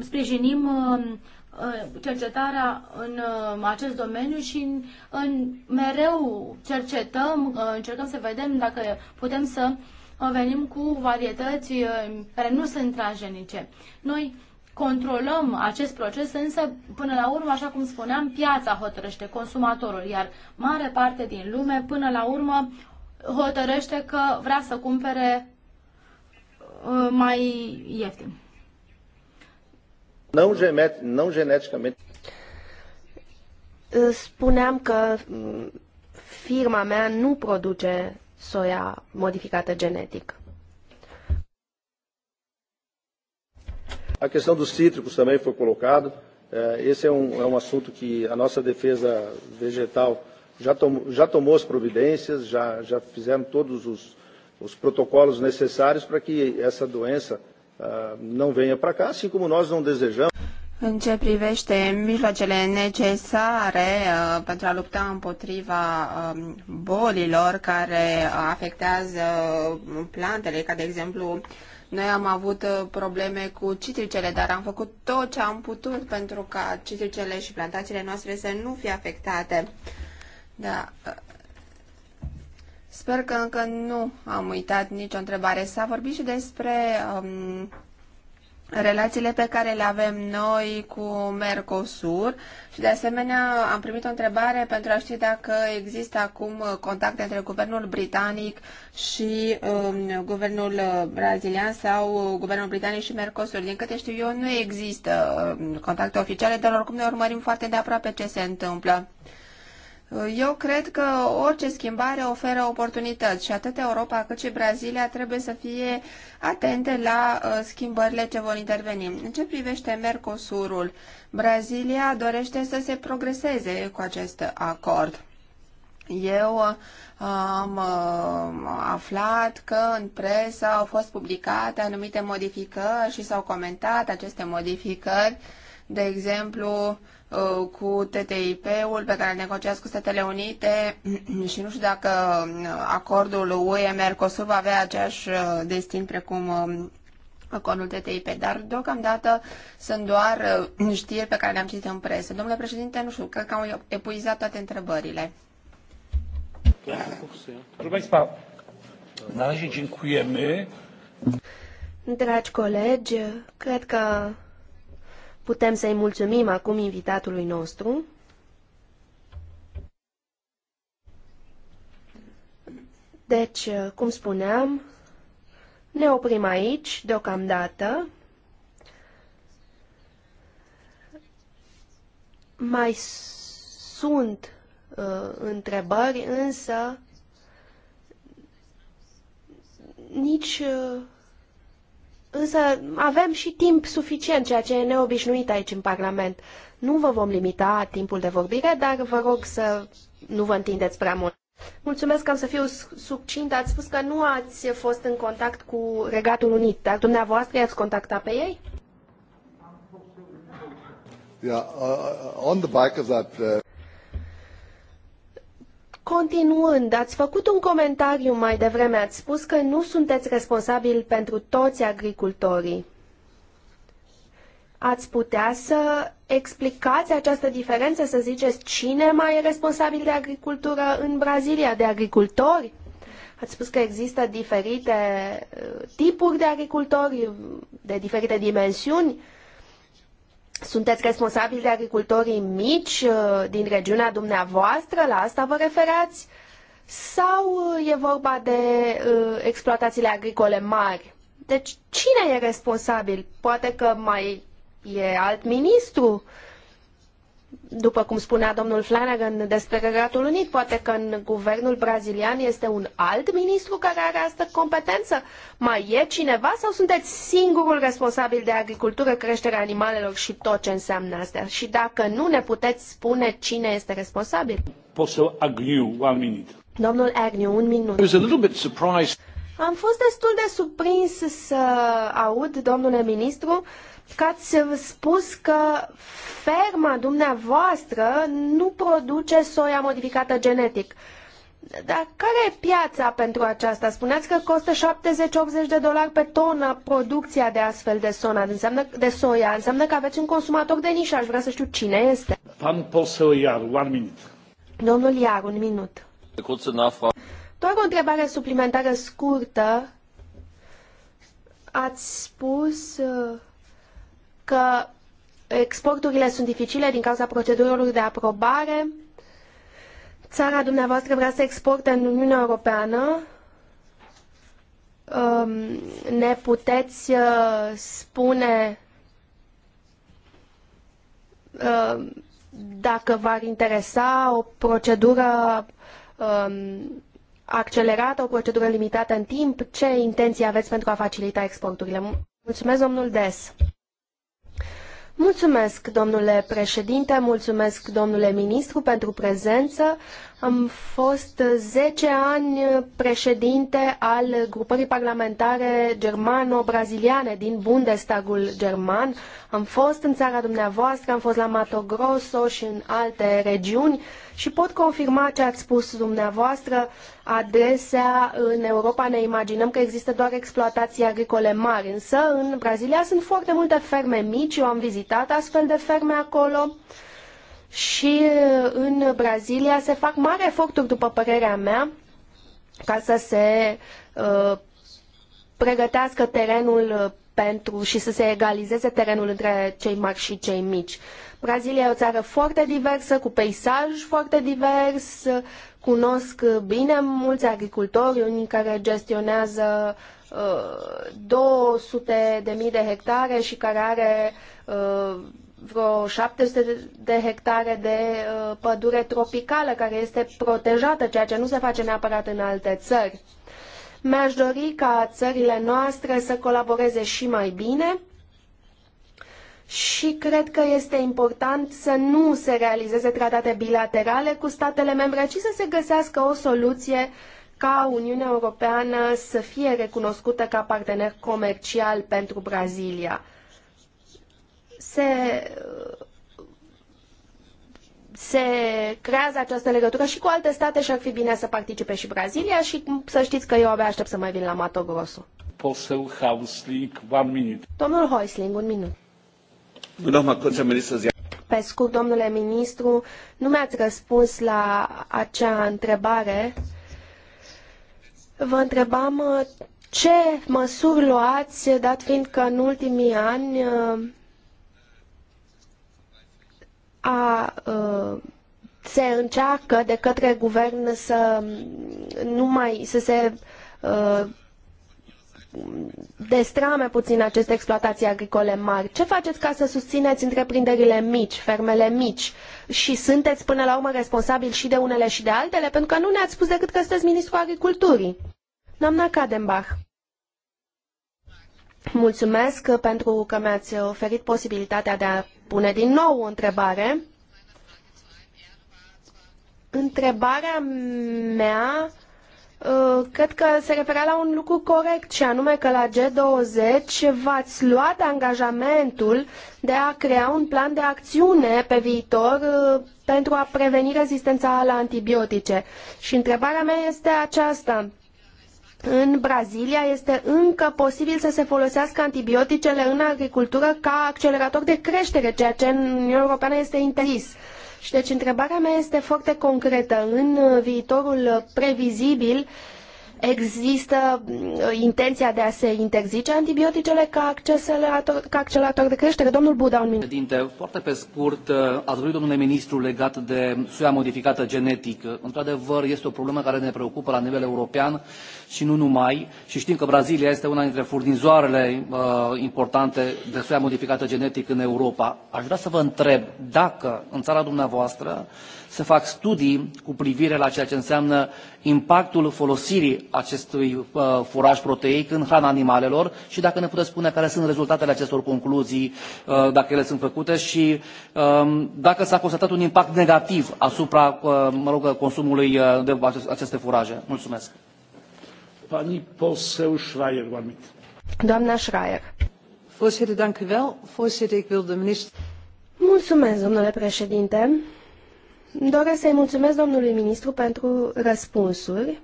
sprijinim cercetarea în uh, acest domeniu și în, în mereu cercetăm, uh, încercăm să vedem dacă putem să uh, venim cu varietăți care nu sunt transgenice. Noi controlăm acest proces, însă, până la urmă, așa cum spuneam, piața hotărăște, consumatorul, iar mare parte din lume, până la urmă, hotărăște că vrea să cumpere mai ieftin não, não geneticamente Spuneam că firma mea nu produce soia modificată genetic. A questão dos cítricos também foi colocado. Esse é um, é um assunto que a nossa defesa vegetal já, tomou, já tomou as providências, já, já fizeram todos os, os protocolos necessários para que essa doença Uh, não venha para cá, assim como nós não desejamos. În ce privește mijloacele necesare uh, pentru a lupta împotriva uh, bolilor care afectează uh, plantele, ca de exemplu, noi am avut uh, probleme cu citricele, dar am făcut tot ce am putut pentru ca citricele și plantațiile noastre să nu fie afectate. Da, uh, Sper că încă nu am uitat nicio întrebare. S-a vorbit și despre um, relațiile pe care le avem noi cu Mercosur și de asemenea am primit o întrebare pentru a ști dacă există acum contacte între guvernul britanic și um, guvernul uh, brazilian sau guvernul britanic și Mercosur. Din câte știu eu, nu există um, contacte oficiale, dar oricum ne urmărim foarte de aproape ce se întâmplă. Eu cred că orice schimbare oferă oportunități și atât Europa cât și Brazilia trebuie să fie atente la uh, schimbările ce vor interveni. În ce privește Mercosurul, Brazilia dorește să se progreseze cu acest acord. Eu uh, am uh, aflat că în presă au fost publicate anumite modificări și s-au comentat aceste modificări, de exemplu, Uh, cu TTIP-ul pe care îl negociați cu Statele Unite și nu știu dacă uh, acordul UE-Mercosur va avea aceeași uh, destin precum um, acordul TTIP, dar deocamdată sunt doar știri pe care le-am citit în presă. Domnule președinte, nu știu, cred că am epuizat toate întrebările. Dragi colegi, cred că Putem să-i mulțumim acum invitatului nostru. Deci, cum spuneam, ne oprim aici deocamdată. Mai sunt uh, întrebări, însă nici uh, Însă avem și timp suficient, ceea ce e neobișnuit aici în Parlament. Nu vă vom limita timpul de vorbire, dar vă rog să nu vă întindeți prea mult. Mulțumesc că am să fiu succint. Ați spus că nu ați fost în contact cu Regatul Unit, dar dumneavoastră i-ați contactat pe ei? Yeah, uh, uh on the back of that, uh... Continuând, ați făcut un comentariu mai devreme, ați spus că nu sunteți responsabil pentru toți agricultorii. Ați putea să explicați această diferență, să ziceți cine mai e responsabil de agricultură în Brazilia, de agricultori? Ați spus că există diferite uh, tipuri de agricultori, de diferite dimensiuni. Sunteți responsabili de agricultorii mici uh, din regiunea dumneavoastră? La asta vă referați? Sau uh, e vorba de uh, exploatațiile agricole mari? Deci cine e responsabil? Poate că mai e alt ministru uh, după cum spunea domnul Flanagan despre Regatul Unit, poate că în guvernul brazilian este un alt ministru care are asta competență? Mai e cineva sau sunteți singurul responsabil de agricultură, creșterea animalelor și tot ce înseamnă asta? Și dacă nu, ne puteți spune cine este responsabil? Pot să agriu, un minut. Domnul Agnew, un minut. Am fost destul de surprins să aud, domnule ministru, uh, că ați spus că ferma dumneavoastră nu produce soia modificată genetic. Dar care e piața pentru aceasta? Spuneați că costă 70-80 de dolari pe tonă producția de astfel de, sona, înseamnă, de soia. Înseamnă că aveți un consumator de nișă. Aș vrea să știu cine este. Pan posel Iar, un minut. Domnul Iar, un minut. Doar o întrebare suplimentară scurtă. Ați spus... Uh că exporturile sunt dificile din cauza procedurilor de aprobare. Țara dumneavoastră vrea să exporte în Uniunea Europeană. Um, ne puteți uh, spune uh, dacă v-ar interesa o procedură um, accelerată, o procedură limitată în timp, ce intenții aveți pentru a facilita exporturile? Mulțumesc, domnul Des. Mulțumesc, domnule președinte, mulțumesc, domnule ministru, pentru prezență. Am fost 10 ani președinte al grupării parlamentare germano-braziliane din Bundestagul german. Am fost în țara dumneavoastră, am fost la Mato Grosso și în alte regiuni și pot confirma ce ați spus dumneavoastră. Adesea în Europa ne imaginăm că există doar exploatații agricole mari, însă în Brazilia sunt foarte multe ferme mici, eu am vizitat astfel de ferme acolo și uh, în Brazilia se fac mari eforturi, după părerea mea, ca să se uh, pregătească terenul uh, pentru și să se egalizeze terenul între cei mari și cei mici. Brazilia e o țară foarte diversă, cu peisaj foarte divers, cunosc bine mulți agricultori, unii care gestionează uh, 200.000 de hectare și care are uh, vreo 700 de hectare de uh, pădure tropicală care este protejată, ceea ce nu se face neapărat în alte țări. Mi-aș dori ca țările noastre să colaboreze și mai bine și cred că este important să nu se realizeze tratate bilaterale cu statele membre, ci să se găsească o soluție ca Uniunea Europeană să fie recunoscută ca partener comercial pentru Brazilia se se creează această legătură și cu alte state și ar fi bine să participe și Brazilia și să știți că eu abia aștept să mai vin la Mato Grosso. Poseu Hausling, one minute. Domnul Hausling, un minut. Pe scurt, domnule ministru, nu mi-ați răspuns la acea întrebare. Vă întrebam uh, ce măsuri luați, dat fiind că în ultimii ani uh, a ă, se încearcă de către guvern să nu mai să se ă, destrame puțin aceste exploatații agricole mari. Ce faceți ca să susțineți întreprinderile mici, fermele mici și sunteți până la urmă responsabili și de unele și de altele? Pentru că nu ne-ați spus decât că sunteți ministrul agriculturii. Doamna Kadenbach. Mulțumesc pentru că mi-ați oferit posibilitatea de a pune din nou o întrebare. Întrebarea mea uh, cred că se referea la un lucru corect și anume că la G20 v-ați luat angajamentul de a crea un plan de acțiune pe viitor uh, pentru a preveni rezistența la antibiotice. Și întrebarea mea este aceasta. În Brazilia este încă posibil să se folosească antibioticele în agricultură ca accelerator de creștere, ceea ce în Uniunea Europeană este interzis. Și deci întrebarea mea este foarte concretă. În viitorul previzibil, Există mm, intenția de a se interzice antibioticele ca accelerator, ca accelerator de creștere? Domnul Buda, un minut. foarte pe scurt, ați vorbit, domnule ministru, legat de soia modificată genetic. Într-adevăr, este o problemă care ne preocupă la nivel european și nu numai. Și știm că Brazilia este una dintre furnizoarele uh, importante de soia modificată genetic în Europa. Aș vrea să vă întreb dacă în țara dumneavoastră să fac studii cu privire la ceea ce înseamnă impactul folosirii acestui uh, furaj proteic în hrana animalelor și dacă ne puteți spune care sunt rezultatele acestor concluzii, uh, dacă ele sunt făcute și um, dacă s-a constatat un impact negativ asupra, uh, mă rog, consumului de aceste furaje. Mulțumesc. Pani poseł Schreier, one minute. Doamna Schreier. Voorzitter, dank u wel. Voorzitter, ik wil de minister... Mulțumesc, domnule președinte. Doresc să-i mulțumesc domnului ministru pentru răspunsuri.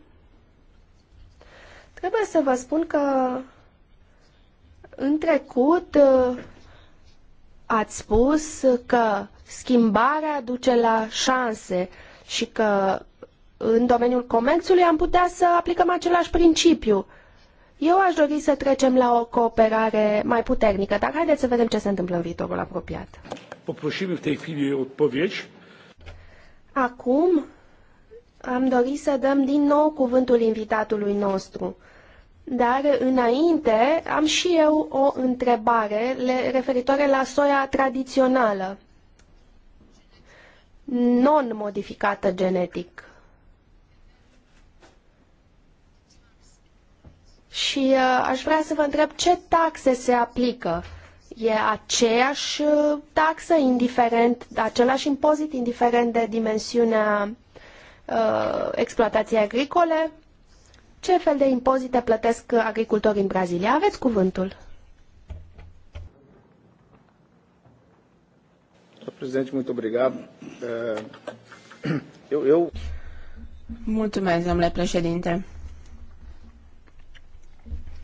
Trebuie să vă spun că în trecut uh, ați spus că schimbarea duce la șanse și că în domeniul comerțului am putea să aplicăm același principiu. Eu aș dori să trecem la o cooperare mai puternică, dar haideți să vedem ce se întâmplă în viitorul apropiat. Poprosim în tej chwili o odpowiedź Acum am dorit să dăm din nou cuvântul invitatului nostru. Dar înainte am și eu o întrebare referitoare la soia tradițională, non-modificată genetic. Și uh, aș vrea să vă întreb ce taxe se aplică E aceeași uh, taxă, indiferent, același impozit, indiferent de dimensiunea uh, exploatației agricole? Ce fel de impozite plătesc agricultorii în Brazilia? Aveți cuvântul. Presidente, muito obrigado. Uh, eu, eu... Mulțumesc, domnule președinte.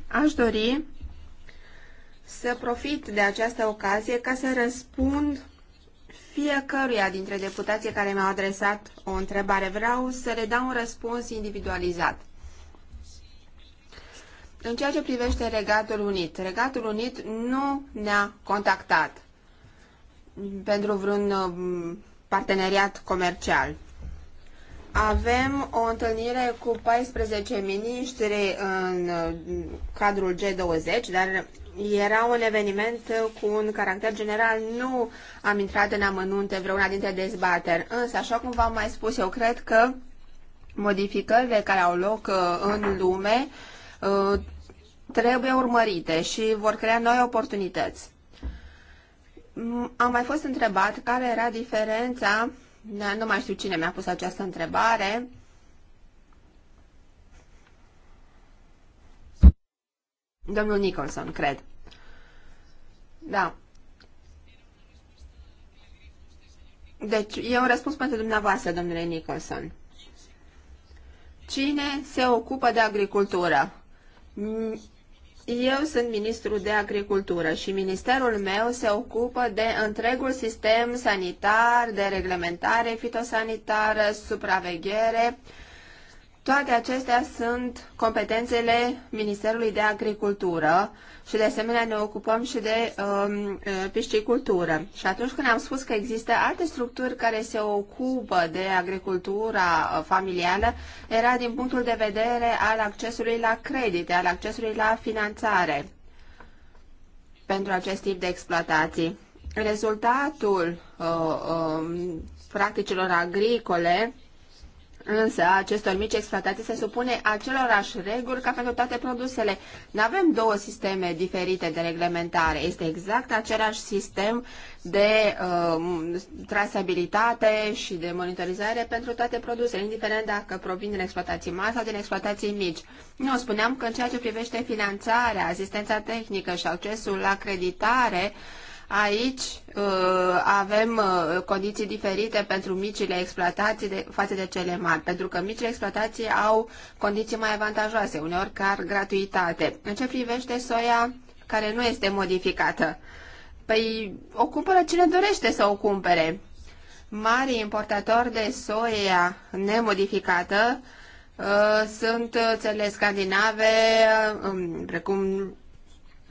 Aș dori să profit de această ocazie ca să răspund fiecăruia dintre deputații care mi-au adresat o întrebare. Vreau să le dau un răspuns individualizat. În ceea ce privește Regatul Unit, Regatul Unit nu ne-a contactat pentru vreun uh, parteneriat comercial. Avem o întâlnire cu 14 miniștri în uh, cadrul G20, dar era un eveniment cu un caracter general. Nu am intrat în amănunte vreuna dintre dezbateri, însă, așa cum v-am mai spus, eu cred că modificările care au loc uh, în lume uh, trebuie urmărite și vor crea noi oportunități. Am mai fost întrebat care era diferența da, nu mai știu cine mi-a pus această întrebare. Domnul Nicholson, cred. Da. Deci, e un răspuns pentru dumneavoastră, domnule Nicholson. Cine se ocupă de agricultură? Eu sunt ministru de agricultură și ministerul meu se ocupă de întregul sistem sanitar, de reglementare fitosanitară, supraveghere, toate acestea sunt competențele Ministerului de Agricultură și de asemenea ne ocupăm și de um, uh, piscicultură. Și atunci când am spus că există alte structuri care se ocupă de agricultura uh, familială, era din punctul de vedere al accesului la credite, al accesului la finanțare pentru acest tip de exploatații. Rezultatul uh, um, practicilor agricole Însă acestor mici exploatații se supune acelorași reguli ca pentru toate produsele. Nu avem două sisteme diferite de reglementare. Este exact același sistem de uh, trasabilitate și de monitorizare pentru toate produsele, indiferent dacă provin din exploatații mari sau din exploatații mici. Nu, spuneam că în ceea ce privește finanțarea, asistența tehnică și accesul la creditare, uh, Aici uh, avem uh, condiții diferite pentru micile exploatații de, față de cele mari, pentru că micile exploatații au condiții mai avantajoase, uneori chiar gratuitate. În ce privește soia care nu este modificată? Păi o cumpără cine dorește să o cumpere. Mari importatori de soia nemodificată uh, sunt țările scandinave, uh, um, precum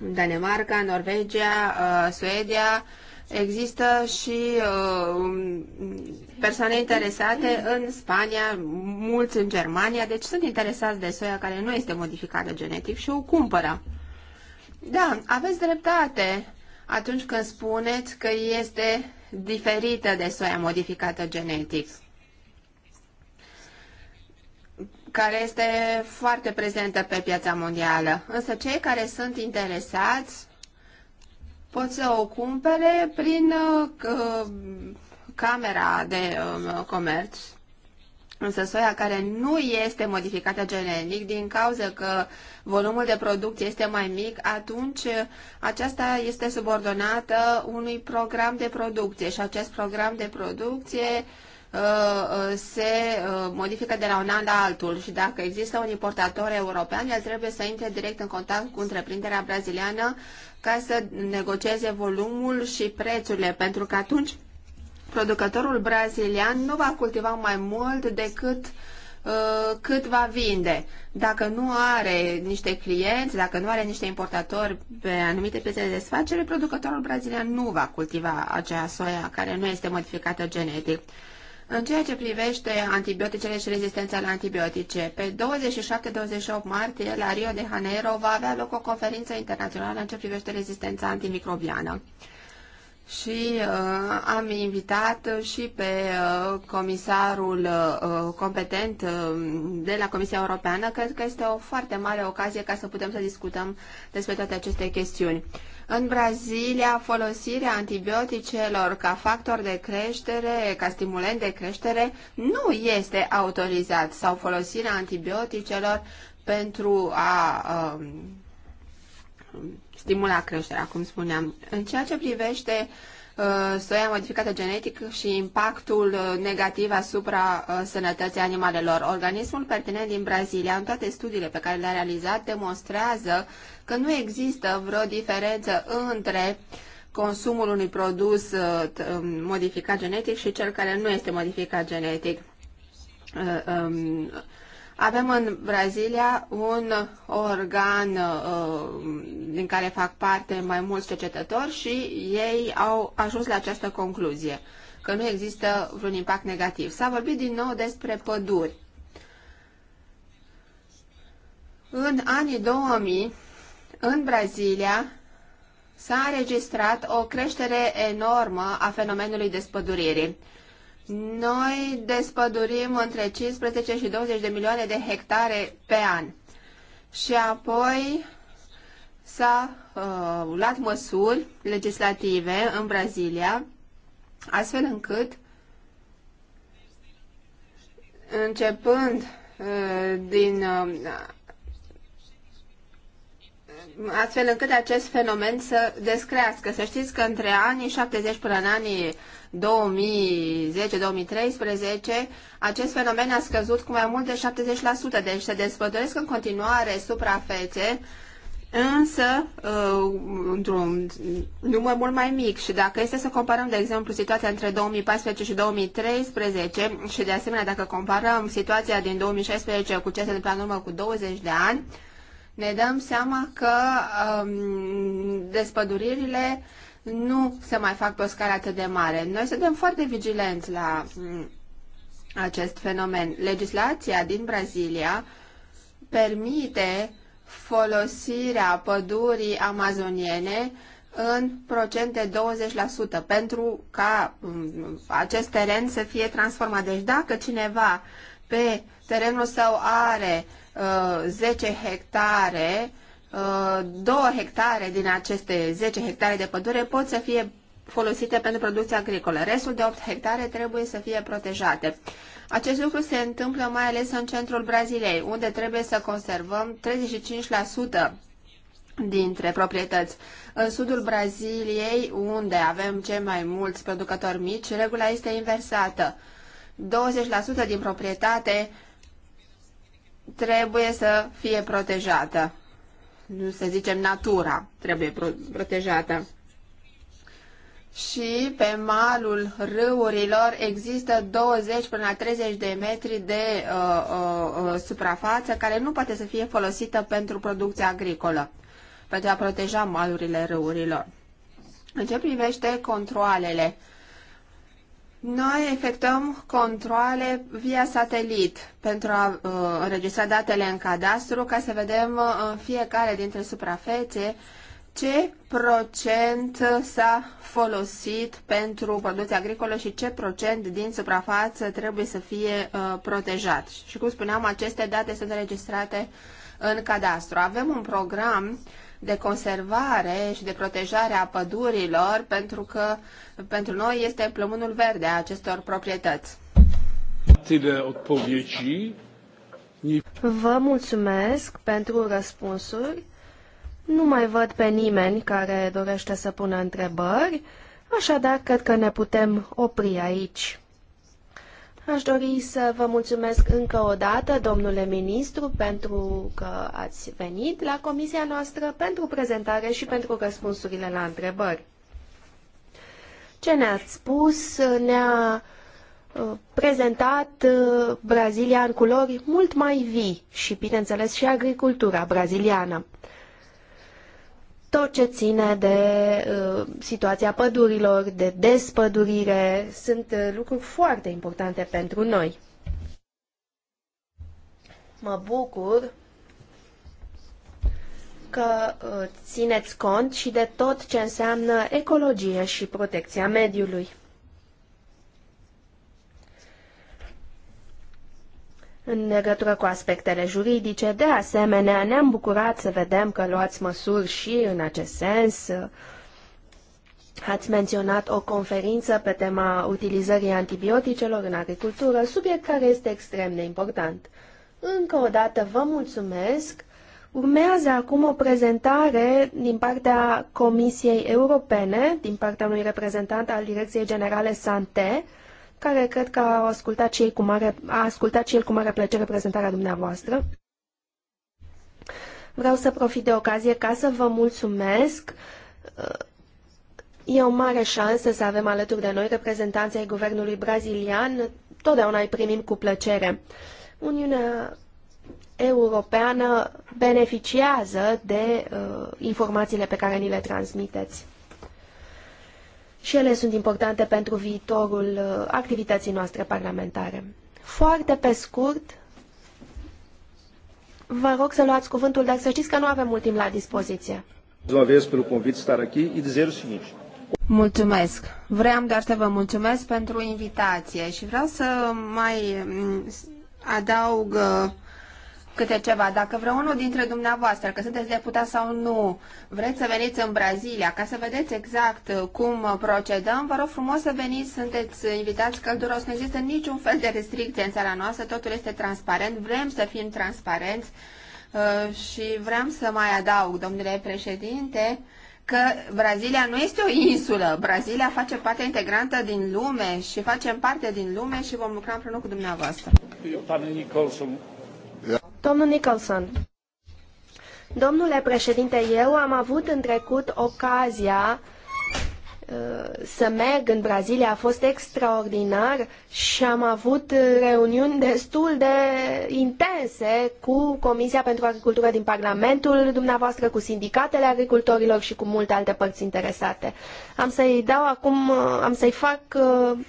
Danemarca, Norvegia, uh, Suedia, există și uh, persoane interesate în Spania, mulți în Germania, deci sunt interesați de soia care nu este modificată genetic și o cumpără. Da, aveți dreptate atunci când spuneți că este diferită de soia modificată genetic. care este foarte prezentă pe piața mondială. Însă cei care sunt interesați pot să o cumpere prin uh, camera de uh, comerț. Însă soia care nu este modificată genetic din cauza că volumul de producție este mai mic, atunci aceasta este subordonată unui program de producție și acest program de producție uh, Uh, uh, se uh, modifică de la un an la altul și dacă există un importator european, el trebuie să intre direct în contact cu întreprinderea braziliană ca să negocieze volumul și prețurile, pentru că atunci producătorul brazilian nu va cultiva mai mult decât cât va vinde. Dacă nu are niște clienți, dacă nu are niște importatori pe anumite piețe de desfacere, producătorul brazilian nu va cultiva acea soia care nu este modificată genetic. În ceea ce privește antibioticele și rezistența la antibiotice, pe 27-28 martie la Rio de Janeiro va avea loc o conferință internațională în ce privește rezistența antimicrobiană. Și uh, am invitat și pe uh, comisarul uh, competent uh, de la Comisia Europeană. Cred că este o foarte mare ocazie ca să putem să discutăm despre toate aceste chestiuni. Uh, în Brazilia, folosirea antibioticelor ca factor de creștere, ca stimulent de creștere, nu este autorizat sau folosirea antibioticelor pentru a um, stimula creșterea, cum spuneam. În ceea ce privește uh, soia modificată genetic și impactul uh, negativ asupra uh, sănătății animalelor. Organismul pertinent din Brazilia, în toate studiile pe care le-a realizat, demonstrează că nu există vreo diferență între consumul unui produs uh, um, modificat genetic și cel care nu este modificat genetic. Uh, um, avem în Brazilia un organ uh, din care fac parte mai mulți cercetători și ei au ajuns la această concluzie, că nu există vreun impact negativ. S-a vorbit din nou despre păduri. În anii 2000, în Brazilia s-a înregistrat o creștere enormă a fenomenului despăduririi. Noi despădurim între 15 și 20 de milioane de hectare pe an. Și apoi s-a uh, luat măsuri legislative în Brazilia, astfel încât, începând uh, din uh, astfel încât acest fenomen să descrească. Să știți că între anii 70 până în anii 2010-2013, acest fenomen a scăzut cu mai mult de 70%, deci se despădoresc în continuare suprafețe, însă uh, într-un număr mult mai mic. Și dacă este să comparăm, de exemplu, situația între 2014 și 2013 și, de asemenea, dacă comparăm situația din 2016 cu ce se întâmplă în urmă cu 20 de ani, ne dăm seama că um, despăduririle nu se mai fac pe o scară atât de mare. Noi suntem foarte vigilenți la um, acest fenomen. Legislația din Brazilia permite folosirea pădurii amazoniene în procent de 20% pentru ca mm, acest teren să fie transformat. Deci dacă cineva pe terenul său are 10 uh, hectare, 2 uh, hectare din aceste 10 hectare de pădure pot să fie folosite pentru producția agricolă. Restul de 8 hectare trebuie să fie protejate. Acest lucru se întâmplă mai ales în centrul Braziliei, unde trebuie să conservăm 35% dintre proprietăți. În sudul Braziliei, unde avem cei mai mulți producători mici, regula este inversată. 20% din proprietate trebuie să fie protejată. Nu să zicem natura trebuie protejată. Și pe malul râurilor există 20 până la 30 de metri de uh, uh, uh, suprafață care nu poate să fie folosită pentru producția agricolă, pentru a proteja malurile râurilor. În ce privește controalele, uh, noi efectuăm controle via satelit pentru a uh, înregistra datele în cadastru ca să vedem uh, în fiecare dintre suprafețe ce procent s-a folosit pentru producția agricolă și ce procent din suprafață trebuie să fie uh, protejat. Și cum spuneam, aceste date sunt înregistrate în cadastru. Avem un program uh, de conservare și de protejare a pădurilor, pentru că pentru noi este plămânul verde a acestor proprietăți. Vă mulțumesc pentru răspunsuri. Nu mai văd pe nimeni care dorește să pună întrebări, așadar cred că ne putem opri aici. Aș dori să vă mulțumesc încă o dată, domnule ministru, pentru că ați venit la comisia noastră, pentru prezentare și pentru răspunsurile la întrebări. Ce ne-ați spus? Ne-a uh, prezentat uh, Brazilia în culori mult mai vii și, bineînțeles, și agricultura braziliană tot ce ține de uh, situația pădurilor, de despădurire, sunt uh, lucruri foarte importante pentru noi. Mă bucur că uh, țineți cont și de tot ce înseamnă ecologie și protecția mediului. în legătură cu aspectele juridice. De asemenea, ne-am bucurat să vedem că luați măsuri și în acest sens. Ați menționat o conferință pe tema utilizării antibioticelor în agricultură, subiect care este extrem de important. Încă o dată vă mulțumesc. Urmează acum o prezentare din partea Comisiei Europene, din partea unui reprezentant al Direcției Generale Sante, care cred că a ascultat și, ei cu mare, a ascultat și el cu mare plăcere prezentarea dumneavoastră. Vreau să profit de ocazie ca să vă mulțumesc. E o mare șansă să avem alături de noi reprezentanții ai guvernului brazilian. Totdeauna îi primim cu plăcere. Uniunea Europeană beneficiază de uh, informațiile pe care ni le transmiteți și ele sunt importante pentru viitorul uh, activității noastre parlamentare. Foarte pe scurt, vă rog să luați cuvântul, dar să știți că nu avem mult timp la dispoziție. Mulțumesc. Vreau doar să vă mulțumesc pentru invitație și vreau să mai mm, adaug uh, câte ceva. Dacă vreunul dintre dumneavoastră, că sunteți deputat sau nu, vreți să veniți în Brazilia ca să vedeți exact uh, cum procedăm, vă rog frumos să veniți, sunteți invitați călduros. Nu există niciun fel de restricție în țara noastră, totul este transparent, vrem să fim transparenți uh, și vreau să mai adaug, domnule președinte, că Brazilia nu este o insulă. Brazilia face parte integrantă din lume și facem parte din lume și vom lucra împreună cu dumneavoastră. Pane Domnul Nicholson. Domnule președinte, eu am avut în trecut ocazia să merg în Brazilia a fost extraordinar și am avut reuniuni destul de intense cu Comisia pentru Agricultură din Parlamentul dumneavoastră, cu sindicatele agricultorilor și cu multe alte părți interesate. Am să-i dau acum, am să-i fac,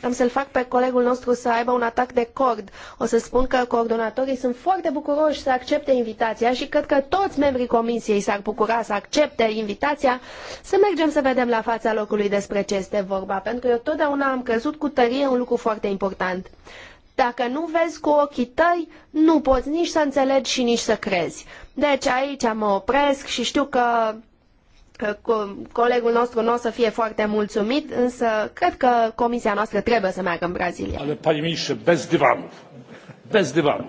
am să-l fac pe colegul nostru să aibă un atac de cord. O să spun că coordonatorii sunt foarte bucuroși să accepte invitația și cred că toți membrii Comisiei s-ar bucura să accepte invitația să mergem să vedem la fața locului despre despre ce este vorba, pentru că eu totdeauna am crezut cu tărie un lucru foarte important. Dacă nu vezi cu ochii tăi, nu poți nici să înțelegi și nici să crezi. Deci aici mă opresc și știu că colegul nostru nu o să fie foarte mulțumit, însă cred că comisia noastră trebuie să meargă în Brazilia. Ale, pani ministrze, bez divanul. Bez divanul.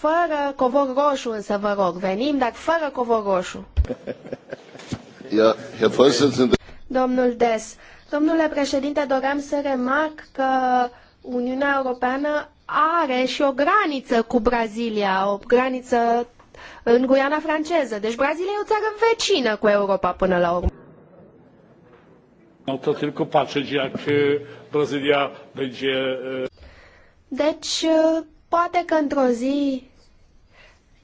Fără covor roșu, însă vă rog, venim, dar fără covor roșu. Domnul Des, domnule președinte, doream să remarc că Uniunea Europeană are și o graniță cu Brazilia, o graniță în Guiana franceză. Deci Brazilia e o țară vecină cu Europa până la urmă. Brazilia uh, Deci uh, poate că într-o zi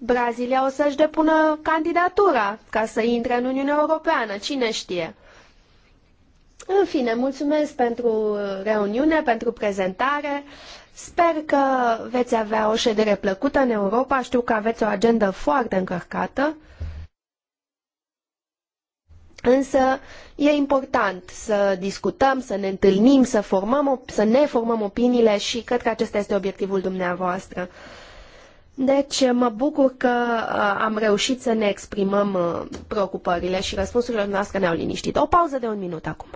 Brazilia o să-și depună candidatura ca să intre în Uniunea Europeană, cine știe. În fine, mulțumesc pentru reuniune, pentru prezentare. Sper că veți avea o ședere plăcută în Europa. Știu că aveți o agendă foarte încărcată. Însă e important să discutăm, să ne întâlnim, să, formăm, să ne formăm opiniile și cred că acesta este obiectivul dumneavoastră. Deci mă bucur că uh, am reușit să ne exprimăm uh, preocupările și răspunsurile noastre ne-au liniștit. O pauză de un minut acum.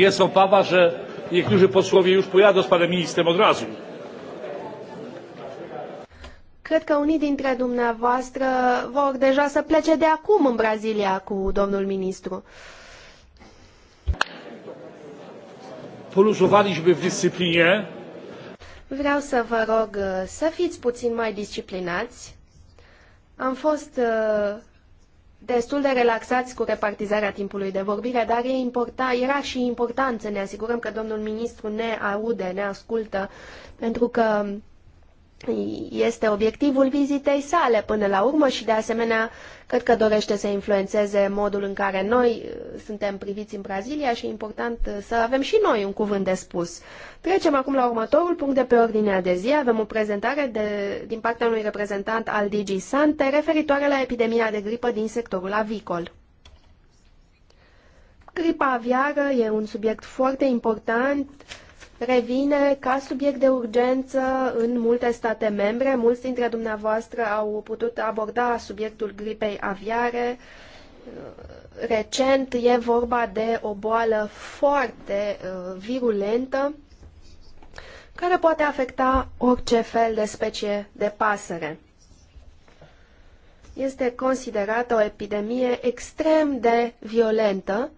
jest obawa, że niektórzy posłowie już pojadą z panem ministrem od razu. Cred că unii dintre dumneavoastră vor deja să plece de acum în Brazilia cu domnul ministru. Poluzovaliśmy w disciplinie. Vreau să vă rog uh, să fiți puțin mai disciplinați. Am fost uh, destul de relaxați cu repartizarea timpului de vorbire, dar e importa, era și important să ne asigurăm că domnul ministru ne aude, ne ascultă, pentru că este obiectivul vizitei sale până la urmă și de asemenea cred că dorește să influențeze modul în care noi uh, suntem priviți în Brazilia și e important uh, să avem și noi un cuvânt de spus. Trecem acum la următorul punct de pe ordinea de zi. Avem o prezentare de, din partea unui reprezentant al DG Sante referitoare la epidemia de gripă din sectorul avicol. Gripa aviară e un subiect foarte important revine ca subiect de urgență în multe state membre. Mulți dintre dumneavoastră au putut aborda subiectul gripei aviare. Recent e vorba de o boală foarte uh, virulentă care poate afecta orice fel de specie de pasăre. Este considerată o epidemie extrem de violentă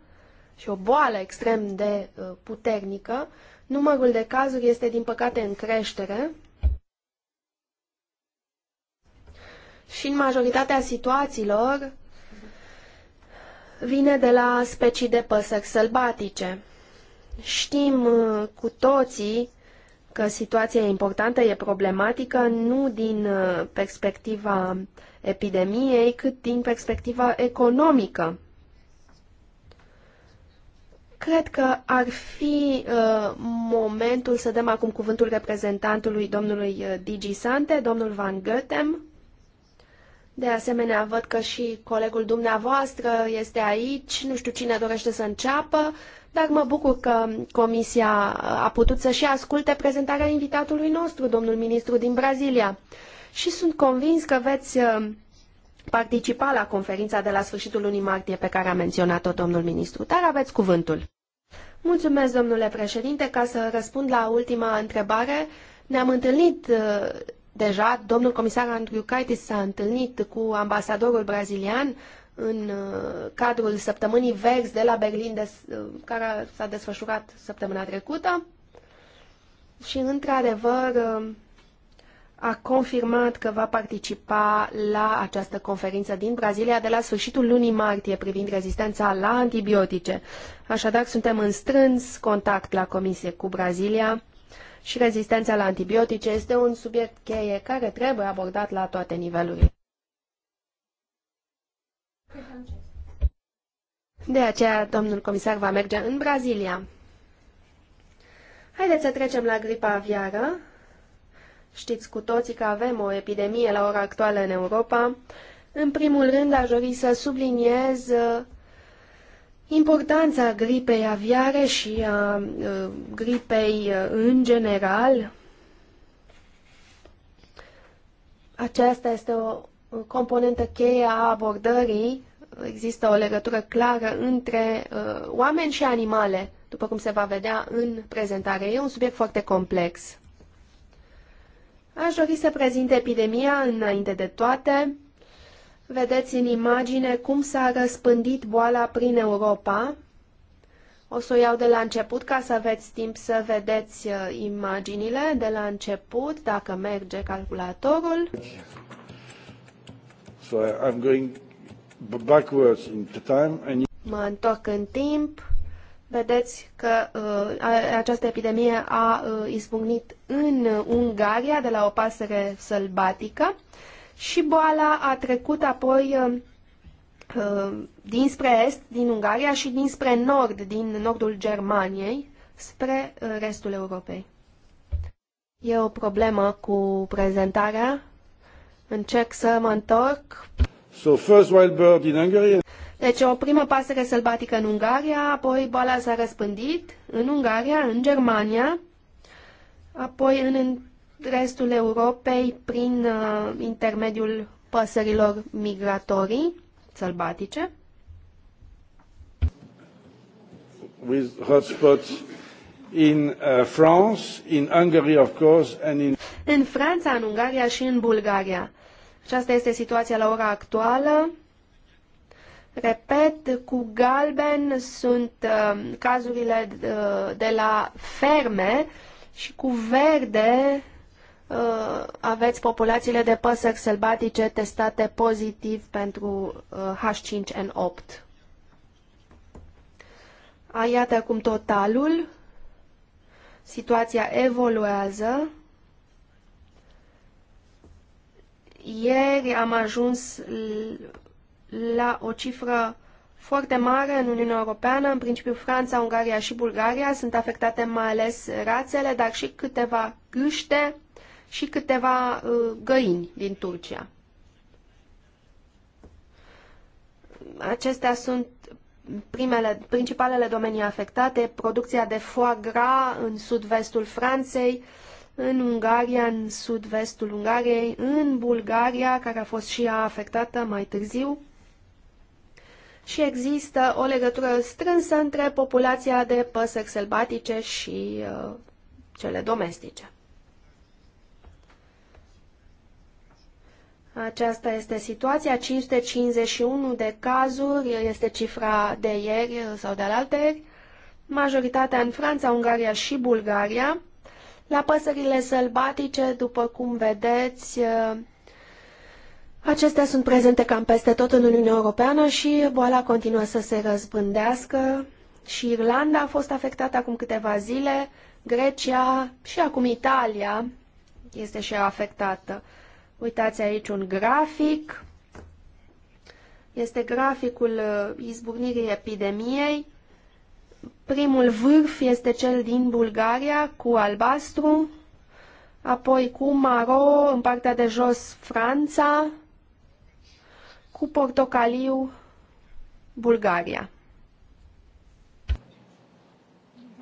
și o boală extrem de uh, puternică Numărul de cazuri este, din păcate, în creștere și în majoritatea situațiilor vine de la specii de păsări sălbatice. Știm uh, cu toții că situația e importantă, e problematică, nu din uh, perspectiva epidemiei, cât din perspectiva economică. Cred că ar fi uh, momentul să dăm acum cuvântul reprezentantului domnului uh, Digi Sante, domnul Van Goethem. De asemenea, văd că și colegul dumneavoastră este aici, nu știu cine dorește să înceapă, dar mă bucur că comisia a putut să și asculte prezentarea invitatului nostru, domnul ministru din Brazilia. Și sunt convins că veți uh, participa la conferința de la sfârșitul lunii martie pe care a menționat-o domnul ministru. Dar aveți cuvântul. Mulțumesc, domnule președinte, ca să răspund la ultima întrebare. Ne-am întâlnit uh, deja, domnul comisar Andrew Caitis s-a întâlnit cu ambasadorul brazilian în uh, cadrul săptămânii verzi de la Berlin, de, uh, care s-a desfășurat săptămâna trecută. Și, într-adevăr, a confirmat că va participa la această conferință din Brazilia de la sfârșitul lunii martie privind rezistența la antibiotice. Așadar, suntem în strâns contact la Comisie cu Brazilia și rezistența la antibiotice este un subiect cheie care trebuie abordat la toate nivelurile. De aceea, domnul comisar va merge în Brazilia. Haideți să trecem la gripa aviară. Știți cu toții că avem o epidemie la ora actuală în Europa. În primul rând, aș dori să subliniez uh, importanța gripei aviare și a uh, gripei uh, în general. Aceasta este o componentă cheie a abordării. Există o legătură clară între oameni și animale, după cum se va vedea în prezentare. E un subiect foarte complex. Aș dori să prezint epidemia înainte de toate. Vedeți în imagine cum s-a răspândit boala prin Europa. O să o iau de la început ca să aveți timp să vedeți uh, imaginile de la început, dacă merge calculatorul. So I'm going backwards in time and... Mă întorc în timp. Vedeți că uh, această epidemie a uh, izbucnit în Ungaria de la o pasăre sălbatică și boala a trecut apoi uh, uh, dinspre est, din Ungaria și dinspre nord, din nordul Germaniei, spre uh, restul Europei. E o problemă cu prezentarea. Încerc să mă întorc. So first wild bird in Hungary. Deci o primă pasăre sălbatică în Ungaria, apoi boala s-a răspândit în Ungaria, în Germania, apoi în restul Europei prin uh, intermediul păsărilor migratorii sălbatice. With hotspots in uh, France, in Hungary of course and in În Franța, în Ungaria și în Bulgaria. Aceasta este situația la ora actuală. Repet, cu galben sunt uh, cazurile uh, de la ferme și cu verde uh, aveți populațiile de păsări sălbatice testate pozitiv pentru H5N8. Uh, A, iată acum totalul. Situația evoluează. Ieri am ajuns la o cifră foarte mare în Uniunea Europeană. În principiu, Franța, Ungaria și Bulgaria sunt afectate mai ales rațele, dar și câteva gâște și câteva uh, găini din Turcia. Acestea sunt primele, principalele domenii afectate, producția de foie gras în sud-vestul Franței, în Ungaria, în sud-vestul Ungariei, în Bulgaria, care a fost și ea afectată mai târziu, și există o legătură strânsă între populația de păsări sălbatice și uh, cele domestice. Aceasta este situația, 551 de cazuri, este cifra de ieri sau de alaltă ieri, majoritatea în Franța, Ungaria și Bulgaria. La păsările sălbatice, după cum vedeți, uh, Acestea sunt prezente cam peste tot în Uniunea Europeană și boala continuă să se răzbândească și Irlanda a fost afectată acum câteva zile, Grecia și acum Italia este și ea afectată. Uitați aici un grafic. Este graficul uh, izbucnirii epidemiei. Primul vârf este cel din Bulgaria cu albastru, apoi cu maro în partea de jos Franța, cu portocaliu Bulgaria.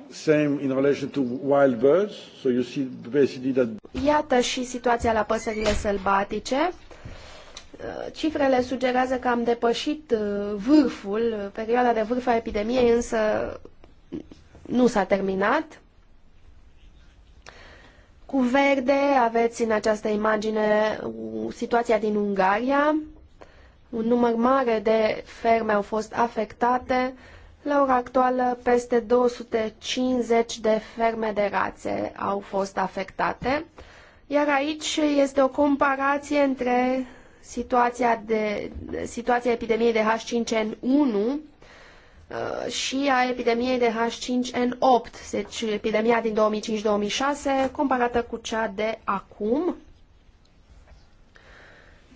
Same in relation to wild birds, so you see basically that... Iată și situația la păsările sălbatice. Cifrele sugerează că am depășit uh, vârful, perioada de vârf a epidemiei, însă nu s-a terminat. Cu verde aveți în această imagine uh, situația din Ungaria, un număr mare de ferme au fost afectate. La ora actuală, peste 250 de ferme de rațe au fost afectate. Iar aici este o comparație între situația, de, situația epidemiei de H5N1 uh, și a epidemiei de H5N8, deci epidemia din 2005-2006, comparată cu cea de acum.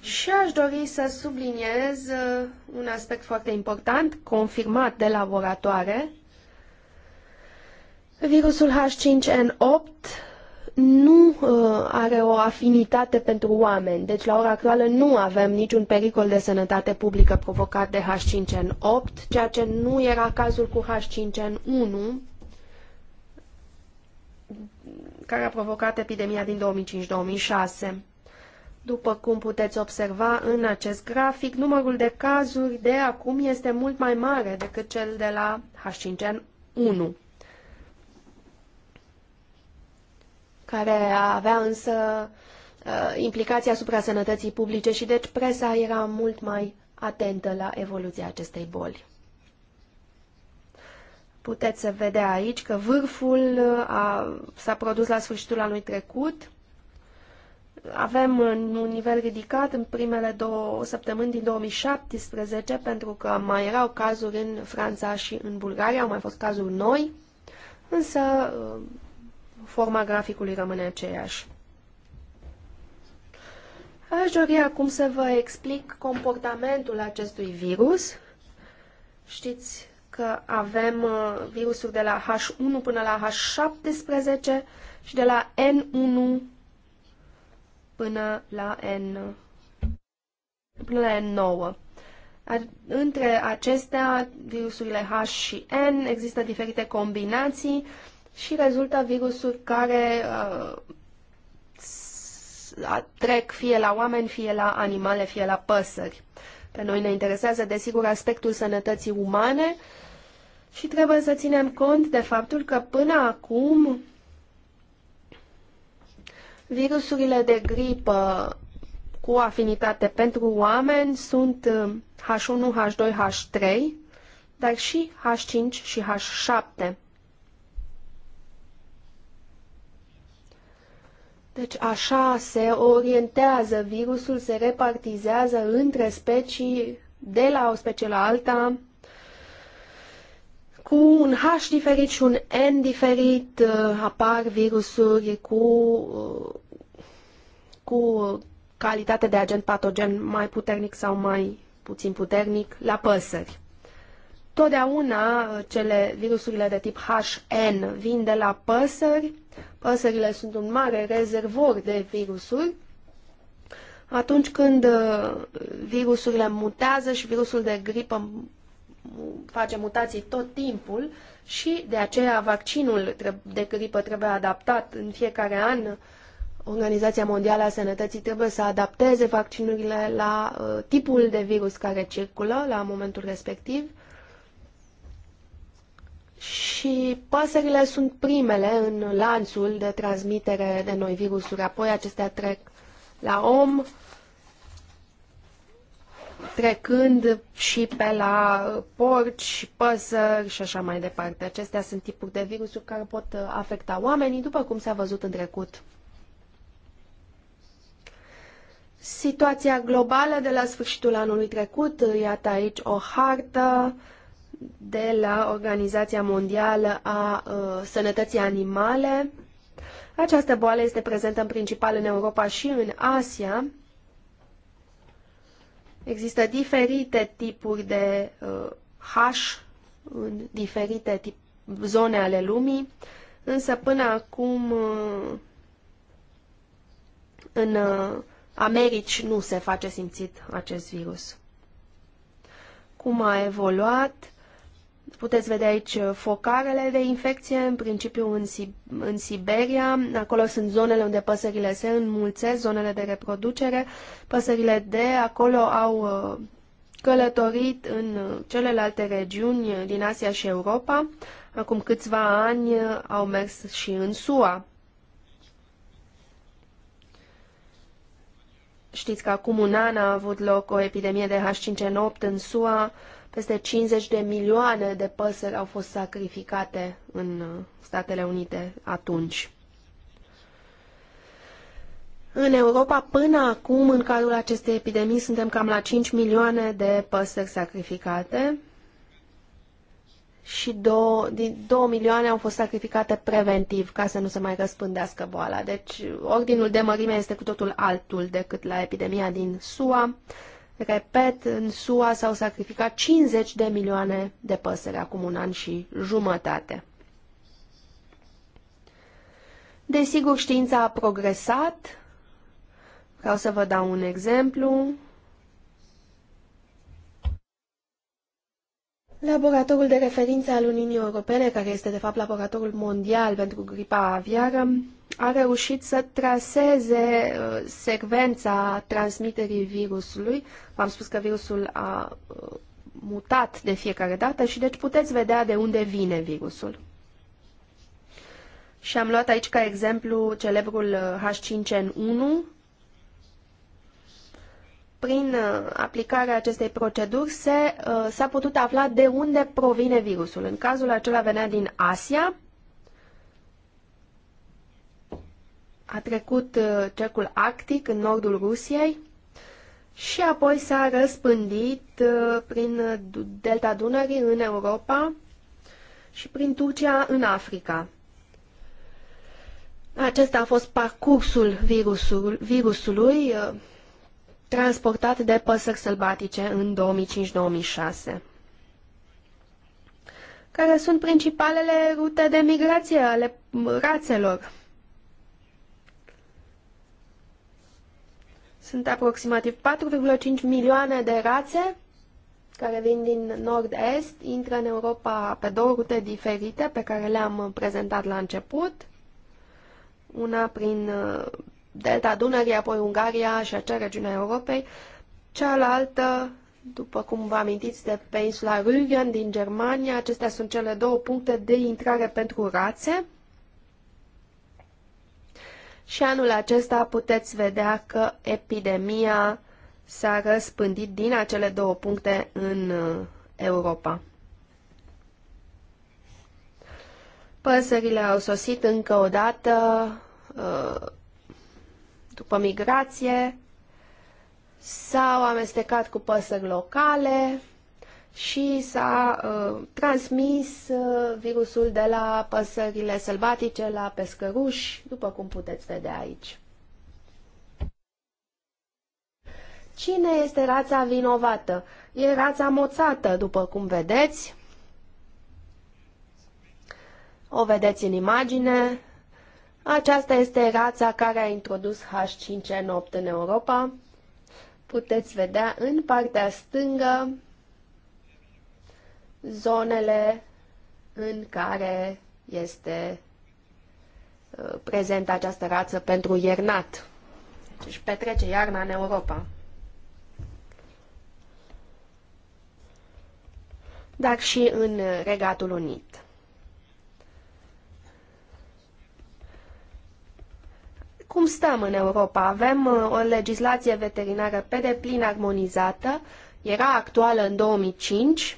Și aș dori să subliniez uh, un aspect foarte important, confirmat de laboratoare. Virusul H5N8 nu uh, are o afinitate pentru oameni, deci la ora actuală nu avem niciun pericol de sănătate publică provocat de H5N8, ceea ce nu era cazul cu H5N1, care a provocat epidemia din 2005-2006. După cum puteți observa în acest grafic, numărul de cazuri de acum este mult mai mare decât cel de la H5N1, care avea însă uh, implicația asupra sănătății publice și deci presa era mult mai atentă la evoluția acestei boli. Puteți să vedea aici că vârful uh, s-a produs la sfârșitul anului trecut, avem un nivel ridicat în primele două săptămâni din 2017, pentru că mai erau cazuri în Franța și în Bulgaria, au mai fost cazuri noi, însă uh, forma graficului rămâne aceeași. Aș dori acum să vă explic comportamentul acestui virus. Știți că avem uh, virusuri de la H1 până la H17 și de la N1 până la N până la N9. Între acestea, virusurile H și N, există diferite combinații și rezultă virusuri care uh, trec fie la oameni, fie la animale, fie la păsări. Pe noi ne interesează, desigur, aspectul sănătății umane și trebuie să ținem cont de faptul că până acum Virusurile de gripă cu afinitate pentru oameni sunt H1, H2, H3, dar și H5 și H7. Deci așa se orientează virusul, se repartizează între specii de la o specie la alta cu un H diferit și un N diferit uh, apar virusuri cu, uh, cu calitate de agent patogen mai puternic sau mai puțin puternic la păsări. Totdeauna uh, cele virusurile de tip HN vin de la păsări. Păsările sunt un mare rezervor de virusuri. Atunci când virusurile mutează și virusul de gripă face mutații tot timpul și de aceea vaccinul de gripă trebuie adaptat în fiecare an. Organizația Mondială a Sănătății trebuie să adapteze vaccinurile la uh, tipul de virus care circulă la momentul respectiv. Și păsările sunt primele în lanțul de transmitere de noi virusuri, apoi acestea trec la om, trecând și pe la porci, păsări și așa mai departe. Acestea sunt tipuri de virusuri care pot uh, afecta oamenii, după cum s-a văzut în trecut. Situația globală de la sfârșitul anului trecut, uh, iată aici o hartă de la Organizația Mondială a uh, Sănătății Animale. Această boală este prezentă în principal în Europa și în Asia, Există diferite tipuri de uh, hash în diferite tip, zone ale lumii, însă până acum uh, în uh, Americi nu se face simțit acest virus. Cum a evoluat? Puteți vedea aici uh, focarele de infecție, în principiu în, Sib- în Siberia. Acolo sunt zonele unde păsările se înmulțesc, zonele de reproducere. Păsările de acolo au uh, călătorit în uh, celelalte regiuni din Asia și Europa. Acum câțiva ani au mers și în SUA. Știți că acum un an a avut loc o epidemie de H5N8 în SUA, peste 50 de milioane de păsări au fost sacrificate în uh, Statele Unite atunci. În Europa, până acum, în cadrul acestei epidemii, suntem cam la 5 milioane de păsări sacrificate și 2, 2 milioane au fost sacrificate preventiv ca să nu se mai răspândească boala. Deci, ordinul de mărime este cu totul altul decât la epidemia din SUA. Repet, în SUA s-au sacrificat 50 de milioane de păsări acum un an și jumătate. Desigur, știința a progresat. Vreau să vă dau un exemplu. Laboratorul de referință al Uniunii Europene, care este de fapt laboratorul mondial pentru gripa aviară, a reușit să traseze uh, secvența transmiterii virusului. V-am spus că virusul a uh, mutat de fiecare dată și deci puteți vedea de unde vine virusul. Și am luat aici ca exemplu celebrul H5N1. Uh, Prin aplicarea acestei proceduri s-a putut afla de unde provine virusul. În cazul acela venea din Asia, a trecut uh, cercul arctic în nordul Rusiei și apoi s-a răspândit uh, prin delta Dunării în Europa și prin Turcia în Africa. Acesta a fost parcursul virusul, virusului uh, transportat de păsări sălbatice în 2005-2006. Care sunt principalele rute de migrație ale rațelor? Sunt aproximativ 4,5 milioane de rațe care vin din nord-est, intră în Europa pe două rute diferite pe care le-am prezentat la început. Una prin uh, delta Dunării, apoi Ungaria și acea regiune a Europei, cealaltă, după cum vă amintiți, de pe insula Rügen din Germania. Acestea sunt cele două puncte de intrare pentru rațe și anul acesta puteți vedea că epidemia s-a răspândit din acele două puncte în uh, Europa. Păsările au sosit încă o dată uh, după migrație, s-au amestecat cu păsări locale, și s-a uh, transmis uh, virusul de la păsările sălbatice la pescăruși, după cum puteți vedea aici. Cine este rața vinovată? E rața moțată, după cum vedeți. O vedeți în imagine. Aceasta este rața care a introdus H5N8 în Europa. Puteți vedea în partea stângă zonele în care este uh, prezentă această rață pentru iernat. Își deci petrece iarna în Europa. dar și în Regatul Unit. Cum stăm în Europa? Avem uh, o legislație veterinară pe deplin armonizată, era actuală în 2005,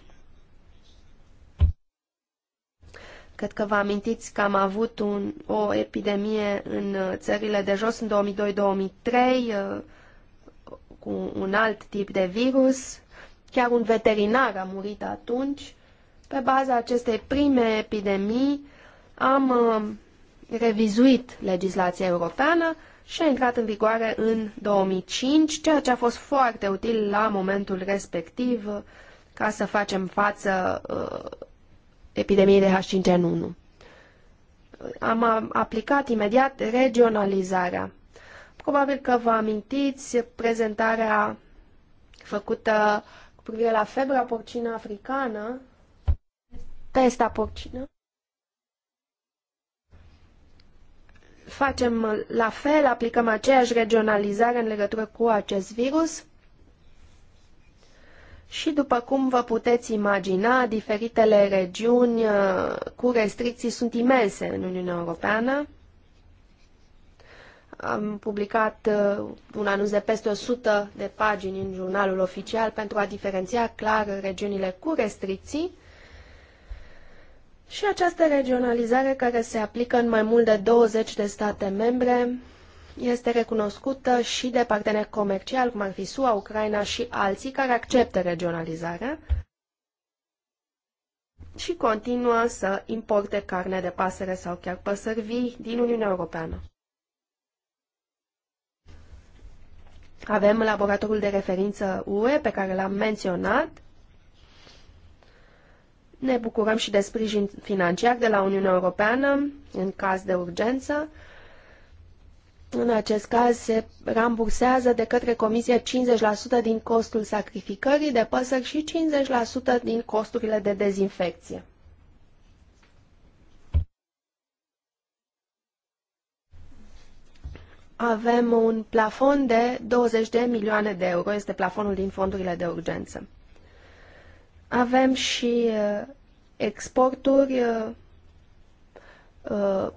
Cred că vă amintiți că am avut un, o epidemie în uh, țările de jos în 2002-2003 uh, cu un alt tip de virus. Chiar un veterinar a murit atunci. Pe baza acestei prime epidemii am uh, revizuit legislația europeană și a intrat în vigoare în 2005, ceea ce a fost foarte util la momentul respectiv ca să facem față epidemiei de H5N1. Am aplicat imediat regionalizarea. Probabil că vă amintiți prezentarea făcută cu privire la febra porcină africană, testa porcină. Facem la fel, aplicăm aceeași regionalizare în legătură cu acest virus și, după cum vă puteți imagina, diferitele regiuni uh, cu restricții sunt imense în Uniunea Europeană. Am publicat uh, un anunț de peste 100 de pagini în jurnalul oficial pentru a diferenția clar regiunile cu restricții și această regionalizare care se aplică în mai mult de 20 de state membre este recunoscută și de parteneri comerciali, cum ar fi SUA, Ucraina și alții, care acceptă regionalizarea și continuă să importe carne de pasăre sau chiar păsări vii din Uniunea Europeană. Avem laboratorul de referință UE, pe care l-am menționat. Ne bucurăm și de sprijin financiar de la Uniunea Europeană în caz de urgență în acest caz se rambursează de către comisie 50% din costul sacrificării de păsări și 50% din costurile de dezinfecție. Avem un plafon de 20 de milioane de euro, este plafonul din fondurile de urgență. Avem și uh, exporturi uh, uh,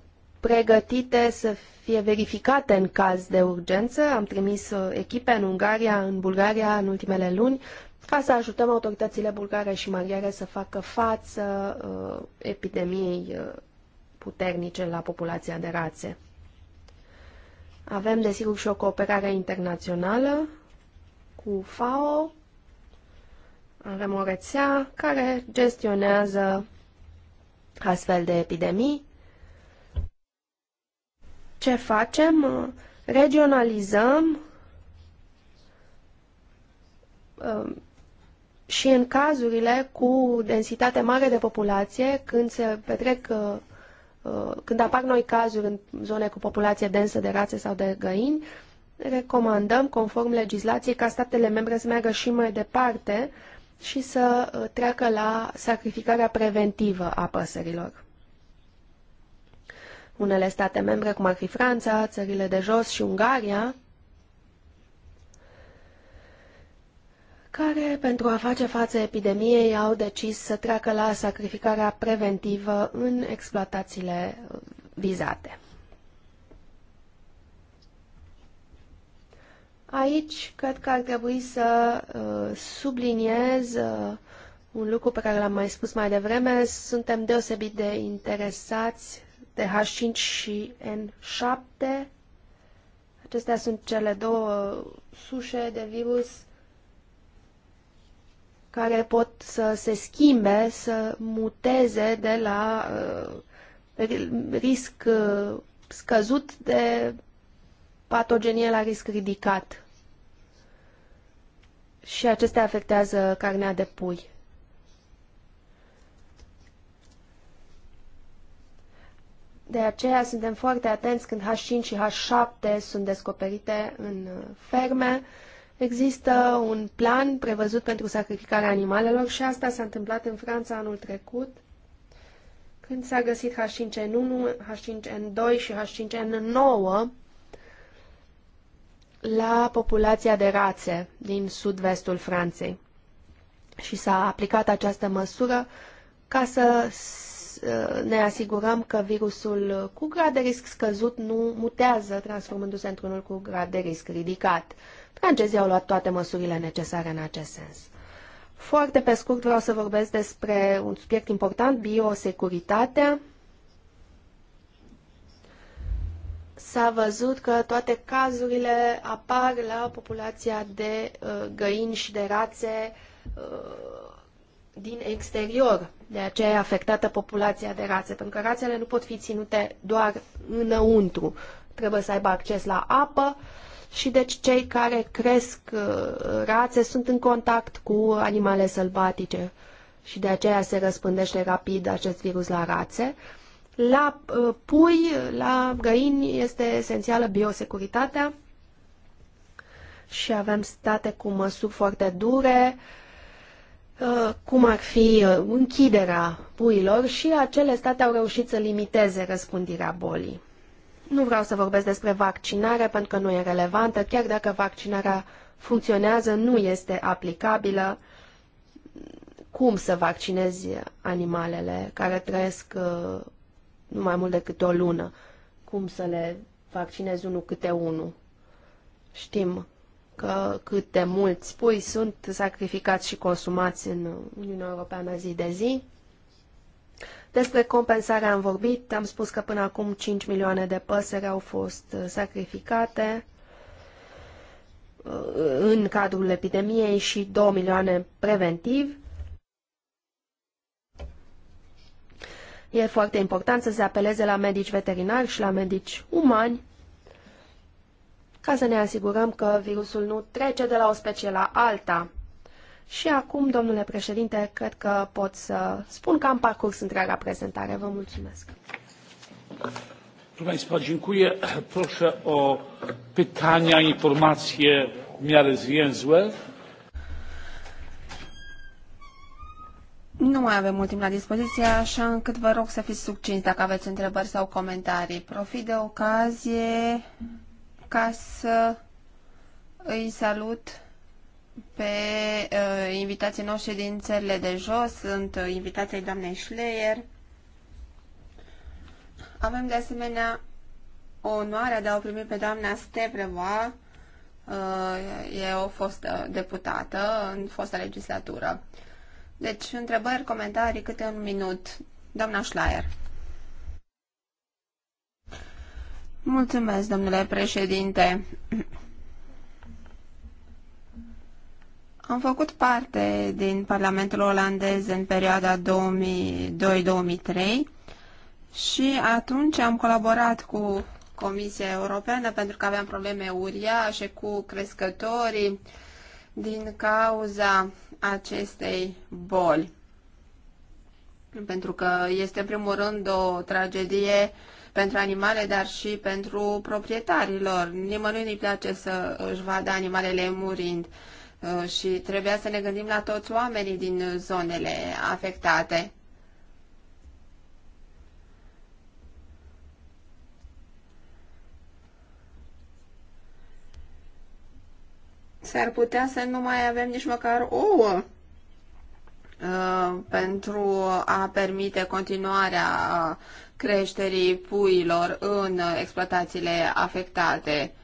pregătite să fie verificate în caz de urgență. Am trimis uh, echipe în Ungaria, în Bulgaria în ultimele luni ca să ajutăm autoritățile bulgare și maghiare să facă față uh, epidemiei uh, puternice la populația de rațe. Avem, desigur, și o cooperare internațională cu FAO. Avem o rețea care gestionează astfel de epidemii ce facem? Regionalizăm um, și în cazurile cu densitate mare de populație, când se petrec, uh, uh, când apar noi cazuri în zone cu populație densă de rațe sau de găini, recomandăm, conform legislației, ca statele membre să meargă și mai departe și să uh, treacă la sacrificarea preventivă a păsărilor. Unele state membre, cum ar fi Franța, țările de jos și Ungaria, care, pentru a face față epidemiei, au decis să treacă la sacrificarea preventivă în exploatațiile uh, vizate. Aici cred că ar trebui să uh, subliniez uh, un lucru pe care l-am mai spus mai devreme. Suntem deosebit de interesați h 5 și N7. Acestea sunt cele două sușe de virus care pot să se schimbe, să muteze de la uh, risc uh, scăzut de patogenie la risc ridicat. Și acestea afectează carnea de pui. De aceea suntem foarte atenți când H5 și H7 sunt descoperite în uh, ferme. Există un plan prevăzut pentru sacrificarea animalelor și asta s-a întâmplat în Franța anul trecut, când s-a găsit H5N1, H5N2 și H5N9 la populația de rațe din sud-vestul Franței. Și s-a aplicat această măsură ca să Uh, ne asigurăm că virusul cu grad de risc scăzut nu mutează, transformându-se într-unul cu grad de risc ridicat. Francezii au luat toate măsurile necesare în acest sens. Foarte pe scurt vreau să vorbesc despre un subiect important, biosecuritatea. S-a văzut că toate cazurile apar la populația de uh, găini și de rațe uh, din exterior. De aceea e afectată populația de rațe, pentru că rațele nu pot fi ținute doar înăuntru. Trebuie să aibă acces la apă și deci cei care cresc uh, rațe sunt în contact cu animale sălbatice și de aceea se răspândește rapid acest virus la rațe. La uh, pui, la găini este esențială biosecuritatea și avem state cu măsuri foarte dure, uh, Uh, cum ar fi uh, închiderea puilor și acele state au reușit să limiteze răspândirea bolii. Nu vreau să vorbesc despre vaccinare pentru că nu e relevantă, chiar dacă vaccinarea funcționează, nu este aplicabilă. Cum să vaccinezi animalele care trăiesc uh, nu mai mult decât o lună? Cum să le vaccinezi unul câte unul? Știm că cât de mulți pui sunt sacrificați și consumați în Uniunea Europeană zi de zi. Despre compensare am vorbit, am spus că până acum 5 milioane de păsări au fost uh, sacrificate uh, în cadrul epidemiei și 2 milioane preventiv. E foarte important să se apeleze la medici veterinari și la medici umani ca să ne asigurăm că virusul nu trece de la o specie la alta. Și acum, domnule președinte, cred că pot să spun că am parcurs întreaga prezentare. Vă mulțumesc. Proszę Państwa, dziękuję. Proszę o pytania, informacje w miarę zwięzłe. Nu mai avem mult timp la dispoziție, așa încât vă rog să fiți succinți dacă aveți întrebări sau comentarii. Profit de ocazie ca să îi salut pe uh, invitații noștri din țările de jos, sunt uh, invitații doamnei Schleier. Avem de asemenea onoarea de a o primi pe doamna Stebreva, uh, e o fostă deputată în fosta legislatură. Deci, întrebări, comentarii, câte un minut. Doamna Schleier. Mulțumesc, domnule președinte. Am făcut parte din Parlamentul olandez în perioada 2002-2003 și atunci am colaborat cu Comisia Europeană pentru că aveam probleme uriașe cu crescătorii din cauza acestei boli. Pentru că este în primul rând o tragedie pentru animale, dar și pentru proprietarilor. Nimănui nu-i place să își vadă animalele murind uh, și trebuia să ne gândim la toți oamenii din zonele afectate. S-ar putea să nu mai avem nici măcar ouă. Uh, pentru a permite continuarea creșterii puilor în exploatațiile afectate.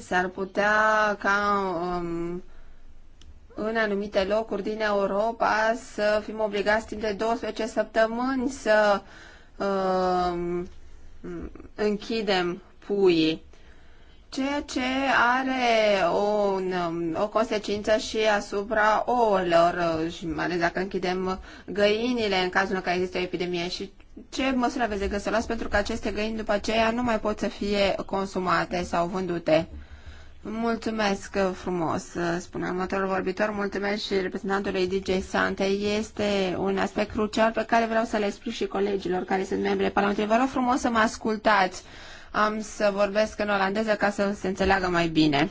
S-ar putea ca um, în anumite locuri din Europa să fim obligați timp de 12 săptămâni să um, închidem puii ceea ce are o, um, o consecință și asupra ouălor, uh, și mai ales dacă închidem găinile în cazul în care există o epidemie și ce măsură aveți de gând să luați pentru că aceste găini după aceea nu mai pot să fie consumate sau vândute? Mulțumesc frumos, uh, spune următorul vorbitor, mulțumesc și reprezentantului DJ Sante. Este un aspect crucial pe care vreau să le explic și colegilor care sunt membri Parlamentului. Vă rog frumos să mă ascultați. Am să vorbesc în olandeză ca să se înțeleagă mai bine.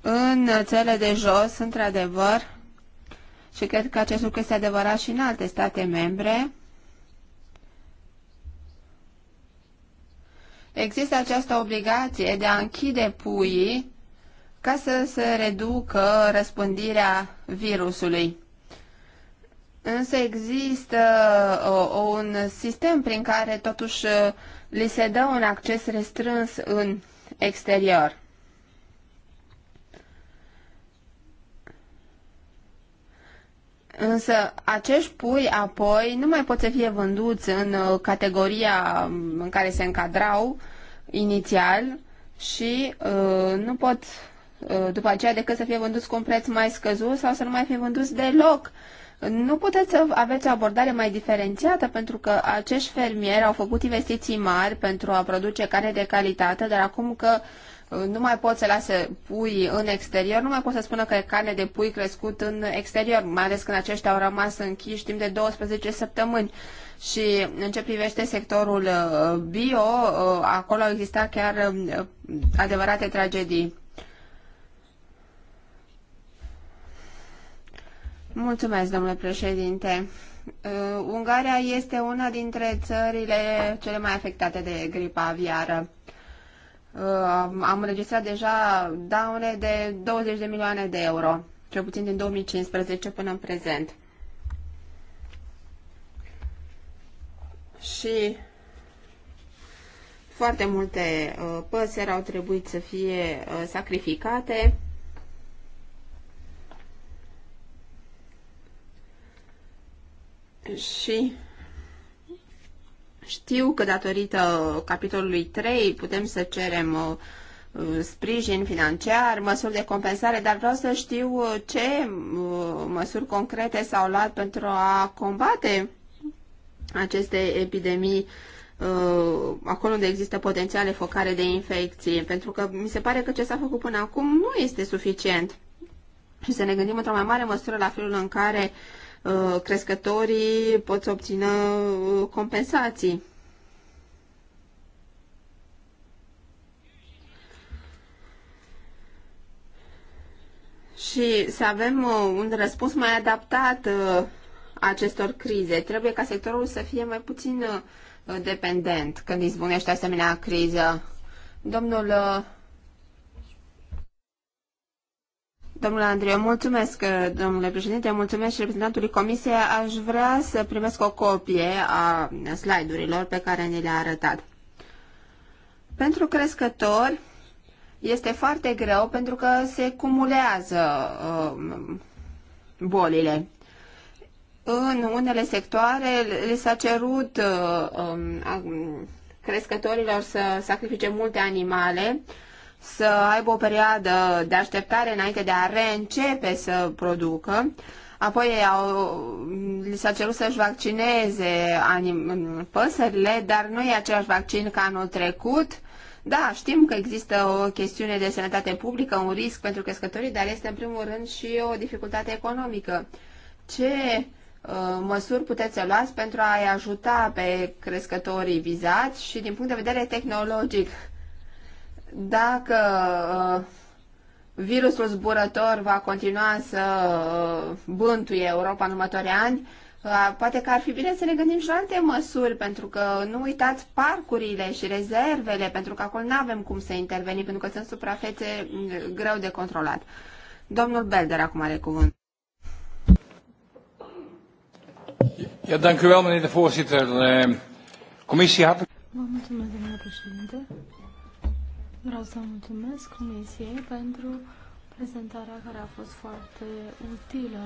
În țele de jos, într-adevăr, și cred că acest lucru este adevărat și în alte state membre, există această obligație de a închide puii ca să se reducă răspândirea virusului. Însă există uh, un sistem prin care totuși uh, li se dă un acces restrâns în exterior. Însă acești pui apoi nu mai pot să fie vânduți în uh, categoria um, în care se încadrau inițial și uh, nu pot uh, după aceea decât să fie vânduți cu un preț mai scăzut sau să nu mai fie vânduți deloc nu puteți să aveți o abordare mai diferențiată pentru că acești fermieri au făcut investiții mari pentru a produce carne de calitate, dar acum că uh, nu mai pot să lase pui în exterior, nu mai pot să spună că e carne de pui crescut în exterior, mai ales când aceștia au rămas închiși timp de 12 săptămâni. Și în ce privește sectorul uh, bio, uh, acolo au existat chiar adevărate tragedii. Mulțumesc, domnule președinte. Uh, Ungaria este una dintre țările cele mai afectate de gripa aviară. Uh, am înregistrat deja daune de 20 de milioane de euro, cel puțin din 2015 până în prezent. Și foarte multe uh, păsări au trebuit să fie uh, sacrificate Și știu că datorită capitolului 3 putem să cerem uh, uh, sprijin financiar, măsuri de compensare, dar vreau să știu uh, ce măsuri concrete s-au luat pentru a combate aceste epidemii acolo unde există potențiale focare de infecție, pentru că mi se pare că ce s-a făcut până acum nu este suficient. Și să ne gândim într-o mai mare măsură la felul în care uh, Uh, crescătorii pot să obțină uh, compensații. Și să avem uh, un răspuns mai adaptat acestor crize. Trebuie ca sectorul să fie mai puțin dependent când izbunește asemenea criză. Domnul Domnule Andrei, mulțumesc, domnule președinte, mulțumesc și reprezentantului comisiei. Aș vrea să primesc o copie a slide-urilor pe care ne le-a arătat. Pentru crescători este foarte greu pentru că se cumulează uh, bolile. În unele sectoare li s-a cerut uh, um, crescătorilor să sacrifice multe animale să aibă o perioadă de așteptare înainte de a reîncepe să producă. Apoi au, li s-a cerut să-și vaccineze anim, păsările, dar nu e același vaccin ca anul trecut. Da, știm că există o chestiune de sănătate publică, un risc pentru crescătorii, dar este în primul rând și o dificultate economică. Ce uh, măsuri puteți să luați pentru a-i ajuta pe crescătorii vizați și din punct de vedere tehnologic? Dacă uh, virusul zburător va continua să uh, bântuie Europa în următorii ani, uh, poate că ar fi bine să ne gândim și la alte măsuri, pentru că nu uitați parcurile și rezervele, pentru că acolo nu avem cum să intervenim, pentru că sunt suprafețe mm, greu de controlat. Domnul Belder acum are cuvânt. Ja, dank u wel, meneer de voorzitter. De eh, commissie had... mulțumesc, domnule președinte. Vreau să mulțumesc Comisiei pentru prezentarea care a fost foarte utilă.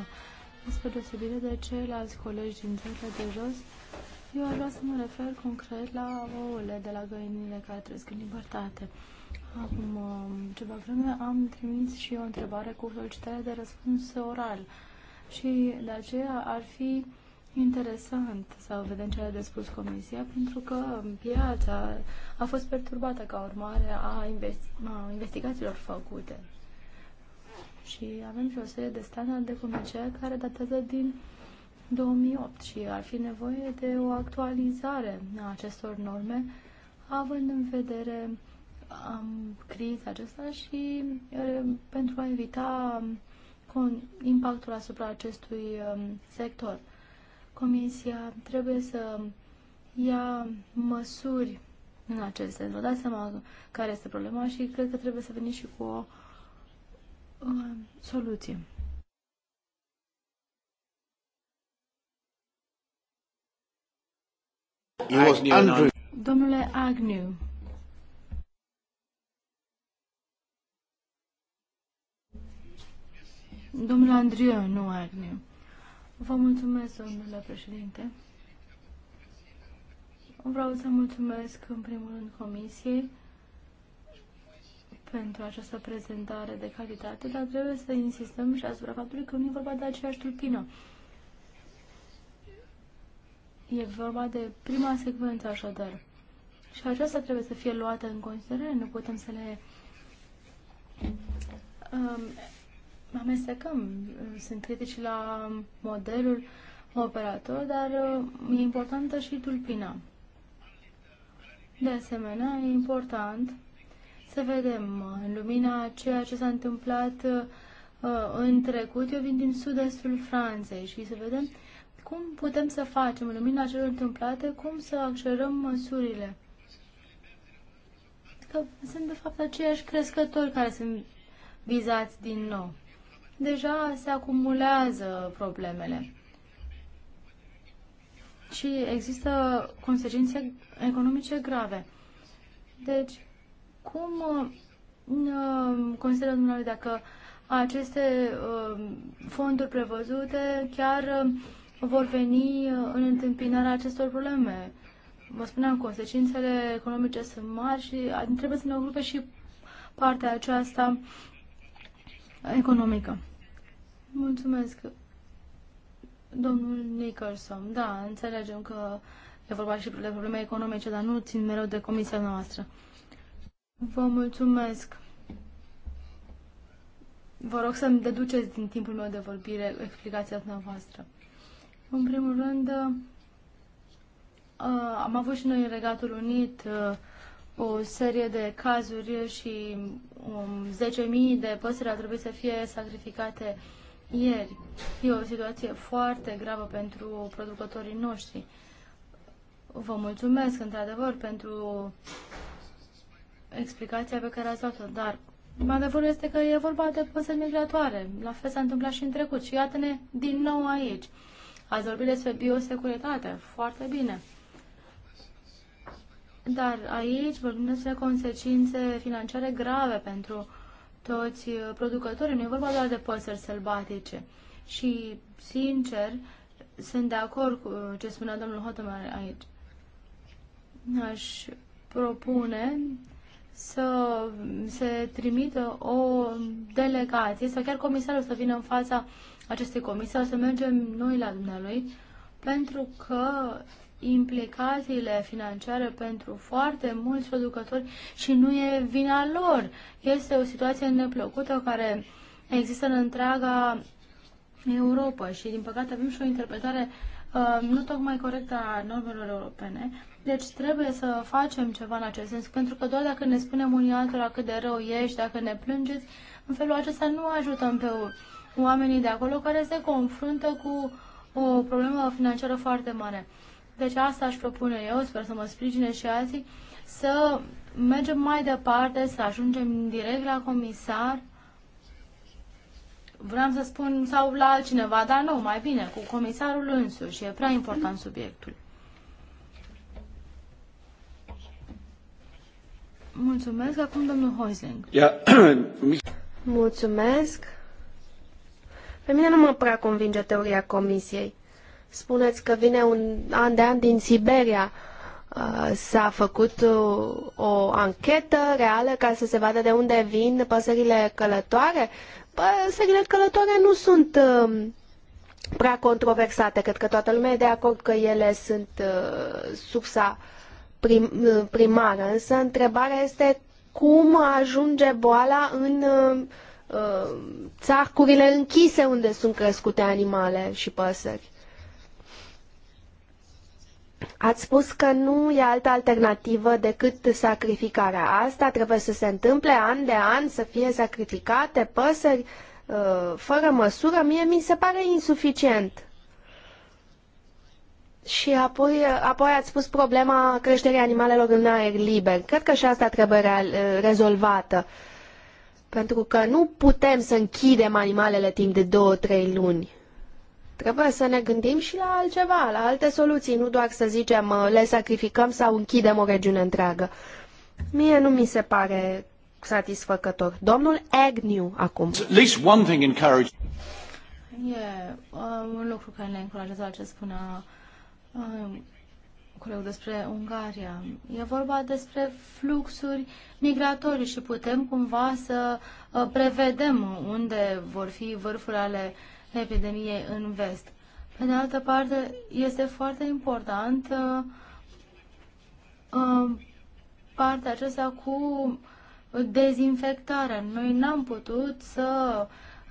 Despre deosebire de ceilalți colegi din țările de jos, eu aș vrea să mă refer concret la ouăle de la găinile care trăiesc în libertate. Acum um, ceva vreme am trimis și o întrebare cu solicitare de răspuns oral și de aceea ar fi interesant să vedem ce a de spus Comisia, pentru că piața a fost perturbată ca urmare a, investi- a investigațiilor făcute. Și avem și o serie de standarde comerciale care datează din 2008 și ar fi nevoie de o actualizare a acestor norme, având în vedere um, criza acesta și uh, pentru a evita um, impactul asupra acestui um, sector. Comisia trebuie să ia măsuri în acest sens. Vă dați seama care este problema și cred că trebuie să veni și cu o o uh, soluție. Domnule Agnew. Domnul Andrieu, nu Agnew. Vă mulțumesc, domnule președinte. Vreau să mulțumesc în primul rând Comisiei pentru această prezentare de calitate, dar trebuie să insistăm și asupra faptului că nu e vorba de aceeași tulpină. E vorba de prima secvență, așadar. Și aceasta trebuie să fie luată în considerare, nu putem să le um, amestecăm. Sunt critici la modelul operator, dar uh, e importantă și tulpina. De asemenea, e important să vedem uh, în lumina ceea ce s-a întâmplat uh, în trecut. Eu vin din sud-estul Franței și să vedem cum putem să facem în lumina celor întâmplate, cum să accelerăm măsurile. Că sunt, de fapt, aceiași crescători care sunt vizați din nou deja se acumulează problemele și există consecințe economice grave. Deci, cum uh, consideră dumneavoastră dacă aceste uh, fonduri prevăzute chiar uh, vor veni în întâmpinarea acestor probleme? Vă spuneam, consecințele economice sunt mari și trebuie să ne ocupe și partea aceasta economică. Mulțumesc, domnul Nicholson. Da, înțelegem că e vorba și de probleme economice, dar nu țin mereu de comisia noastră. Vă mulțumesc. Vă rog să-mi deduceți din timpul meu de vorbire explicația dumneavoastră. În primul rând, uh, am avut și noi în Regatul Unit uh, o serie de cazuri și um, 10.000 de păsări ar trebui să fie sacrificate ieri. E o situație foarte gravă pentru producătorii noștri. Vă mulțumesc, într-adevăr, pentru explicația pe care ați dat-o, dar adevărul este că e vorba de păsări migratoare. La fel s-a întâmplat și în trecut și iată-ne din nou aici. Ați vorbit despre biosecuritate. Foarte bine. Dar aici vorbim despre consecințe financiare grave pentru toți producătorii. Nu e vorba doar de păsări sălbatice. Și, sincer, sunt de acord cu ce spunea domnul Hotomar aici. Aș propune să se trimită o delegație sau chiar comisarul să vină în fața acestei comisii, să mergem noi la dumnealui, pentru că implicațiile financiare pentru foarte mulți producători și nu e vina lor. Este o situație neplăcută care există în întreaga Europa și, din păcate, avem și o interpretare uh, nu tocmai corectă a normelor europene. Deci trebuie să facem ceva în acest sens, pentru că doar dacă ne spunem unii altora cât de rău ești, dacă ne plângeți, în felul acesta nu ajutăm pe oamenii de acolo care se confruntă cu o problemă financiară foarte mare. Deci asta aș propune eu, sper să mă sprijine și alții, să mergem mai departe, să ajungem direct la comisar, vreau să spun, sau la altcineva, dar nu, mai bine, cu comisarul însuși, e prea important subiectul. Mulțumesc, acum domnul Hoisling. Mulțumesc. Pe mine nu mă prea convinge teoria comisiei. Spuneți că vine un an de an din Siberia. Uh, s-a făcut uh, o anchetă reală ca să se vadă de unde vin păsările călătoare. Păi, păsările călătoare nu sunt uh, prea controversate. Cred că toată lumea e de acord că ele sunt sursa primară. Însă întrebarea este cum ajunge boala în țarcurile închise unde sunt crescute animale și păsări. Ați spus că nu e altă alternativă decât sacrificarea. Asta trebuie să se întâmple an de an, să fie sacrificate păsări uh, fără măsură. Mie mi se pare insuficient. Și apoi, apoi ați spus problema creșterii animalelor în aer liber. Cred că și asta trebuie uh, rezolvată. Pentru că nu putem să închidem animalele timp de două trei luni. Trebuie să ne gândim și la altceva, la alte soluții, nu doar să zicem uh, le sacrificăm sau închidem o regiune întreagă. Mie nu mi se pare satisfăcător. Domnul Agnew acum. E uh, un lucru care ne încurajează ce spunea uh, colegul despre Ungaria. E vorba despre fluxuri migratorii și putem cumva să prevedem unde vor fi vârful ale uh, epidemiei în vest. Pe de altă parte, este foarte important uh, uh, partea aceasta cu dezinfectarea. Noi n-am putut să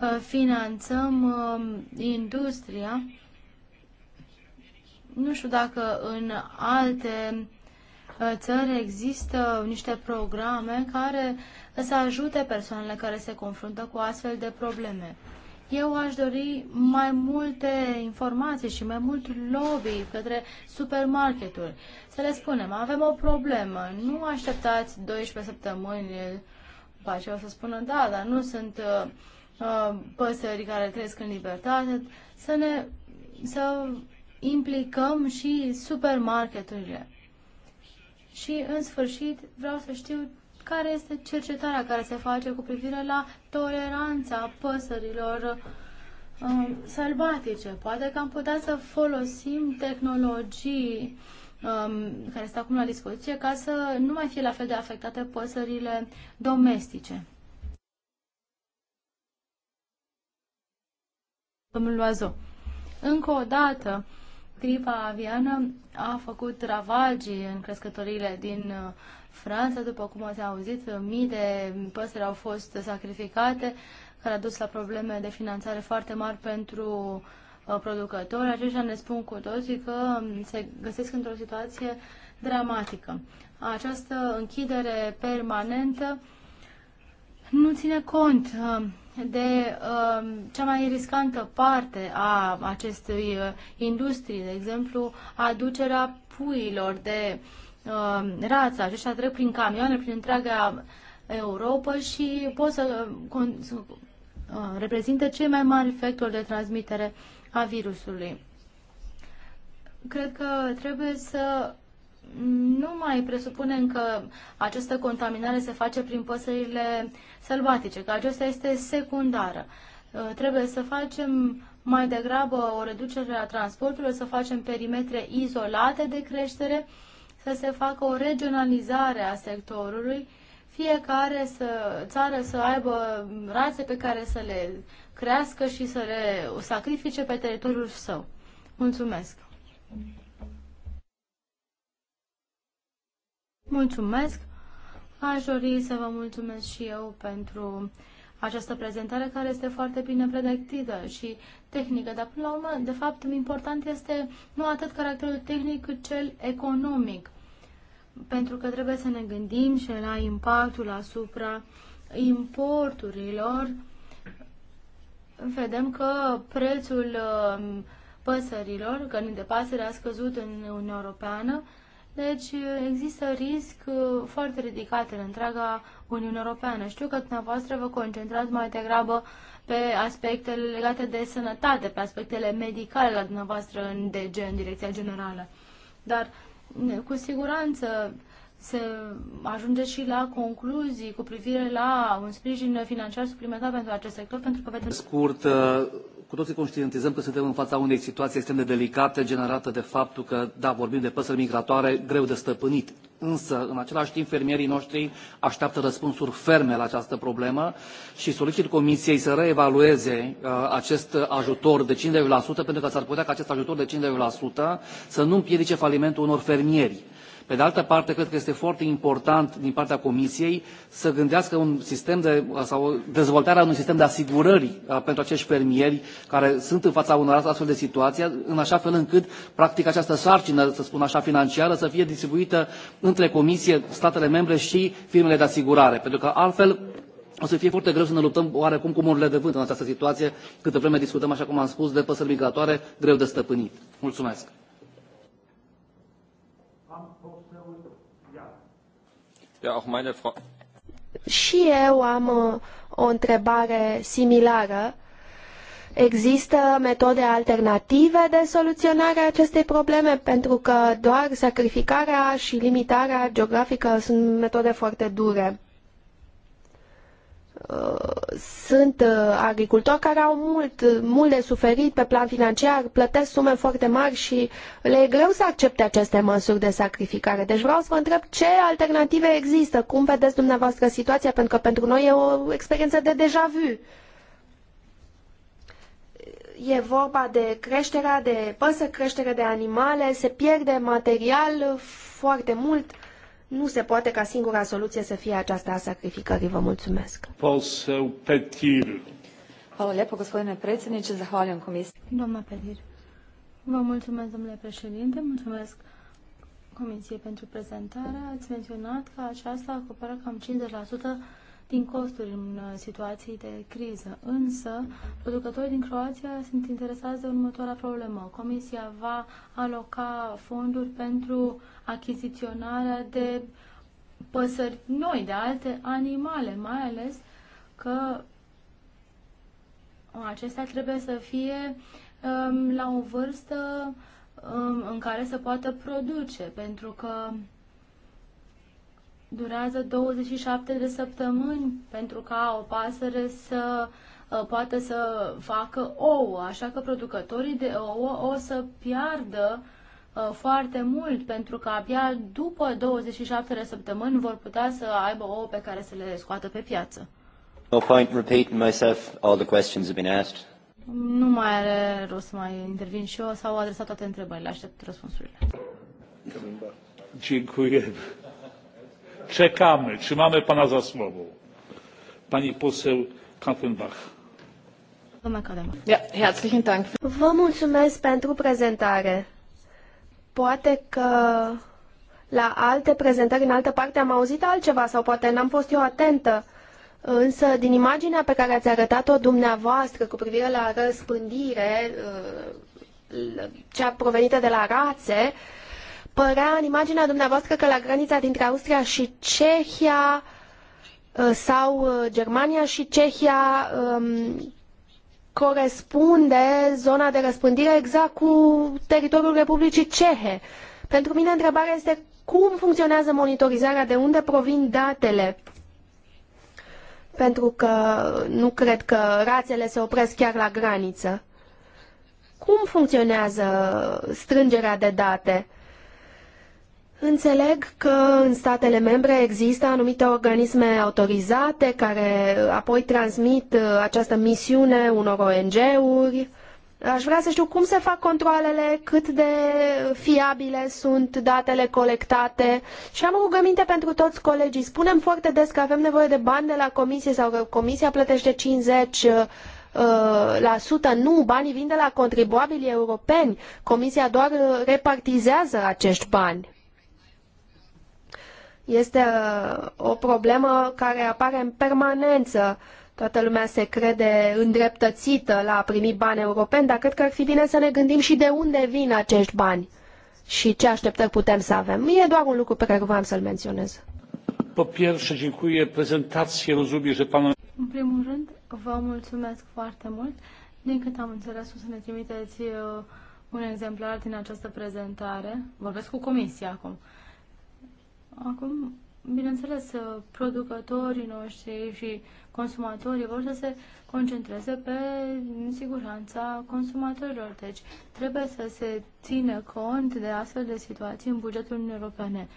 uh, finanțăm uh, industria. Nu știu dacă în alte uh, țări există niște programe care să ajute persoanele care se confruntă cu astfel de probleme. Eu aș dori mai multe informații și mai mult lobby către supermarketuri. Să le spunem, avem o problemă, nu așteptați 12 săptămâni, după aceea o să spună, da, dar nu sunt uh, uh păsări care cresc în libertate, să ne să implicăm și supermarketurile. Și, în sfârșit, vreau să știu care este cercetarea care se face cu privire la toleranța păsărilor um, sălbatice. Poate că am putea să folosim tehnologii um, care sunt acum la dispoziție ca să nu mai fie la fel de afectate păsările domestice. Domnul Loazo, încă o dată, gripa aviană a făcut ravagii în crescătorile din uh, Franța, după cum ați auzit, mii de păsări au fost sacrificate, care a dus la probleme de finanțare foarte mari pentru uh, producători. Aceștia ne spun cu toții că um, se găsesc într-o situație dramatică. Această închidere permanentă nu ține cont um, de uh, cea mai riscantă parte a acestei uh, industrii, de exemplu, aducerea puilor de uh, rață. Aceștia trec prin camioane, prin întreaga Europa și pot să, uh, să uh, reprezinte cei mai mari factori de transmitere a virusului. Cred că trebuie să nu mai presupunem că această contaminare se face prin păsările sălbatice, că aceasta este secundară. Uh, trebuie să facem mai degrabă o reducere a transportului, să facem perimetre izolate de creștere, să se facă o regionalizare a sectorului, fiecare să, țară să aibă rațe pe care să le crească și să le sacrifice pe teritoriul său. Mulțumesc! Mulțumesc! Aș dori să vă mulțumesc și eu pentru această prezentare care este foarte bine pregătită și tehnică, dar până la urmă, de fapt, important este nu atât caracterul tehnic cât cel economic, pentru că trebuie să ne gândim și la impactul asupra importurilor. Vedem că prețul uh, păsărilor, cărnii de pasăre, a scăzut în Uniunea Europeană, deci uh, există risc uh, foarte ridicat în întreaga Uniune Europeană. Știu că dumneavoastră vă concentrați mai degrabă pe aspectele legate de sănătate, pe aspectele medicale la dumneavoastră în DG, în Direcția Generală. Dar uh, cu siguranță să ajunge și la concluzii cu privire la un sprijin financiar suplimentar pentru acest sector, pentru că vedem... Scurt, uh, cu toții conștientizăm că suntem în fața unei situații extrem de delicate generată de faptul că, da, vorbim de păsări migratoare greu de stăpânit, însă, în același timp, fermierii noștri așteaptă răspunsuri ferme la această problemă și solicit Comisiei să reevalueze uh, acest ajutor de 50%, pentru că s-ar putea ca acest ajutor de 50% să nu împiedice falimentul unor fermieri pe de altă parte, cred că este foarte important din partea Comisiei să gândească un sistem de, sau dezvoltarea unui sistem de asigurări pentru acești fermieri care sunt în fața unor astfel de situații, în așa fel încât, practic, această sarcină, să spun așa, financiară să fie distribuită între Comisie, statele membre și firmele de asigurare. Pentru că altfel o să fie foarte greu să ne luptăm oarecum cu murile de vânt în această situație, câtă vreme discutăm, așa cum am spus, de păsări migratoare greu de stăpânit. Mulțumesc! Și eu am o, uh, o întrebare similară. Există metode alternative de soluționare a acestei probleme? Pentru că doar sacrificarea și limitarea geografică sunt metode foarte dure sunt uh, agricultori care au mult, mult de suferit pe plan financiar, plătesc sume foarte mari și le e greu să accepte aceste măsuri de sacrificare. Deci vreau să vă întreb ce alternative există, cum vedeți dumneavoastră situația, pentru că pentru noi e o experiență de deja vu. E vorba de creșterea de păsări, creșterea de animale, se pierde material foarte mult nu se poate ca singura soluție să fie aceasta a sacrificării. Vă mulțumesc. Poseu Petir. Hvala lijepo, gospodine predsjedniče. Doamna Petir. Vă mulțumesc, domnule președinte. Mulțumesc Comisiei pentru prezentare. Ați menționat că aceasta acoperă cam 50% din costuri în uh, situații de criză. Însă, producătorii din Croația sunt interesați de următoarea problemă. Comisia va aloca fonduri pentru achiziționarea de păsări noi, de alte animale, mai ales că acestea trebuie să fie um, la o vârstă um, în care să poată produce, pentru că durează 27 de săptămâni pentru ca o pasăre să uh, poată să facă ouă, așa că producătorii de ouă o să piardă uh, foarte mult, pentru că abia după 27 de săptămâni vor putea să aibă ouă pe care să le scoată pe piață. No point repeating myself, all the questions have been asked. Nu mai are rost să mai intervin și eu, s-au adresat toate întrebările, aștept răspunsurile. Dziękujemy czekamy trzymamy pana za słowo. pani poseł kaffenbach. Vă mulțumesc pentru prezentare. Poate că la alte prezentări în altă parte am auzit altceva sau poate n-am fost eu atentă. Însă, din imaginea pe care ați arătat-o dumneavoastră cu privire la răspândire, uh, cea provenită de la rațe, părea în imaginea dumneavoastră că la granița dintre Austria și Cehia uh, sau uh, Germania și Cehia um, corespunde zona de răspândire exact cu teritoriul Republicii Cehe. Pentru mine întrebarea este cum funcționează monitorizarea, de unde provin datele? Pentru că nu cred că rațele se opresc chiar la graniță. Cum funcționează strângerea de date? Înțeleg că în statele membre există anumite organisme autorizate care apoi transmit uh, această misiune unor ONG-uri. Aș vrea să știu cum se fac controlele, cât de fiabile sunt datele colectate și am rugăminte pentru toți colegii. Spunem foarte des că avem nevoie de bani de la comisie sau că comisia plătește 50 uh, uh, la sută nu, banii vin de la contribuabili europeni. Comisia doar repartizează acești bani. Este uh, o problemă care apare în permanență. Toată lumea se crede îndreptățită la a primi bani europeni, dar cred că ar fi bine să ne gândim și de unde vin acești bani și ce așteptări putem să avem. E doar un lucru pe care voiam să-l menționez. În primul rând, vă mulțumesc foarte mult. Din cât am înțeles, o să ne trimiteți uh, un exemplar din această prezentare. Vorbesc cu comisia acum. Acum, bineînțeles, producătorii noștri și consumatorii vor să se concentreze pe siguranța consumatorilor. Deci trebuie să se țină cont de astfel de situații în bugetul Uniunii Europene.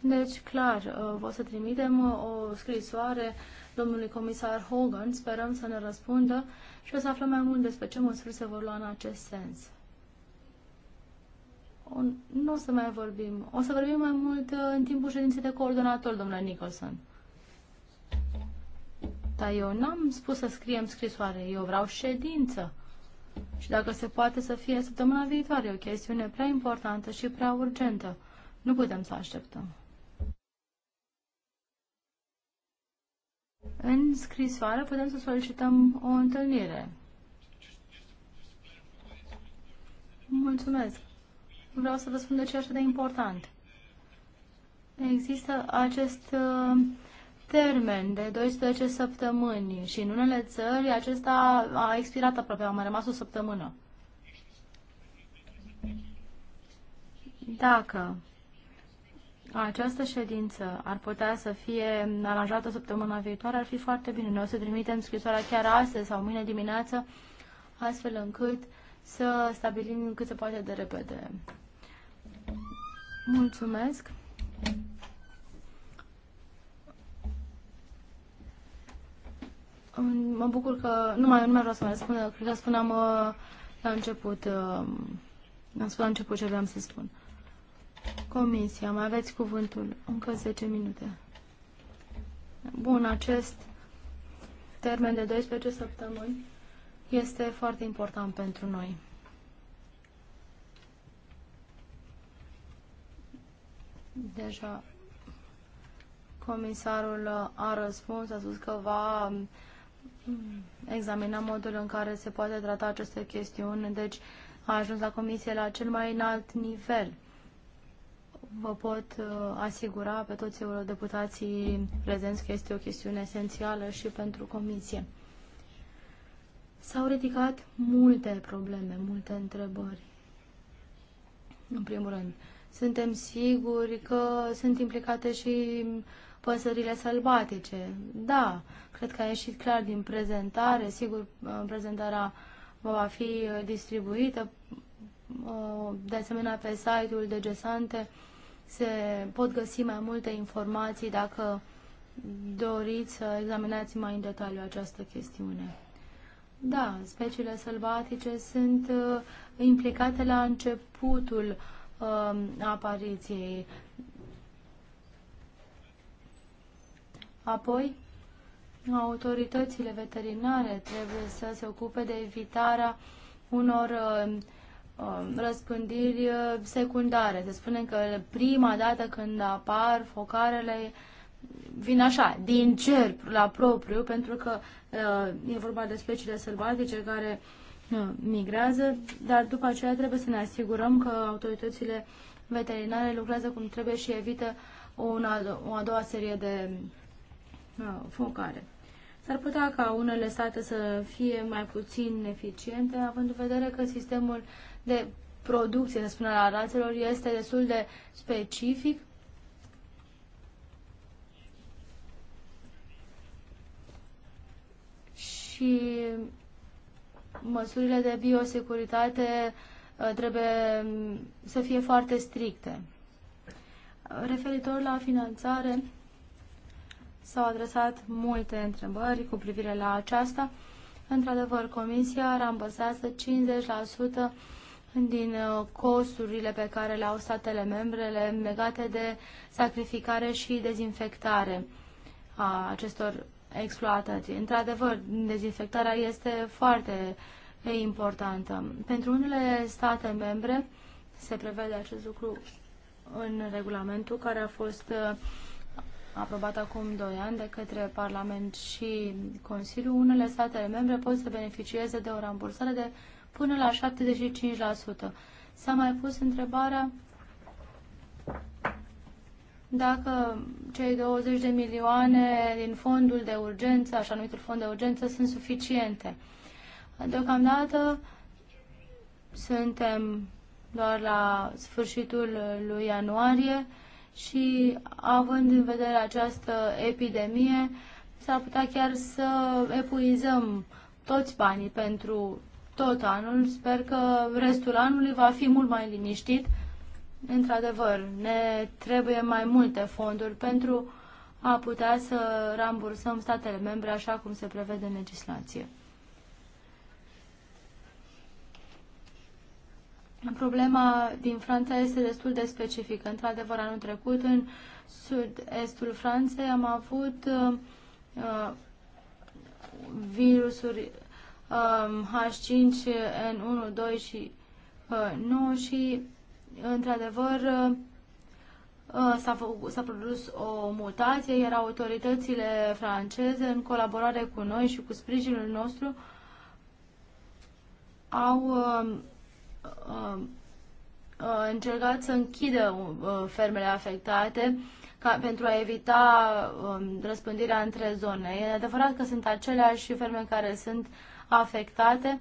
Deci, clar, o uh, să trimitem uh, o scrisoare domnului comisar Hogan, sperăm să ne răspundă și o să aflăm mai mult despre ce măsuri se vor lua în acest sens nu o să mai vorbim. O să vorbim mai mult uh, în timpul ședinței de coordonator, domnule Nicholson. Dar eu n-am spus să scriem scrisoare, eu vreau ședință. Și dacă se poate să fie săptămâna viitoare, e o chestiune prea importantă și prea urgentă. Nu putem să așteptăm. În scrisoare putem să solicităm o întâlnire. Mulțumesc vreau să vă spun de ce e așa de important. Există acest uh, termen de 12 săptămâni și în unele țări acesta a expirat aproape, a mai rămas o săptămână. Dacă această ședință ar putea să fie aranjată săptămâna viitoare, ar fi foarte bine. Noi o să trimitem scrisoarea chiar astăzi sau mâine dimineață, astfel încât să stabilim cât se poate de repede Mulțumesc. Mă bucur că... Nu mai, nu mai vreau să mai spun, cred că spuneam uh, la început, am uh, spus la început ce vreau să spun. Comisia, mai aveți cuvântul, încă 10 minute. Bun, acest termen de 12 săptămâni este foarte important pentru noi. Deja comisarul a răspuns, a spus că va mm, examina modul în care se poate trata aceste chestiuni, deci a ajuns la comisie la cel mai înalt nivel. Vă pot uh, asigura pe toți eurodeputații prezenți că este o chestiune esențială și pentru comisie. S-au ridicat multe probleme, multe întrebări. În primul rând, uh, suntem siguri că sunt implicate și păsările sălbatice. Da, cred că a ieșit clar din prezentare. Sigur, uh, prezentarea va fi uh, distribuită. Uh, de asemenea, pe site-ul de Gesante se pot găsi mai multe informații dacă doriți să examinați mai în detaliu această chestiune. Da, speciile sălbatice sunt implicate la începutul uh, Um, apariției. Apoi, autoritățile veterinare trebuie să se ocupe de evitarea unor um, um, răspândiri uh, secundare. Se spune că prima dată când apar focarele vin așa, din cer la propriu, pentru că uh, e vorba de speciile sălbatice care uh, migrează, dar după aceea trebuie să ne asigurăm că autoritățile veterinare lucrează cum trebuie și evită una, o a doua serie de uh, focare. S-ar putea ca unele state să fie mai puțin eficiente, având în vedere că sistemul de producție, să spunem, la rațelor este destul de specific. Și măsurile de biosecuritate uh, trebuie mm, să fie foarte stricte. Referitor la finanțare, s-au adresat multe întrebări cu privire la aceasta. Într-adevăr, Comisia rambăsează 50% din uh, costurile pe care le au statele membrele legate de sacrificare și dezinfectare a acestor exploatații. Într-adevăr, dezinfectarea este foarte importantă. Pentru unele state membre se prevede acest lucru în regulamentul care a fost uh, aprobat acum 2 ani de către Parlament și Consiliu. Unele state membre pot să beneficieze de o rambursare de până la 75%. S-a mai pus întrebarea dacă cei 20 de milioane din fondul de urgență, așa numitul fond de urgență, sunt suficiente. Deocamdată suntem doar la sfârșitul lui ianuarie și având în vedere această epidemie, s-ar putea chiar să epuizăm toți banii pentru tot anul. Sper că restul anului va fi mult mai liniștit Într-adevăr, ne trebuie mai multe fonduri pentru a putea să rambursăm statele membre așa cum se prevede în legislație. Problema din Franța este destul de specifică. Într-adevăr, anul trecut, în sud-estul Franței, am avut uh, virusuri uh, H5N1, 2 și uh, 9 și într-adevăr, uh, s-a, produs o mutație, iar autoritățile franceze, în colaborare cu noi și cu sprijinul nostru, au uh, uh, încercat să închidă fermele afectate ca, pentru a evita um, răspândirea între zone. E adevărat că sunt aceleași ferme care sunt afectate,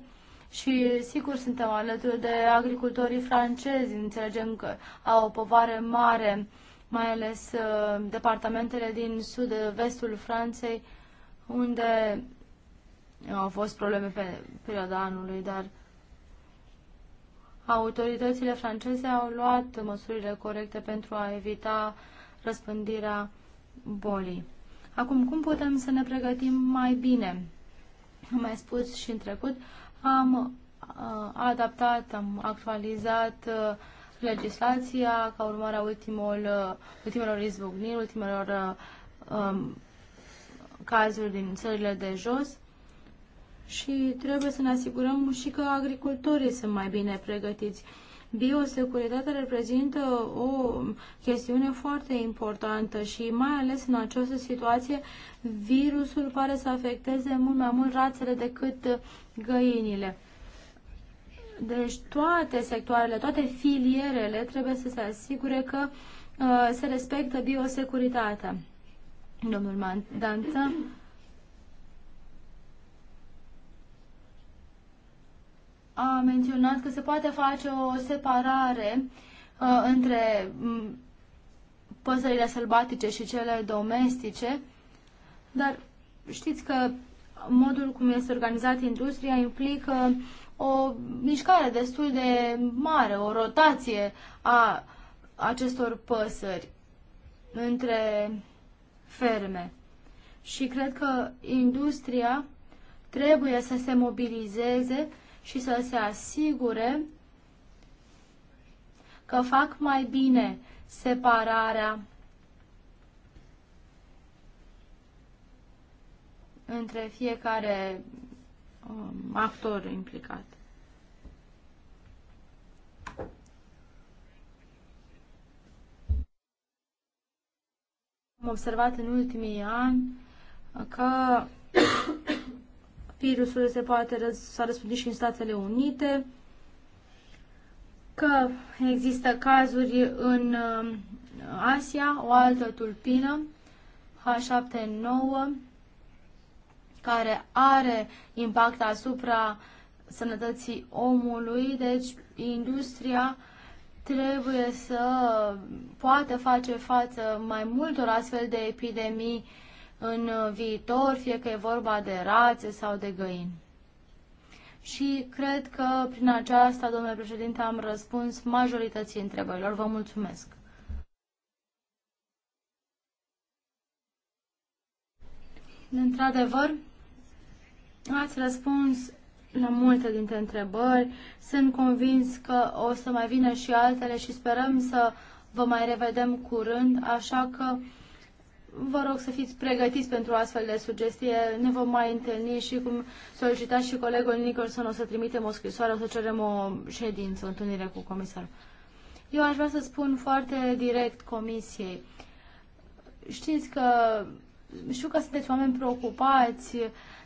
și sigur suntem alături de agricultorii francezi, înțelegem că au o povară mare, mai ales uh, departamentele din sud-vestul Franței, unde au fost probleme pe perioada anului, dar autoritățile franceze au luat măsurile corecte pentru a evita răspândirea bolii. Acum, cum putem să ne pregătim mai bine? Am mai spus și în trecut, am uh, adaptat, am actualizat uh, legislația ca urmare a ultimul, uh, ultimelor izbucniri, ultimelor um, cazuri din țările de jos și trebuie să ne asigurăm și că agricultorii sunt mai bine pregătiți Biosecuritatea reprezintă o chestiune foarte importantă și mai ales în această situație virusul pare să afecteze mult mai mult rațele decât găinile. Deci toate sectoarele, toate filierele trebuie să se asigure că uh, se respectă biosecuritatea. Domnul Dantin a menționat că se poate face o separare uh, între mm, păsările sălbatice și cele domestice, dar știți că modul cum este organizat industria implică o mișcare destul de mare, o rotație a acestor păsări între ferme. Și cred că industria trebuie să se mobilizeze și să se asigure că fac mai bine separarea între fiecare um, actor implicat. Am observat în ultimii ani că virusul se poate s-a răspândit și în Statele Unite, că există cazuri în uh, Asia, o altă tulpină, h 7 9 care are impact asupra sănătății omului, deci industria trebuie să poată face față mai multor astfel de epidemii în uh, viitor, fie că e vorba de rațe sau de găini. Și cred că prin aceasta, domnule președinte, am răspuns majorității întrebărilor. Vă mulțumesc! Într-adevăr, ați răspuns la multe dintre întrebări. Sunt convins că o să mai vină și altele și sperăm să vă mai revedem curând, așa că Vă rog să fiți pregătiți pentru astfel de sugestie. Ne vom mai întâlni și cum solicitați și colegul Nicholson o să trimitem o scrisoare, o să cerem o ședință, o întâlnire cu comisarul. Eu aș vrea să spun foarte direct comisiei. Știți că știu că sunteți oameni preocupați,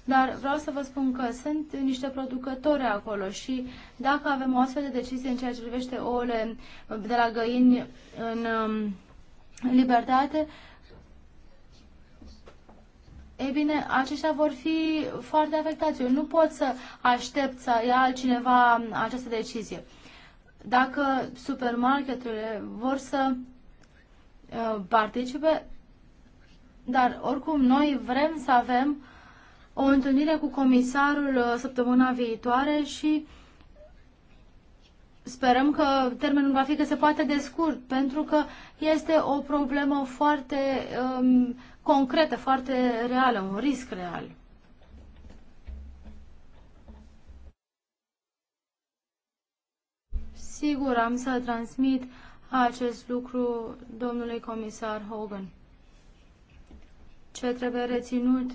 dar vreau să vă spun că sunt niște producători acolo și dacă avem o astfel de decizie în ceea ce privește ouăle de la găini în um, libertate, E bine, aceștia vor fi foarte afectați. Eu nu pot să aștept să ia altcineva această decizie. Dacă supermarketurile vor să uh, participe, dar oricum noi vrem să avem o întâlnire cu comisarul uh, săptămâna viitoare și sperăm că termenul va fi că se poate de scurt, pentru că este o problemă foarte um, concretă, foarte reală, un risc real. Sigur, am să transmit acest lucru domnului comisar Hogan. Ce trebuie reținut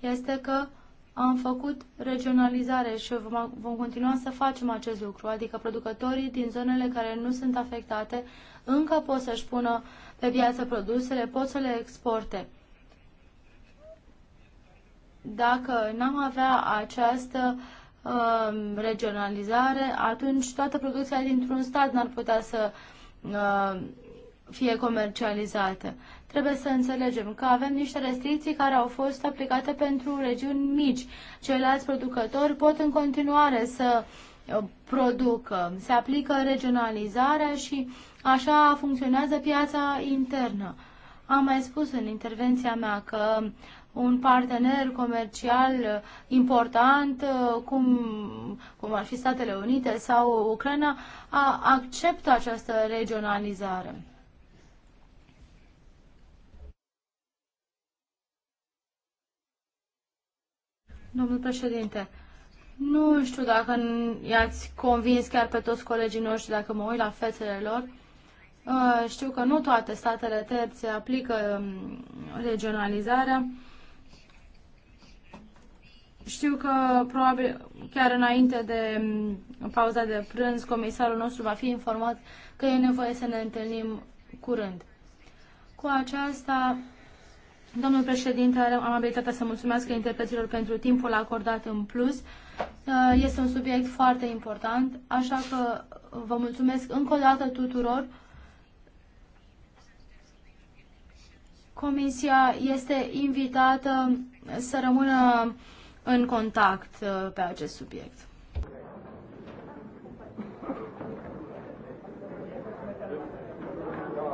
este că am făcut regionalizare și vom, continua să facem acest lucru, adică producătorii din zonele care nu sunt afectate încă pot să-și pună uh, pe piață produsele, pot să le exporte. Dacă n-am avea această uh, regionalizare, atunci toată producția dintr-un stat n-ar putea să uh, fie comercializată. Trebuie să înțelegem că avem niște restricții care au fost aplicate pentru regiuni mici. Ceilalți producători pot în continuare să uh, producă. Se aplică regionalizarea și Așa funcționează piața internă. Am mai spus în intervenția mea că un partener comercial important, cum, cum ar fi Statele Unite sau Ucraina, a, acceptă această regionalizare. Domnul președinte, nu știu dacă i-ați convins chiar pe toți colegii noștri, dacă mă uit la fețele lor. Uh, știu că nu toate statele terțe aplică um, regionalizarea. Știu că probabil chiar înainte de um, pauza de prânz, comisarul nostru va fi informat că e nevoie să ne întâlnim curând. Cu aceasta, domnul președinte, am abilitatea să mulțumesc interpreților pentru timpul acordat în plus. Uh, este un subiect foarte important, așa că vă mulțumesc încă o dată tuturor. Comisia este invitată să rămână în contact uh, pe acest subiect.